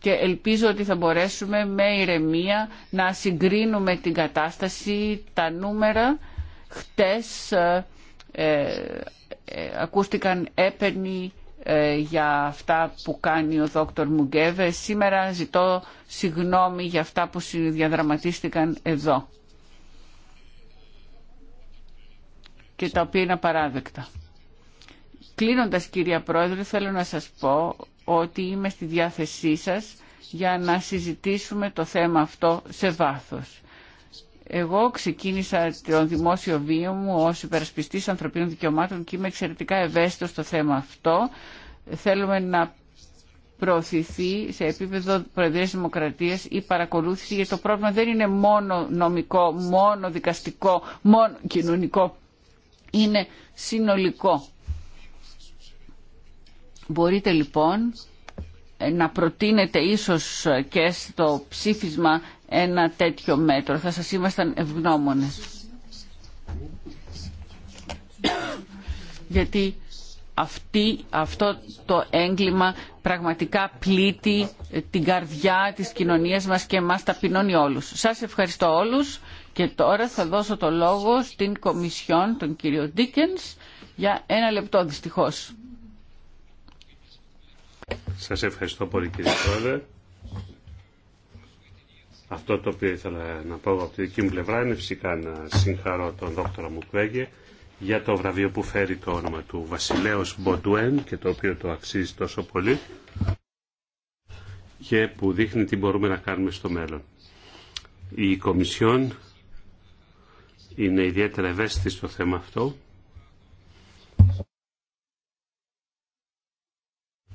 και ελπίζω ότι θα μπορέσουμε με ηρεμία να συγκρίνουμε την κατάσταση, τα νούμερα. Χτες ε, ε, ε, ακούστηκαν έπαιρνοι για αυτά που κάνει ο δόκτωρ Μουγκέβε. Σήμερα ζητώ συγγνώμη για αυτά που διαδραματίστηκαν εδώ και τα οποία είναι απαράδεκτα. Κλείνοντας κυρία Πρόεδρε θέλω να σας πω ότι είμαι στη διάθεσή σας για να συζητήσουμε το θέμα αυτό σε βάθος. Εγώ ξεκίνησα το δημόσιο βίο μου ως υπερασπιστής ανθρωπίνων δικαιωμάτων και είμαι εξαιρετικά ευαίσθητο στο θέμα αυτό. Θέλουμε να προωθηθεί σε επίπεδο Προεδρίας Δημοκρατίας η παρακολούθηση γιατί το πρόβλημα δεν είναι μόνο νομικό, μόνο δικαστικό, μόνο κοινωνικό. Είναι συνολικό Μπορείτε λοιπόν να προτείνετε ίσως και στο ψήφισμα ένα τέτοιο μέτρο. Θα σας ήμασταν ευγνώμονες. Γιατί αυτή, αυτό το έγκλημα πραγματικά πλήττει την καρδιά της κοινωνίας μας και μας ταπεινώνει όλους. Σας ευχαριστώ όλους και τώρα θα δώσω το λόγο στην Κομισιόν, τον κύριο Ντίκενς, για ένα λεπτό δυστυχώς. Σας ευχαριστώ πολύ κύριε Πρόεδρε. Αυτό το οποίο ήθελα να πω από τη δική μου πλευρά είναι φυσικά να συγχαρώ τον δόκτωρα Μουκουέγγε για το βραβείο που φέρει το όνομα του Βασιλέως Μποντουέν και το οποίο το αξίζει τόσο πολύ και που δείχνει τι μπορούμε να κάνουμε στο μέλλον. Η Κομισιόν είναι ιδιαίτερα ευαίσθητη στο θέμα αυτό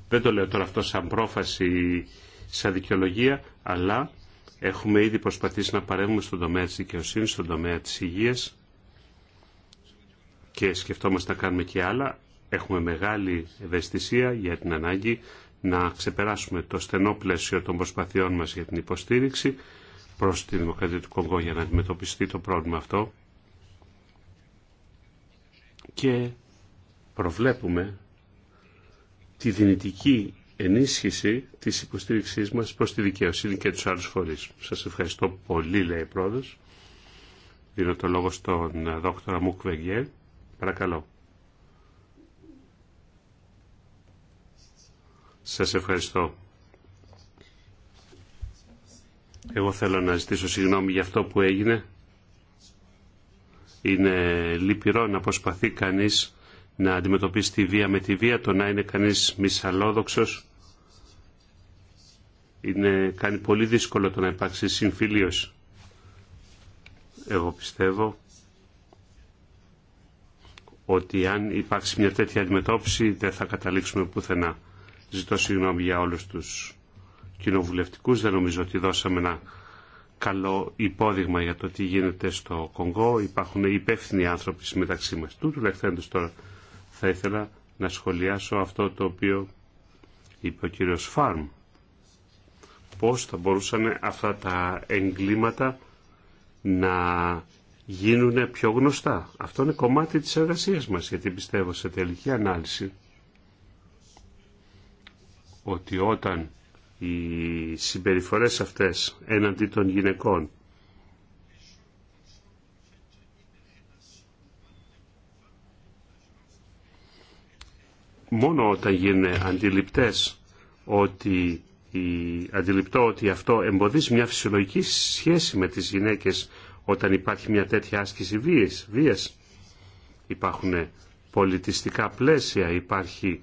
Δεν το λέω τώρα αυτό σαν πρόφαση ή σαν δικαιολογία, αλλά έχουμε ήδη προσπαθήσει να παρέμβουμε στον τομέα της δικαιοσύνης, στον τομέα της υγείας και σκεφτόμαστε να κάνουμε και άλλα. Έχουμε μεγάλη ευαισθησία για την ανάγκη να ξεπεράσουμε το στενό πλαίσιο των προσπαθειών μας για την υποστήριξη προς τη Δημοκρατία του Κονγκό για να αντιμετωπιστεί το πρόβλημα αυτό και προβλέπουμε τη δυνητική ενίσχυση της υποστήριξής μας προς τη δικαιοσύνη και τους άλλους φορείς. Σας ευχαριστώ πολύ, λέει η πρόεδρος. Δίνω το λόγο στον ε, δόκτωρα Μουκ Βεγγέλ. Παρακαλώ. Σας ευχαριστώ. Εγώ θέλω να ζητήσω συγγνώμη για αυτό που έγινε. Είναι λυπηρό να προσπαθεί κανείς να αντιμετωπίσει τη βία με τη βία, το να είναι κανείς μισαλόδοξος είναι, κάνει πολύ δύσκολο το να υπάρξει συμφιλίωση. Εγώ πιστεύω ότι αν υπάρξει μια τέτοια αντιμετώπιση δεν θα καταλήξουμε πουθενά. Ζητώ συγγνώμη για όλους τους κοινοβουλευτικούς. Δεν νομίζω ότι δώσαμε ένα καλό υπόδειγμα για το τι γίνεται στο Κονγκό. Υπάρχουν υπεύθυνοι άνθρωποι μεταξύ μας. Τούτου τώρα θα ήθελα να σχολιάσω αυτό το οποίο είπε ο κύριος Φάρμ. Πώς θα μπορούσαν αυτά τα εγκλήματα να γίνουν πιο γνωστά. Αυτό είναι κομμάτι της εργασίας μας, γιατί πιστεύω σε τελική ανάλυση ότι όταν οι συμπεριφορές αυτές έναντι των γυναικών μόνο όταν γίνουν αντιληπτές ότι η, αντιληπτό ότι αυτό εμποδίζει μια φυσιολογική σχέση με τις γυναίκες όταν υπάρχει μια τέτοια άσκηση βίας. βίας. Υπάρχουν πολιτιστικά πλαίσια, υπάρχει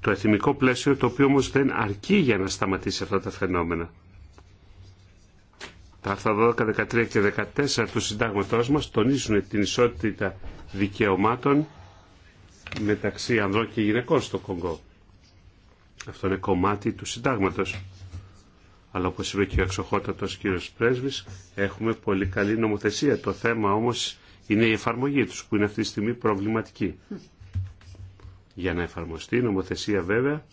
το εθνικό πλαίσιο το οποίο όμως δεν αρκεί για να σταματήσει αυτά τα φαινόμενα. Τα άρθρα 12, 13 και 14 του συντάγματός μας τονίζουν την ισότητα δικαιωμάτων μεταξύ ανδρών και γυναικών στο Κονγκό. Αυτό είναι κομμάτι του συντάγματος. Αλλά όπως είπε και ο εξοχότατο κύριο Πρέσβης, έχουμε πολύ καλή νομοθεσία. Το θέμα όμως είναι η εφαρμογή τους, που είναι αυτή τη στιγμή προβληματική. Για να εφαρμοστεί η νομοθεσία βέβαια,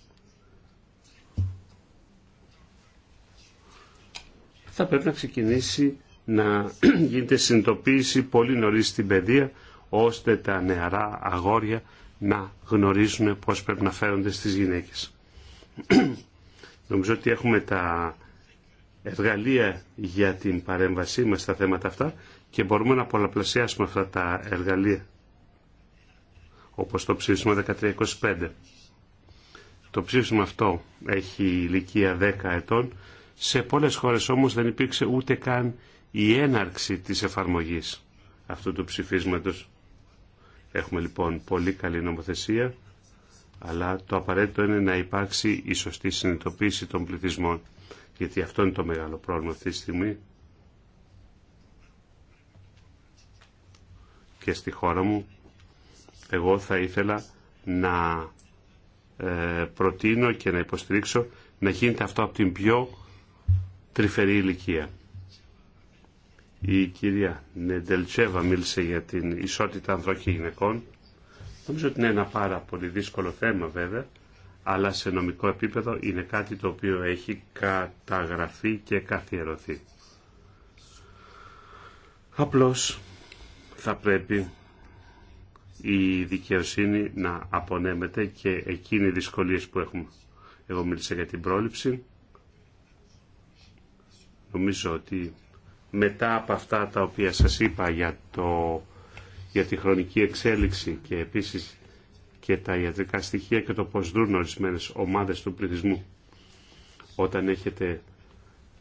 θα πρέπει να ξεκινήσει να (clears throat) γίνεται συνειδητοποίηση πολύ νωρίς στην παιδεία, ώστε τα νεαρά αγόρια να γνωρίζουν πώς πρέπει να φέρονται στις γυναίκες. (clears throat) Νομίζω ότι έχουμε τα εργαλεία για την παρέμβασή μας στα θέματα αυτά και μπορούμε να πολλαπλασιάσουμε αυτά τα εργαλεία όπως το ψήφισμα 1325. Το ψήφισμα αυτό έχει ηλικία 10 ετών. Σε πολλές χώρες όμως δεν υπήρξε ούτε καν η έναρξη της εφαρμογής αυτού του ψηφίσματος. Έχουμε λοιπόν πολύ καλή νομοθεσία, αλλά το απαραίτητο είναι να υπάρξει η σωστή συνειδητοποίηση των πληθυσμών, γιατί αυτό είναι το μεγάλο πρόβλημα αυτή τη στιγμή. Και στη χώρα μου, εγώ θα ήθελα να ε, προτείνω και να υποστηρίξω να γίνεται αυτό από την πιο τρυφερή ηλικία. Η κυρία Νεντελτσέβα μίλησε για την ισότητα ανδρών και γυναικών. Νομίζω ότι είναι ένα πάρα πολύ δύσκολο θέμα βέβαια, αλλά σε νομικό επίπεδο είναι κάτι το οποίο έχει καταγραφεί και καθιερωθεί. Απλώς θα πρέπει η δικαιοσύνη να απονέμεται και εκείνοι οι δυσκολίες που έχουμε. Εγώ μίλησα για την πρόληψη. Νομίζω ότι μετά από αυτά τα οποία σας είπα για, το, για τη χρονική εξέλιξη και επίσης και τα ιατρικά στοιχεία και το πώς δουν ορισμένε ομάδες του πληθυσμού. Όταν έχετε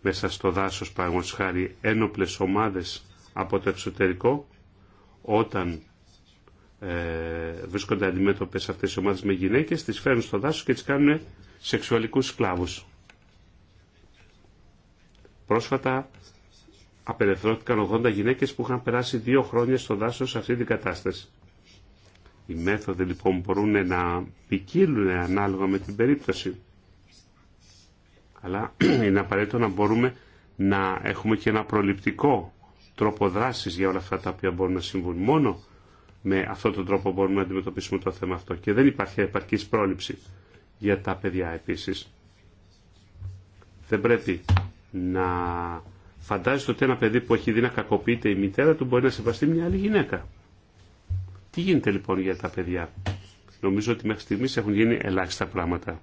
μέσα στο δάσος παραγωγός χάρη ένοπλες ομάδες από το εξωτερικό, όταν ε, βρίσκονται αντιμέτωπες αυτές οι ομάδες με γυναίκες, τις φέρνουν στο δάσος και τις κάνουν σεξουαλικούς σκλάβους. Πρόσφατα απελευθερώθηκαν 80 γυναίκες που είχαν περάσει δύο χρόνια στο δάσος σε αυτή την κατάσταση. Οι μέθοδοι λοιπόν μπορούν να ποικίλουν ανάλογα με την περίπτωση. Αλλά (clears throat) είναι απαραίτητο να μπορούμε να έχουμε και ένα προληπτικό τρόπο δράσης για όλα αυτά τα οποία μπορούν να συμβούν. Μόνο με αυτόν τον τρόπο μπορούμε να αντιμετωπίσουμε το θέμα αυτό. Και δεν υπάρχει επαρκής πρόληψη για τα παιδιά επίσης. Δεν πρέπει να Φαντάζεστε ότι ένα παιδί που έχει δει να κακοποιείται η μητέρα του μπορεί να σεβαστεί μια άλλη γυναίκα. Τι γίνεται λοιπόν για τα παιδιά. Νομίζω ότι μέχρι στιγμή έχουν γίνει ελάχιστα πράγματα.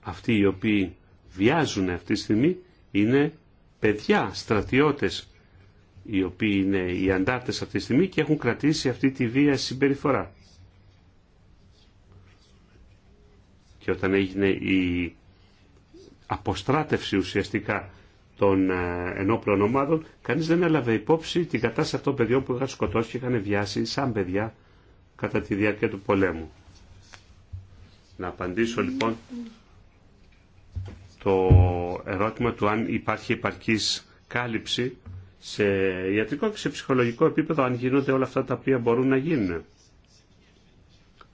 Αυτοί οι οποίοι βιάζουν αυτή τη στιγμή είναι παιδιά, στρατιώτες, οι οποίοι είναι οι αντάρτες αυτή τη στιγμή και έχουν κρατήσει αυτή τη βία συμπεριφορά. και όταν έγινε η αποστράτευση ουσιαστικά των ε, ενόπλων ομάδων, κανείς δεν έλαβε υπόψη την κατάσταση αυτών των παιδιών που είχαν σκοτώσει και είχαν βιάσει σαν παιδιά κατά τη διάρκεια του πολέμου. Να απαντήσω λοιπόν το ερώτημα του αν υπάρχει επαρκής κάλυψη σε ιατρικό και σε ψυχολογικό επίπεδο, αν γίνονται όλα αυτά τα οποία μπορούν να γίνουν.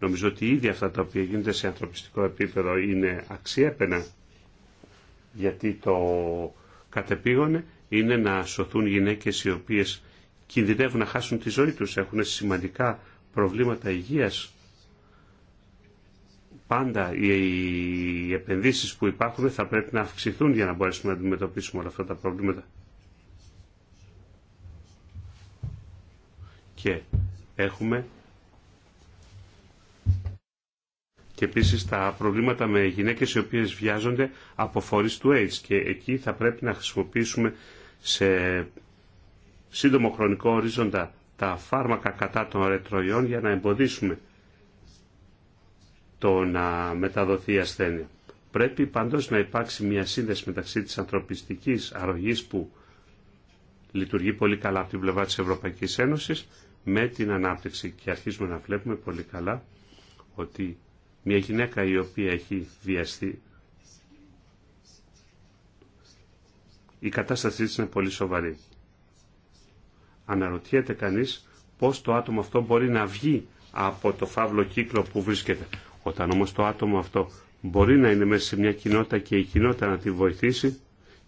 Νομίζω ότι ήδη αυτά τα οποία γίνονται σε ανθρωπιστικό επίπεδο είναι αξιέπαινα γιατί το κατεπήγον είναι να σωθούν γυναίκες οι οποίες κινδυνεύουν να χάσουν τη ζωή τους, έχουν σημαντικά προβλήματα υγείας. Πάντα οι επενδύσεις που υπάρχουν θα πρέπει να αυξηθούν για να μπορέσουμε να αντιμετωπίσουμε όλα αυτά τα προβλήματα. Και έχουμε και επίσης τα προβλήματα με γυναίκες οι οποίες βιάζονται από φορείς του AIDS και εκεί θα πρέπει να χρησιμοποιήσουμε σε σύντομο χρονικό ορίζοντα τα φάρμακα κατά των ρετροϊών για να εμποδίσουμε το να μεταδοθεί η ασθένεια. Πρέπει πάντως να υπάρξει μια σύνδεση μεταξύ της ανθρωπιστικής αρρωγής που λειτουργεί πολύ καλά από την πλευρά της Ευρωπαϊκής Ένωσης με την ανάπτυξη και αρχίζουμε να βλέπουμε πολύ καλά ότι μια γυναίκα η οποία έχει βιαστεί, η κατάστασή της είναι πολύ σοβαρή. Αναρωτιέται κανείς πώς το άτομο αυτό μπορεί να βγει από το φαύλο κύκλο που βρίσκεται. Όταν όμως το άτομο αυτό μπορεί να είναι μέσα σε μια κοινότητα και η κοινότητα να τη βοηθήσει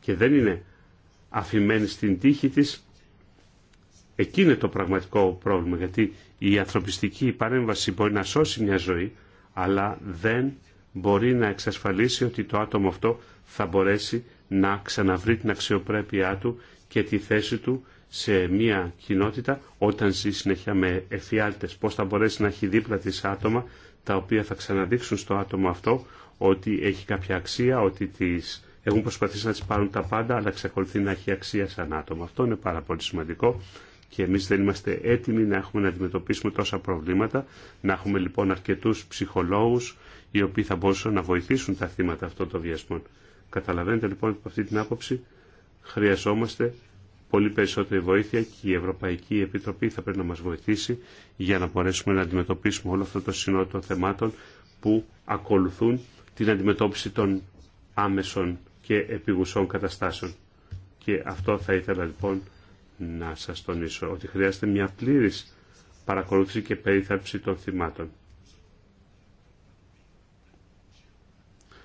και δεν είναι αφημένη στην τύχη της, εκεί είναι το πραγματικό πρόβλημα, γιατί η ανθρωπιστική παρέμβαση μπορεί να σώσει μια ζωή, αλλά δεν μπορεί να εξασφαλίσει ότι το άτομο αυτό θα μπορέσει να ξαναβρει την αξιοπρέπειά του και τη θέση του σε μια κοινότητα όταν ζει συνέχεια με εφιάλτες. Πώς θα μπορέσει να έχει δίπλα της άτομα τα οποία θα ξαναδείξουν στο άτομο αυτό ότι έχει κάποια αξία, ότι τις έχουν προσπαθήσει να τις πάρουν τα πάντα αλλά εξακολουθεί να έχει αξία σαν άτομο. Αυτό είναι πάρα πολύ σημαντικό και εμείς δεν είμαστε έτοιμοι να έχουμε να αντιμετωπίσουμε τόσα προβλήματα, να έχουμε λοιπόν αρκετούς ψυχολόγους οι οποίοι θα μπορούσαν να βοηθήσουν τα θύματα αυτών των βιασμών. Καταλαβαίνετε λοιπόν ότι από αυτή την άποψη χρειαζόμαστε πολύ περισσότερη βοήθεια και η Ευρωπαϊκή Επιτροπή θα πρέπει να μας βοηθήσει για να μπορέσουμε να αντιμετωπίσουμε όλο αυτό το συνόλο των θεμάτων που ακολουθούν την αντιμετώπιση των άμεσων και επιγουσών καταστάσεων. Και αυτό θα ήθελα λοιπόν να σας τονίσω ότι χρειάζεται μια πλήρης παρακολούθηση και περίθαψη των θυμάτων.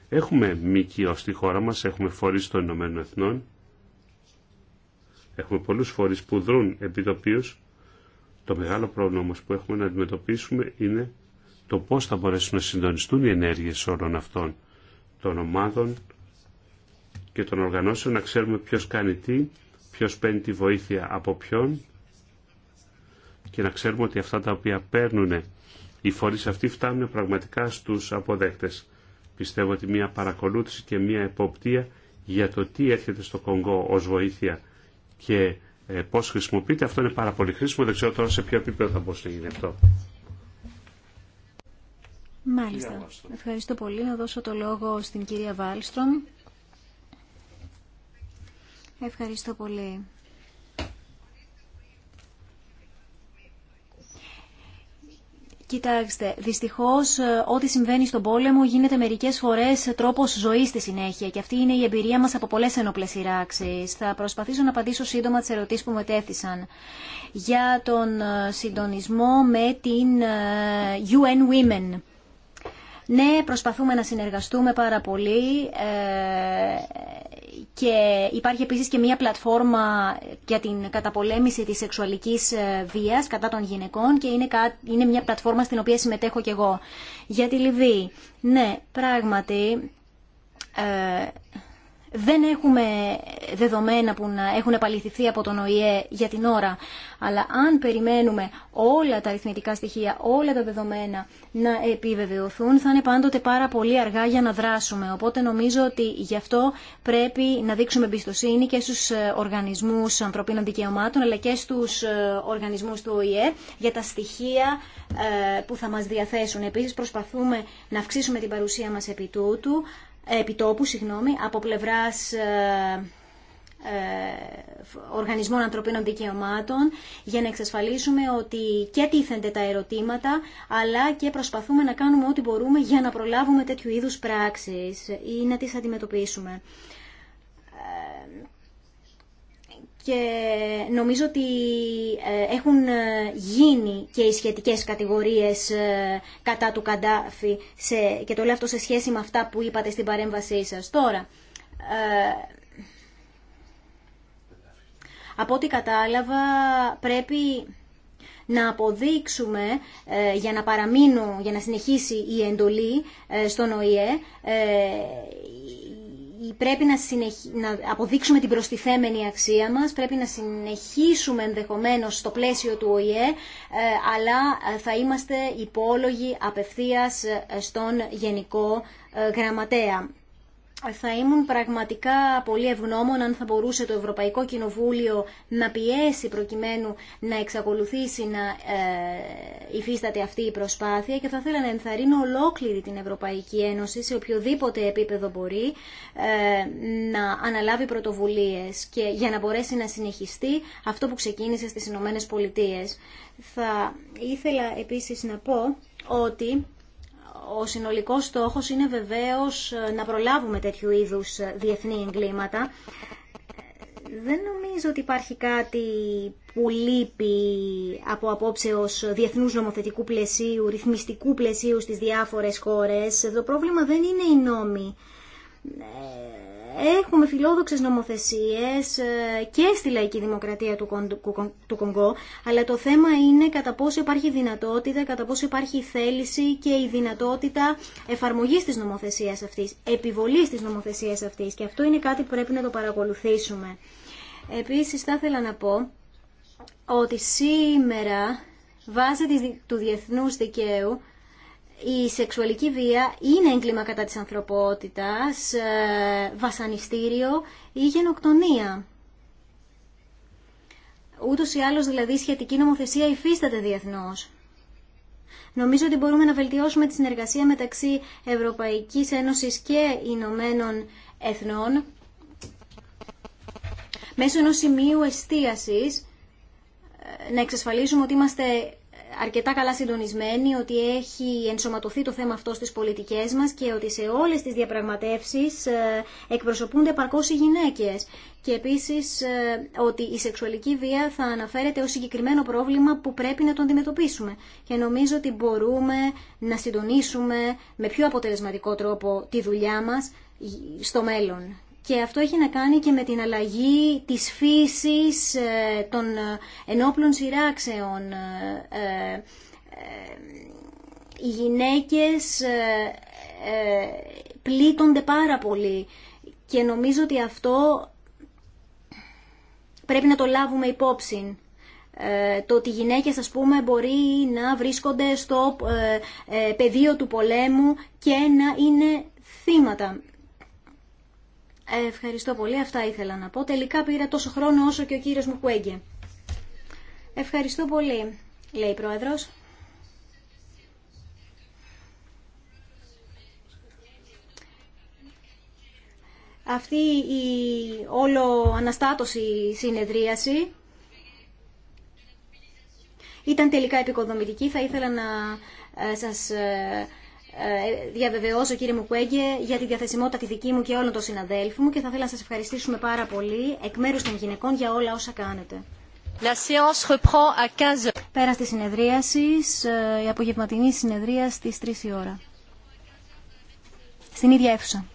Έχουμε μήκυο στη χώρα μας, έχουμε φορείς των Ηνωμένων Εθνών, έχουμε πολλούς φορείς που δρούν επί το το μεγάλο πρόβλημα όμως που έχουμε να αντιμετωπίσουμε είναι το πώς θα μπορέσουν να συντονιστούν οι ενέργειες όλων αυτών των ομάδων και των οργανώσεων, να ξέρουμε ποιος κάνει τι ποιος παίρνει τη βοήθεια από ποιον και να ξέρουμε ότι αυτά τα οποία παίρνουν οι φορείς αυτοί φτάνουν πραγματικά στους αποδέκτες. Πιστεύω ότι μια παρακολούθηση και μια εποπτεία για το τι έρχεται στο Κονγκό ως βοήθεια και ε, πώς χρησιμοποιείται, αυτό είναι πάρα πολύ χρήσιμο. Δεν ξέρω τώρα σε ποιο επίπεδο θα μπορούσε να γίνει αυτό. Μάλιστα. Ευχαριστώ πολύ. Να δώσω το λόγο στην κυρία Βάλστρομ Ευχαριστώ πολύ. Κοιτάξτε, δυστυχώ ε, ό,τι συμβαίνει στον πόλεμο γίνεται μερικέ φορέ τρόπο ζωή στη συνέχεια και αυτή είναι η εμπειρία μα από πολλέ ενόπλε σειράξει. Θα προσπαθήσω να απαντήσω σύντομα τι ερωτήσει που μετέθησαν για τον ε, συντονισμό με την ε, UN Women. Ναι, προσπαθούμε να συνεργαστούμε πάρα πολύ και υπάρχει επίσης και μια πλατφόρμα για την καταπολέμηση της σεξουαλικής ε, βίας κατά των γυναικών και είναι, είναι μια πλατφόρμα στην οποία συμμετέχω και εγώ. Για τη Λιβύη, ναι, πράγματι... Ε, δεν έχουμε δεδομένα που να έχουν επαληθηθεί από τον ΟΗΕ για την ώρα. Αλλά αν περιμένουμε όλα τα αριθμητικά στοιχεία, όλα τα δεδομένα να επιβεβαιωθούν, θα είναι πάντοτε πάρα πολύ αργά για να δράσουμε. Οπότε νομίζω ότι γι' αυτό πρέπει να δείξουμε εμπιστοσύνη και στους ε, οργανισμούς ανθρωπίνων δικαιωμάτων, αλλά και στους ε, οργανισμούς του ΟΗΕ για τα στοιχεία ε, που θα μας διαθέσουν. Επίσης προσπαθούμε να αυξήσουμε την παρουσία μας επί τούτου, επιτόπου συγγνώμη, από πλευράς ε, ε, οργανισμών ανθρωπίνων δικαιωμάτων για να εξασφαλίσουμε ότι και τίθενται τα ερωτήματα αλλά και προσπαθούμε να κάνουμε ό,τι μπορούμε για να προλάβουμε τέτοιου είδους πράξεις ή να τις αντιμετωπίσουμε. και νομίζω ότι ε, έχουν ε, γίνει και οι σχετικές κατηγορίες ε, κατά του Καντάφη σε, και το λέω αυτό σε σχέση με αυτά που είπατε στην παρέμβασή σας. Τώρα, από ό,τι κατάλαβα πρέπει να αποδείξουμε για να παραμείνω, για να συνεχίσει η εντολή στον ΟΗΕ πρέπει να, αποδείξουμε την προστιθέμενη αξία μας, πρέπει να συνεχίσουμε ενδεχομένως στο πλαίσιο του ΟΗΕ, ε, αλλά ε, θα είμαστε υπόλογοι απευθείας ε, στον Γενικό Γραμματέα θα ήμουν πραγματικά πολύ ευγνώμων αν θα μπορούσε το Ευρωπαϊκό Κοινοβούλιο να πιέσει προκειμένου να εξακολουθήσει να ε, υφίσταται αυτή η προσπάθεια και θα ήθελα να ενθαρρύνω ολόκληρη την Ευρωπαϊκή Ένωση σε οποιοδήποτε επίπεδο μπορεί ε, να αναλάβει πρωτοβουλίες και για να μπορέσει να συνεχιστεί αυτό που ξεκίνησε στις Ηνωμένε Πολιτείες. Θα ήθελα επίσης να πω ότι ο συνολικός στόχος είναι βεβαίως ε, να προλάβουμε τέτοιου είδους ε, διεθνή εγκλήματα. Δεν νομίζω ότι υπάρχει κάτι που λείπει από απόψε ως διεθνούς νομοθετικού πλαισίου, ρυθμιστικού πλαισίου στις διάφορες χώρες. Το πρόβλημα δεν είναι οι νόμοι. Ε, έχουμε φιλόδοξες νομοθεσίες ε, και στη λαϊκή δημοκρατία του Κονγκό, αλλά το θέμα είναι κατά πόσο υπάρχει δυνατότητα, κατά πόσο υπάρχει θέληση και η δυνατότητα εφαρμογής της νομοθεσίας αυτής, επιβολής της νομοθεσίας αυτής. Και αυτό είναι κάτι που πρέπει να το παρακολουθήσουμε. Επίσης θα ήθελα να πω ότι σήμερα βάσει του διεθνούς δικαίου η σεξουαλική βία είναι έγκλημα κατά της ανθρωπότητας, ε, βασανιστήριο ή γενοκτονία. Ούτως ή άλλως δηλαδή η σχετική νομοθεσία υφίσταται διεθνώς. Νομίζω ότι μπορούμε να βελτιώσουμε τη συνεργασία μεταξύ Ευρωπαϊκής Ένωσης και Ηνωμένων Εθνών μέσω ενός σημείου εστίασης ε, να εξασφαλίσουμε ότι είμαστε αρκετά καλά συντονισμένη, ότι έχει ενσωματωθεί το θέμα αυτό στις πολιτικές μας και ότι σε όλες τις διαπραγματεύσεις ε, εκπροσωπούνται παρκώς οι γυναίκες. Και επίσης ε, ότι η σεξουαλική βία θα αναφέρεται ως συγκεκριμένο πρόβλημα που πρέπει να το αντιμετωπίσουμε. Και νομίζω ότι μπορούμε να συντονίσουμε με πιο αποτελεσματικό τρόπο τη δουλειά μας στο μέλλον και αυτό έχει να κάνει και με την αλλαγή της φύσης ε, των ε, ενόπλων σειράξεων. Ε, οι γυναίκες πλήττονται πάρα πολύ και νομίζω ότι αυτό πρέπει να το λάβουμε υπόψη. Το ότι οι γυναίκες, πούμε, μπορεί να βρίσκονται στο πεδίο του πολέμου και να είναι θύματα Ευχαριστώ πολύ. Αυτά ήθελα να πω. Τελικά πήρα τόσο χρόνο όσο και ο κύριος μου Κουέγγε. Ευχαριστώ πολύ, λέει η Πρόεδρος. Αυτή η όλο αναστάτωση συνεδρίαση ήταν τελικά επικοδομητική. Θα ήθελα να ε, σας ε, ε, διαβεβαιώσω κύριε Μουκουέγγε για τη διαθεσιμότητα τη δική μου και όλων των συναδέλφων μου και θα ήθελα να σας ευχαριστήσουμε πάρα πολύ εκ μέρους των γυναικών για όλα όσα κάνετε. La séance reprend à 15 15h. Πέρα στη συνεδρίαση, ε, η απογευματινή συνεδρία στις 3 η ώρα. Στην ίδια αίθουσα.